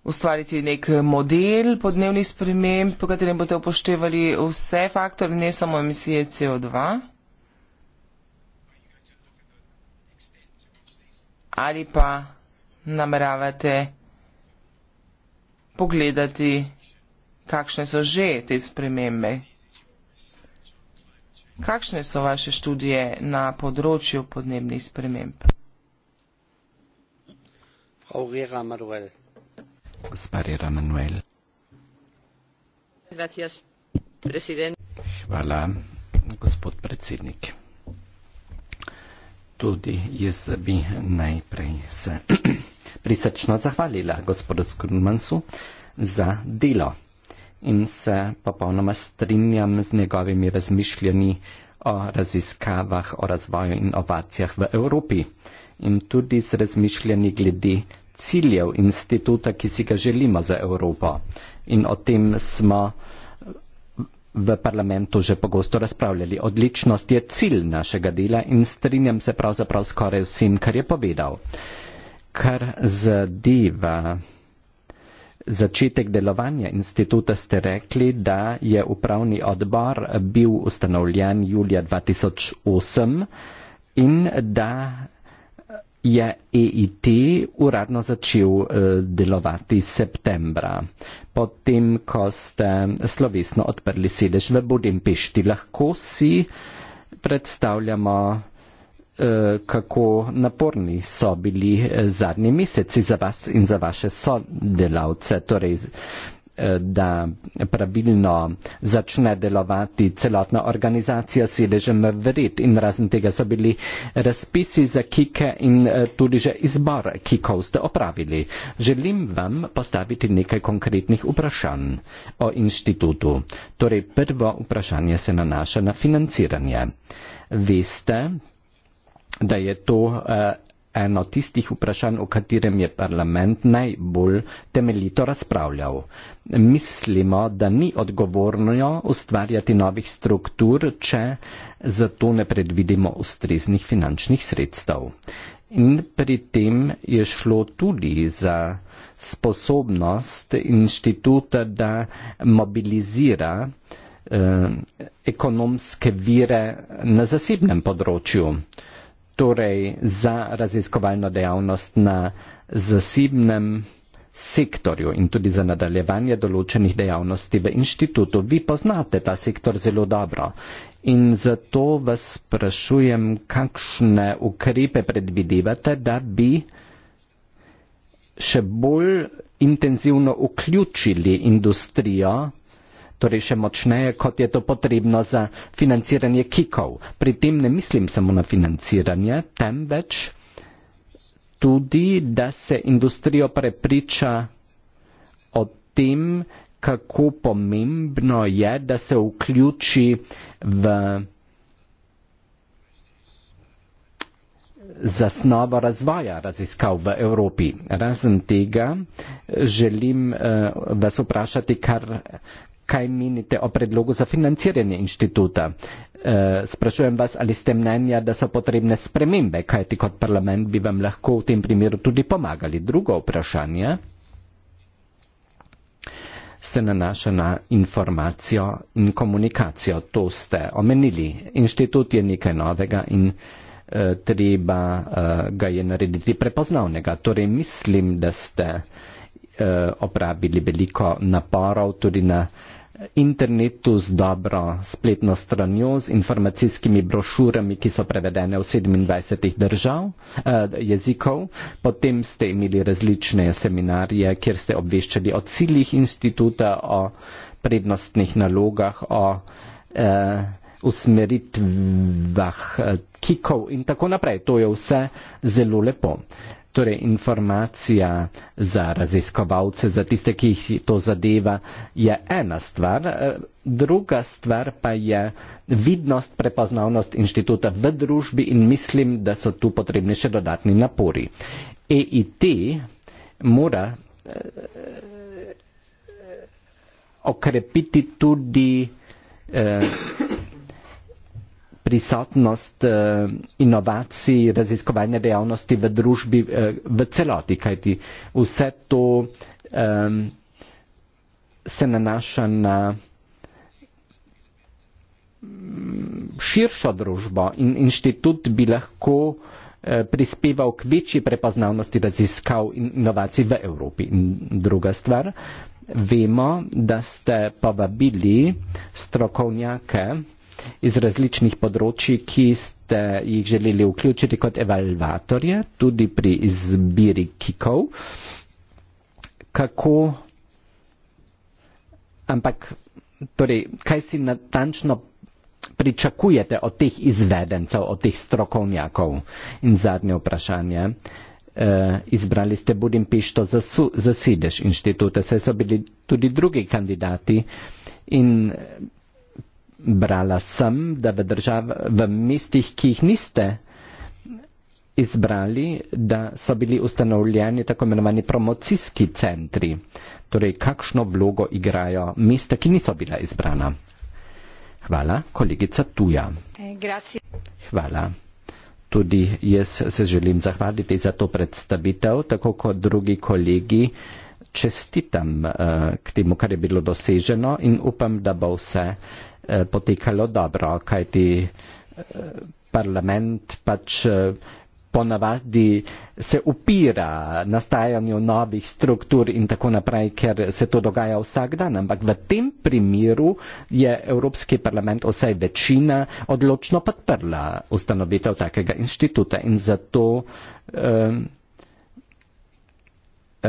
ustvariti nek model podnebnih sprememb, po katerem boste upoštevali vse faktore, ne samo emisije CO2? Ali pa nameravate pogledati, kakšne so že te spremembe? Kakšne so vaše študije na področju podnebnih sprememb? Frau Rera Manuel. Gospa Rera Manuel. Gracias, Hvala, gospod predsednik. Tudi jaz bi najprej se [CLEARS THROAT] prisrčno zahvalila gospodu Skrumansu za delo in se popolnoma strinjam z njegovimi razmišljanji o raziskavah, o razvoju inovacijah v Evropi in tudi z razmišljanji glede ciljev instituta, ki si ga želimo za Evropo. In o tem smo v parlamentu že pogosto razpravljali. Odličnost je cilj našega dela in strinjam se pravzaprav skoraj vsem, kar je povedal. Kar zadeva začetek delovanja instituta, ste rekli, da je upravni odbor bil ustanovljen julija 2008 in da je EIT uradno začel uh, delovati septembra. Potem, ko ste slovesno odprli sedež v Budimpešti, lahko si predstavljamo, uh, kako naporni so bili eh, zadnji meseci za vas in za vaše sodelavce. Torej, uh, da pravilno začne delovati celotna organizacija s sedežem v Rit. In razen tega so bili razpisi za kike in eh, tudi že izbor kikov ste opravili. Želim vam postaviti nekaj konkretnih vprašanj o inštitutu. Torej prvo vprašanje se nanaša na financiranje. Veste, da je to eh, eno tistih vprašanj, o katerem je parlament najbolj temeljito razpravljal. Mislimo, da ni odgovorno ustvarjati novih struktur, če zato ne predvidimo ustreznih finančnih sredstev. In pri tem je šlo tudi za sposobnost inštituta, da mobilizira eh, ekonomske vire na zasebnem področju. Eh, torej za raziskovalno dejavnost na zasebnem sektorju in tudi za nadaljevanje določenih dejavnosti v inštitutu. Vi poznate ta sektor zelo dobro in zato vas sprašujem, kakšne ukrepe predvidevate, da bi še bolj intenzivno vključili industrijo torej še močneje, kot je to potrebno za financiranje kikov. Pri tem ne mislim samo na financiranje, temveč tudi, da se industrijo prepriča o tem, kako pomembno je, da se vključi v zasnovo razvoja raziskav v Evropi. Razen tega želim uh, vas vprašati, kar, kaj menite o predlogu za financiranje inštituta. E, sprašujem vas, ali ste mnenja, da so potrebne spremembe, kaj ti kot parlament bi vam lahko v tem primeru tudi pomagali. Drugo vprašanje se nanaša na informacijo in komunikacijo. To ste omenili. Inštitut je nekaj novega in e, treba e, ga je narediti prepoznavnega. Torej mislim, da ste e, opravili veliko naporov tudi na internetu z dobro spletno stranjo, z informacijskimi brošurami, ki so prevedene v 27 držav, eh, jezikov. Potem ste imeli različne seminarije, kjer ste obveščali o ciljih instituta, o prednostnih nalogah, o eh, usmeritvah eh, kikov in tako naprej. To je vse zelo lepo torej informacija za raziskovalce, za tiste, ki jih to zadeva, je ena stvar. Eh, druga stvar pa je vidnost, prepoznavnost inštituta v družbi in mislim, da so tu potrebni še dodatni napori. EIT mora eh, okrepiti tudi eh, prisotnost eh, inovacij, raziskovalne dejavnosti v družbi eh, v celoti, kajti vse to eh, se nanaša na mm, širšo družbo in inštitut bi lahko eh, prispeval k večji prepoznavnosti raziskav in inovacij v Evropi. In druga stvar, vemo, da ste povabili strokovnjake, iz različnih področji, ki ste jih želeli vključiti kot evalvatorje, tudi pri izbiri kikov. Kako, ampak, torej, kaj si natančno pričakujete od teh izvedencev, od teh strokovnjakov? In zadnje vprašanje. Uh, izbrali ste Budimpešto za, za sedež inštituta, saj so bili tudi drugi kandidati in brala sem, da v, držav, v mestih, ki jih niste izbrali, da so bili ustanovljeni tako imenovani promocijski centri. Torej, kakšno vlogo igrajo mesta, ki niso bila izbrana? Hvala, kolegica Tuja. Eh, grazie. Hvala. Tudi jaz se želim zahvaliti za to predstavitev, tako kot drugi kolegi. Čestitam uh, k temu, kar je bilo doseženo in upam, da bo vse uh, Eh, potekalo dobro, kajti eh, parlament pač eh, ponavadi se upira nastajanju novih struktur in tako naprej, ker se to dogaja vsak dan. Ampak v tem primeru je Evropski parlament vsaj večina odločno podprla ustanovitev takega inštituta in zato um, um,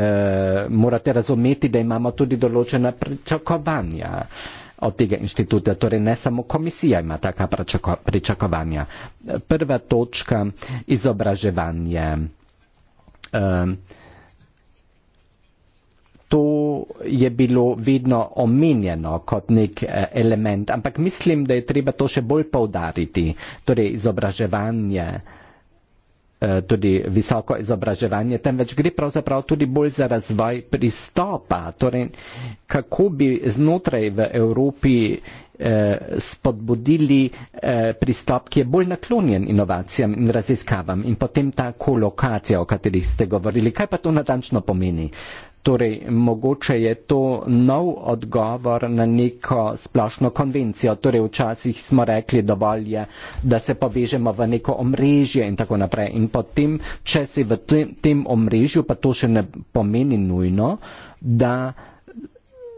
morate razumeti, da imamo tudi določena pričakovanja. Um, od tega inštituta. Torej ne samo komisija ima taka pričakovanja. Prva točka je izobraževanje. Ehm, to je bilo vedno omenjeno kot nek e, element, ampak mislim, da je treba to še bolj povdariti. Torej izobraževanje. Eh, tudi visoko izobraževanje, temveč gre pravzaprav tudi bolj za razvoj pristopa, torej kako bi znotraj v Evropi eh, spodbudili eh, pristop, ki je bolj naklonjen inovacijam in raziskavam in potem ta kolokacija, o kateri ste govorili. Kaj pa to natančno pomeni? Torej, mogoče je to nov odgovor na neko splošno konvencijo. Torej, včasih smo rekli dovolj je, da se povežemo v neko omrežje in tako naprej. In potem, če si v tem omrežju, pa to še ne pomeni nujno, da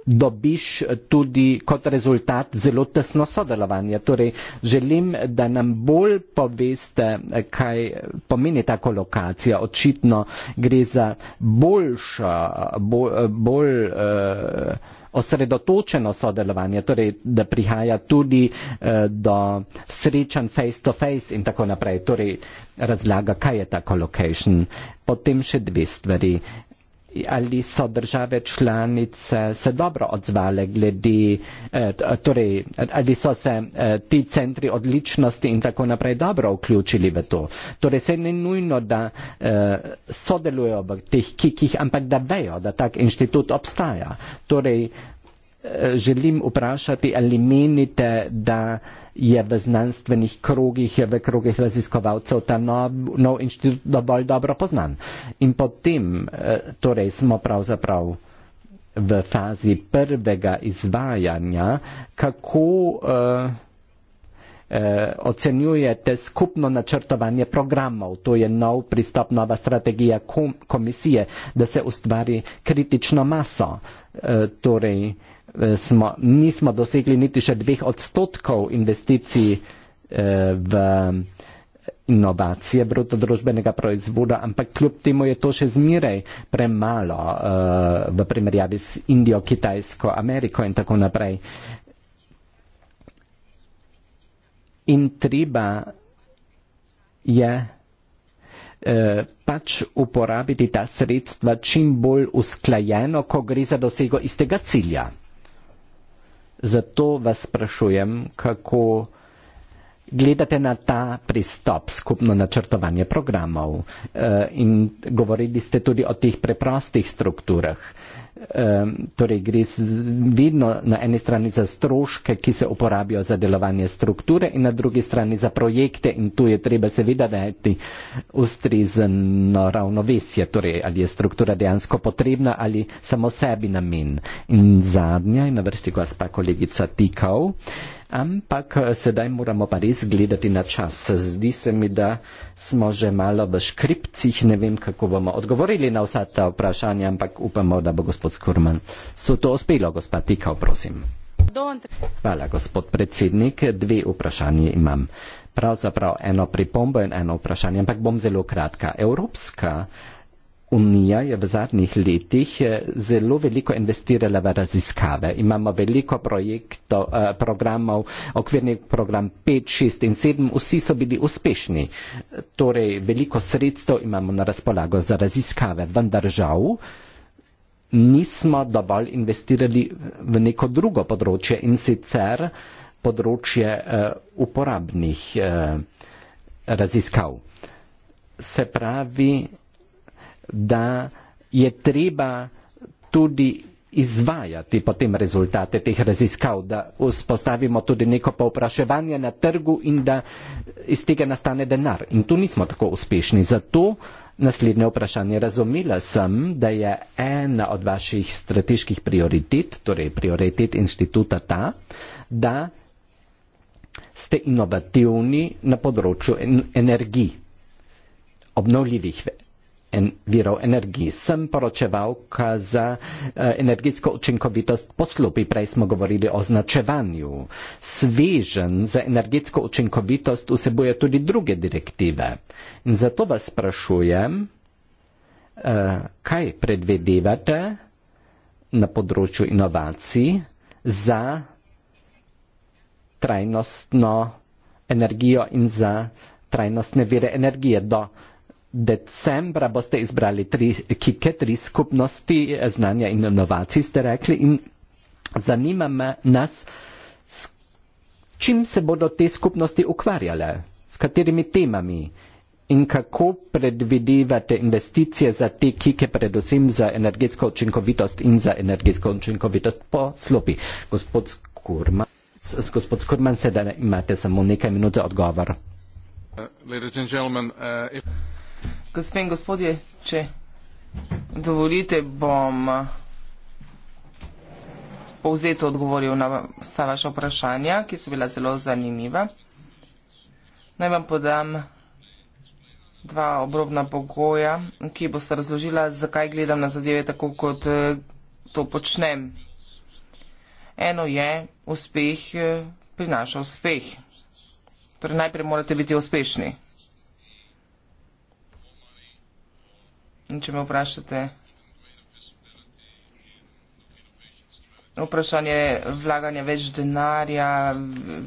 dobiš tudi kot rezultat zelo tesno sodelovanje. Torej, želim, da nam bolj poveste, kaj pomeni ta kolokacija. Očitno gre za boljša, bolj, bolj eh, osredotočeno sodelovanje, torej, da prihaja tudi eh, do srečan face-to-face in tako naprej. Torej, razlaga, kaj je ta kolokation. Potem še dve stvari ali so države članice se dobro odzvale glede, eh, torej, ali so se eh, ti centri odličnosti in tako naprej dobro vključili v to. Torej, se ne nujno, da eh, sodelujejo v teh kikih, ampak da vejo, da tak inštitut obstaja. Torej, želim vprašati, ali menite, da je v znanstvenih krogih, v krogih raziskovalcev ta nov, nov inštitut dovolj dobro poznan. In potem eh, torej smo pravzaprav v fazi prvega izvajanja, kako eh, eh, ocenjujete skupno načrtovanje programov, to je nov pristop, nova strategija komisije, da se ustvari kritično maso. Torej, Eh, smo, nismo dosegli niti še dveh odstotkov investicij eh, v eh, inovacije bruto družbenega proizvoda, ampak kljub temu je to še zmeraj premalo eh, v primerjavi s Indijo, Kitajsko, Ameriko in tako naprej. In treba je eh, pač uporabiti ta sredstva čim bolj usklajeno, ko gre za dosego istega cilja. Zato vas sprašujem, kako gledate na ta pristop, skupno načrtovanje programov eh, in govorili ste tudi o teh preprostih strukturah. Eh, torej gre vidno na eni strani za stroške, ki se uporabijo za delovanje strukture in na drugi strani za projekte in tu je treba seveda dajeti ustrezno ravnovesje, torej ali je struktura dejansko potrebna ali samo sebi namen. In zadnja je na vrsti gospa kolegica Tikov. Ampak eh, sedaj moramo pa res gledati na čas. Zdi se mi, da smo že malo v škripcih, ne vem, kako bomo odgovorili na vsa ta vprašanja, ampak upamo, da bo gospod Skurman. So to uspelo, gospa Tikal, prosim. Hvala, gospod predsednik. Dve vprašanje imam. Pravzaprav eno pripombo in eno vprašanje, ampak bom zelo kratka. Evropska Unija je v zadnjih letih eh, zelo veliko investirala v raziskave. Imamo veliko projektov, eh, programov, okvirni program 5, 6 in 7, vsi so bili uspešni. Torej, veliko sredstev imamo na razpolago za raziskave, vendar žal nismo dovolj investirali v neko drugo področje in sicer področje eh, uporabnih raziskav. Se pravi, da je treba tudi izvajati potem rezultate teh raziskav, da vzpostavimo tudi neko povpraševanje na trgu in da iz tega nastane denar. In tu nismo tako uspešni. Zato naslednje vprašanje razumela sem, da je ena od vaših strateških prioritet, torej prioritet inštituta ta, da ste inovativni na področju energij, obnovljivih en, virov energii. Sem poročeval, ka za e, energetsko učinkovitost poslupi, prej smo govorili o značevanju. Svežen za energetsko učinkovitost vsebuje tudi druge direktive. In zato vas sprašujem, e, kaj predvedevate na področju inovacij za trajnostno energijo in za trajnostne vire energije do decembra boste izbrali tri kike, tri skupnosti znanja in inovacij, ste rekli, in zanima nas, s čim se bodo te skupnosti ukvarjale, s katerimi temami in kako predvidevate investicije za te kike, predvsem za energetsko učinkovitost in za energetsko učinkovitost po slopi. Gospod Skurman, s gospod Skurman sedaj imate samo nekaj minut za odgovor. Uh, Gospe in gospodje, če dovolite, bom eh, povzeto odgovoril na vsa vaša vprašanja, ki so bila zelo zanimiva. Naj vam podam dva obrobna pogoja, ki boste razložila, zakaj gledam na zadeve tako, kot eh, to počnem. Eno je, uspeh eh, prinaša uspeh. Torej najprej morate biti uspešni. In če me vprašate, vprašanje vlaganja več denarja,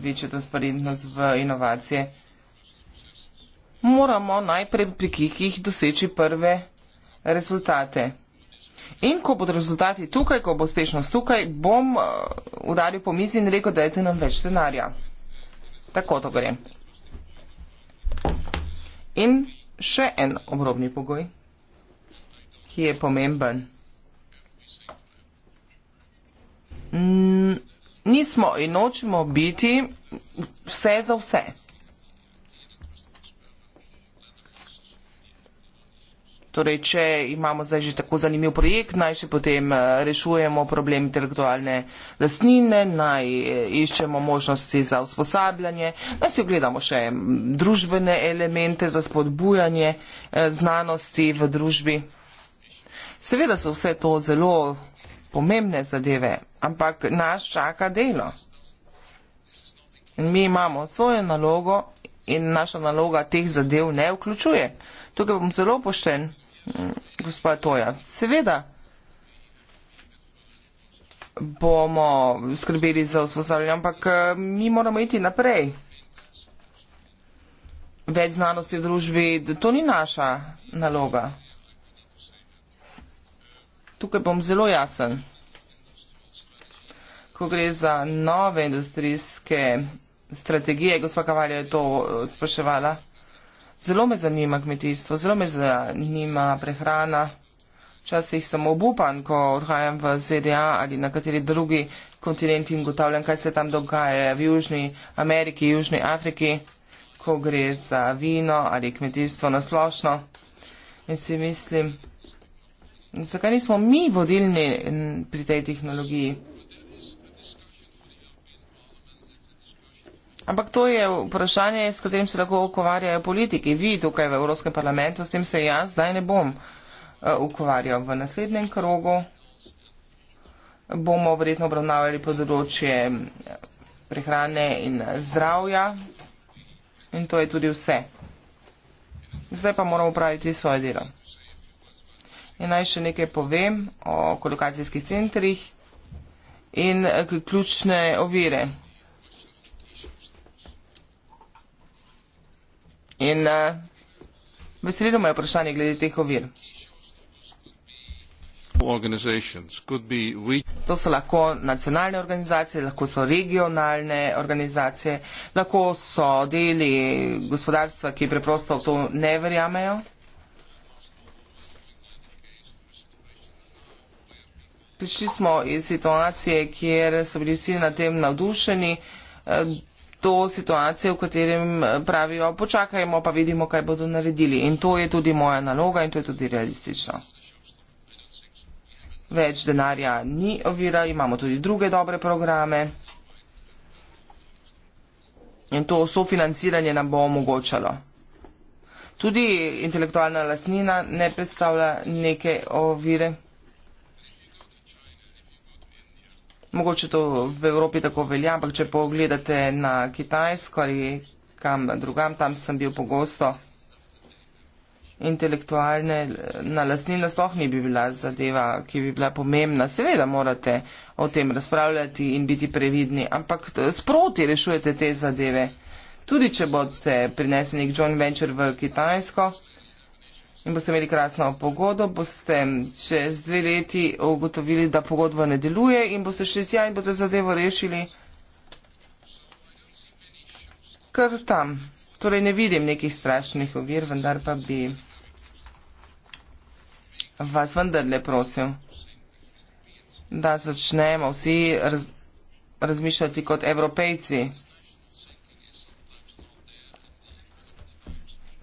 večja transparentnost v inovacije, moramo najprej pri kikih doseči prve rezultate. In ko bodo rezultati tukaj, ko bo uspešnost tukaj, bom eh, udaril po mizi in rekel, dajte nam več denarja. Tako to gre. In še en obrobni pogoj ki je pomemben. Nismo in nočemo biti vse za vse. Torej, če imamo zdaj že tako zanimiv projekt, naj še potem eh, rešujemo problem intelektualne lastnine, naj eh, iščemo možnosti za usposabljanje, naj si ogledamo še družbene elemente za spodbujanje eh, znanosti v družbi. Seveda so vse to zelo pomembne zadeve, ampak nas čaka delo. In mi imamo svojo nalogo in naša naloga teh zadev ne vključuje. Tukaj bom zelo pošten, mm, gospa Toja. Seveda bomo skrbeli za usposabljanje, ampak eh, mi moramo iti naprej. Več znanosti v družbi, to ni naša naloga. Tukaj bom zelo jasen. Ko gre za nove industrijske strategije, gospa Kavalja je to eh, spraševala. Zelo me zanima kmetijstvo, zelo me zanima prehrana. Včasih sem obupan, ko odhajam v ZDA ali na kateri drugi kontinent in gotavljam, kaj se tam dogaja v Južni Ameriki, Južni Afriki, ko gre za vino ali kmetijstvo nasplošno. In si mislim, Zakaj nismo mi vodilni pri tej tehnologiji? Ampak to je vprašanje, s katerim se lahko ukvarjajo politiki. Vi tukaj v Evropskem parlamentu, s tem se jaz zdaj ne bom e, ukvarjal. V naslednjem krogu bomo verjetno obravnavali področje e, prehrane in zdravja. In to je tudi vse. Zdaj pa moramo upraviti svoje delo. In naj še nekaj povem o kolokacijskih centrih in eh, ključne ovire. In uh, veselilo me je vprašanje glede teh ovir. To so lahko nacionalne organizacije, lahko so regionalne organizacije, lahko so deli gospodarstva, ki preprosto v to ne verjamejo. prišli smo iz situacije, kjer so bili vsi na tem navdušeni, eh, do situacije, v katerem eh, pravijo, počakajmo, pa vidimo, kaj bodo naredili. In to je tudi moja naloga in to je tudi realistično. Več denarja ni ovira, imamo tudi druge dobre programe. In to sofinanciranje nam bo omogočalo. Tudi intelektualna lasnina ne predstavlja neke ovire. Oh, mogoče to v Evropi tako velja, ampak če pogledate na Kitajsko ali kam drugam, tam sem bil pogosto intelektualne na lasnina sploh ni bi bila zadeva, ki bi bila pomembna. Seveda morate o tem razpravljati in biti previdni, ampak sproti rešujete te zadeve. Tudi če boste prinesli nek joint venture v Kitajsko, in boste imeli krasno pogodbo, boste čez dve leti ugotovili, da pogodba ne deluje in boste šli tja in boste zadevo rešili kar tam. Torej ne vidim nekih strašnih ovir, vendar pa bi vas vendar le prosil, da začnemo vsi raz, razmišljati kot evropejci.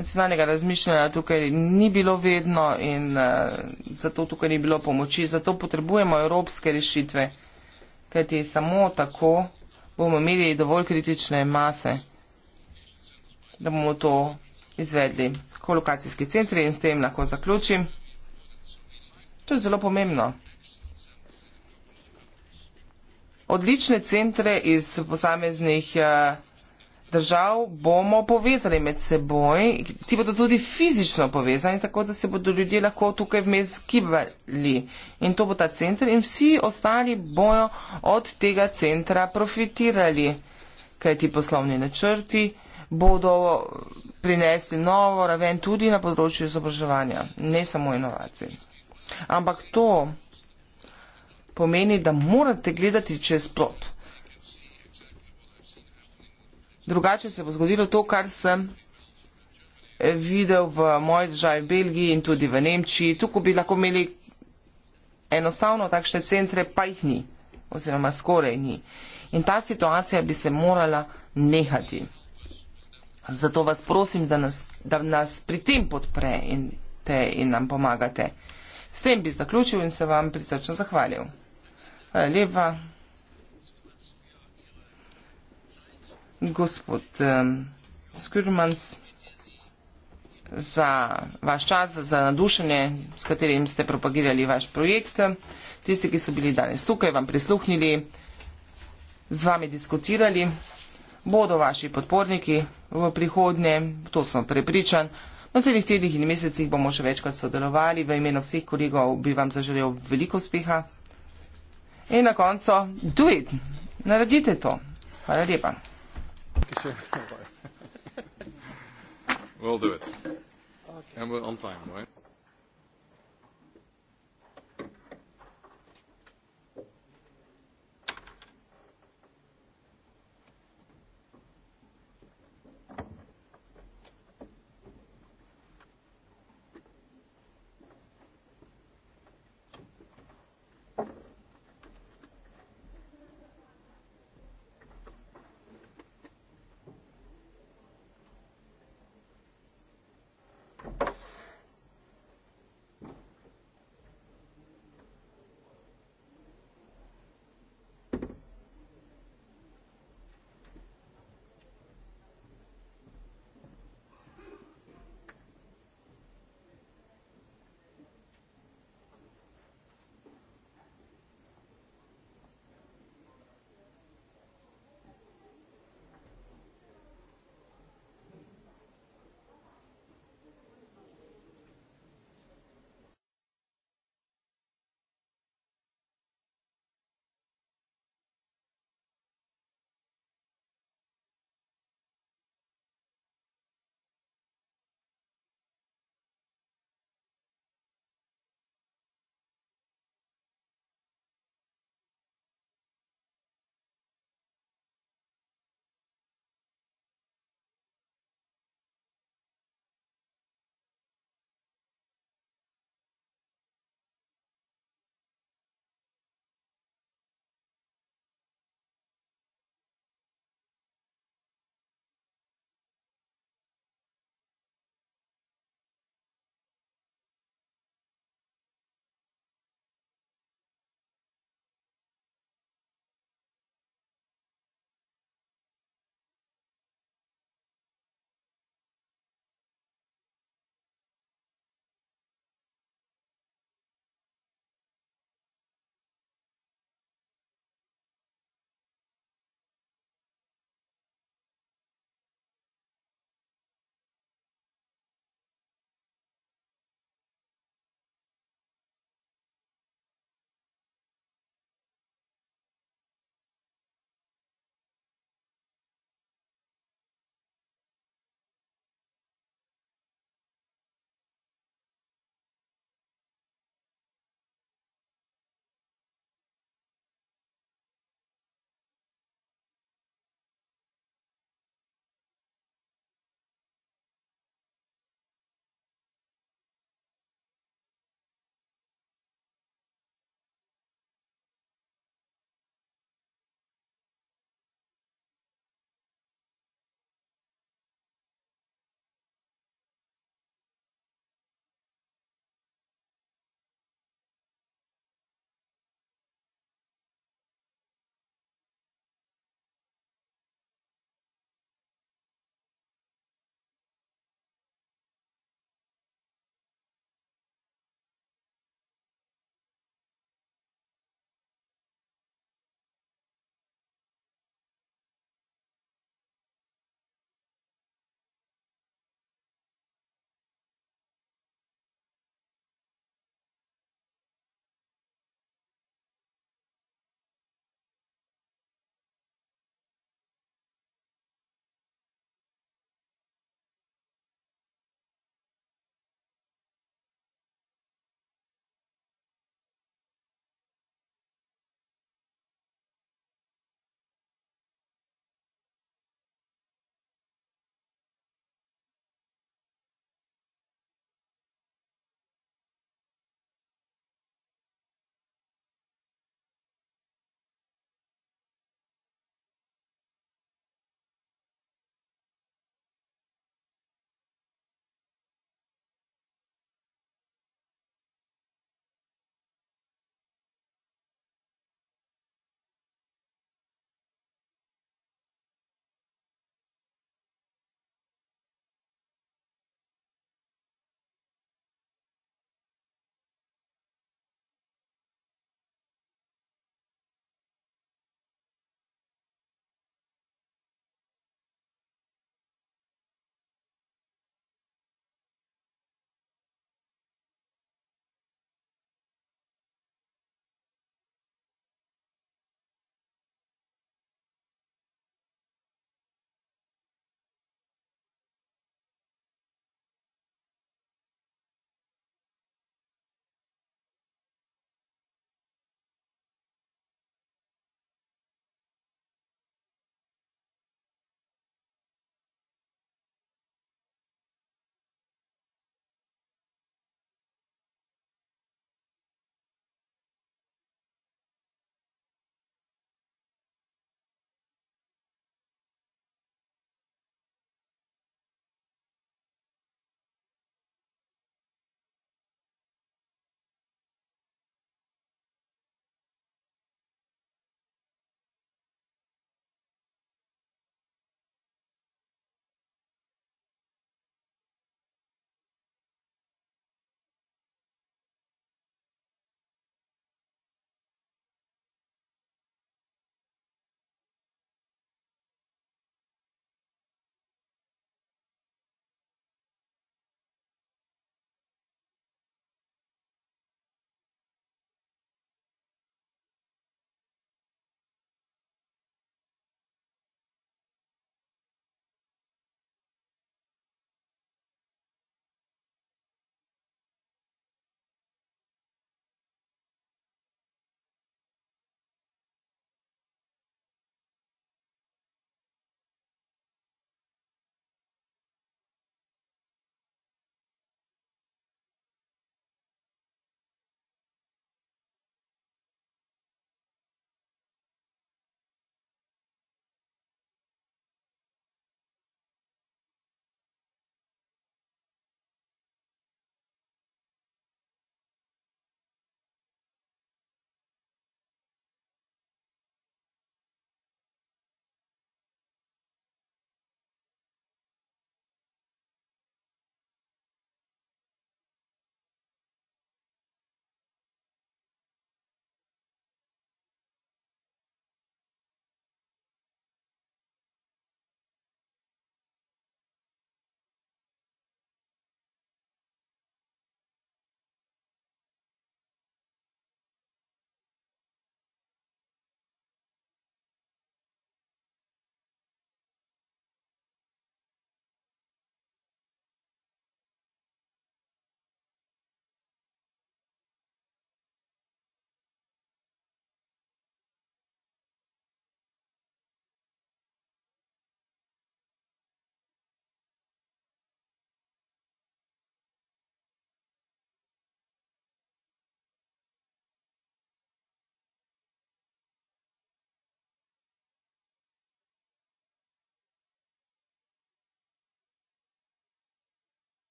nacionalnega razmišljanja tukaj ni bilo vedno in uh, zato tukaj ni bilo pomoči. Zato potrebujemo evropske rešitve, kajti samo tako bomo imeli dovolj kritične mase, da bomo to izvedli. Kolokacijski centri in s tem lahko zaključim. To je zelo pomembno. Odlične centre iz posameznih. Uh, držav bomo povezali med seboj, ti bodo tudi fizično povezani, tako da se bodo ljudje lahko tukaj vmes skibali. In to bo ta center in vsi ostali bojo od tega centra profitirali, kaj ti poslovni načrti bodo prinesli novo raven tudi na področju izobraževanja, ne samo inovacij. Ampak to pomeni, da morate gledati čez plot drugače se bo zgodilo to, kar sem videl v moji državi v Belgiji in tudi v Nemčiji. Tukaj bi lahko imeli enostavno takšne centre, pa jih ni, oziroma skoraj ni. In ta situacija bi se morala nehati. Zato vas prosim, da nas, da nas pri tem podpre in, te, in nam pomagate. S tem bi zaključil in se vam prisrčno zahvalil. Hvala lepa. gospod um, Skurmans, za vaš čas, za nadušenje, s katerim ste propagirali vaš projekt. Tisti, ki so bili danes tukaj, vam prisluhnili, z vami diskutirali, bodo vaši podporniki v prihodnje, to sem prepričan. V naslednjih tednih in mesecih bomo še večkrat sodelovali. V imenu vseh kolegov bi vam zaželel veliko uspeha. In na koncu, do it! Naredite to. Hvala lepa we'll do it. Okay. And we're on time, right?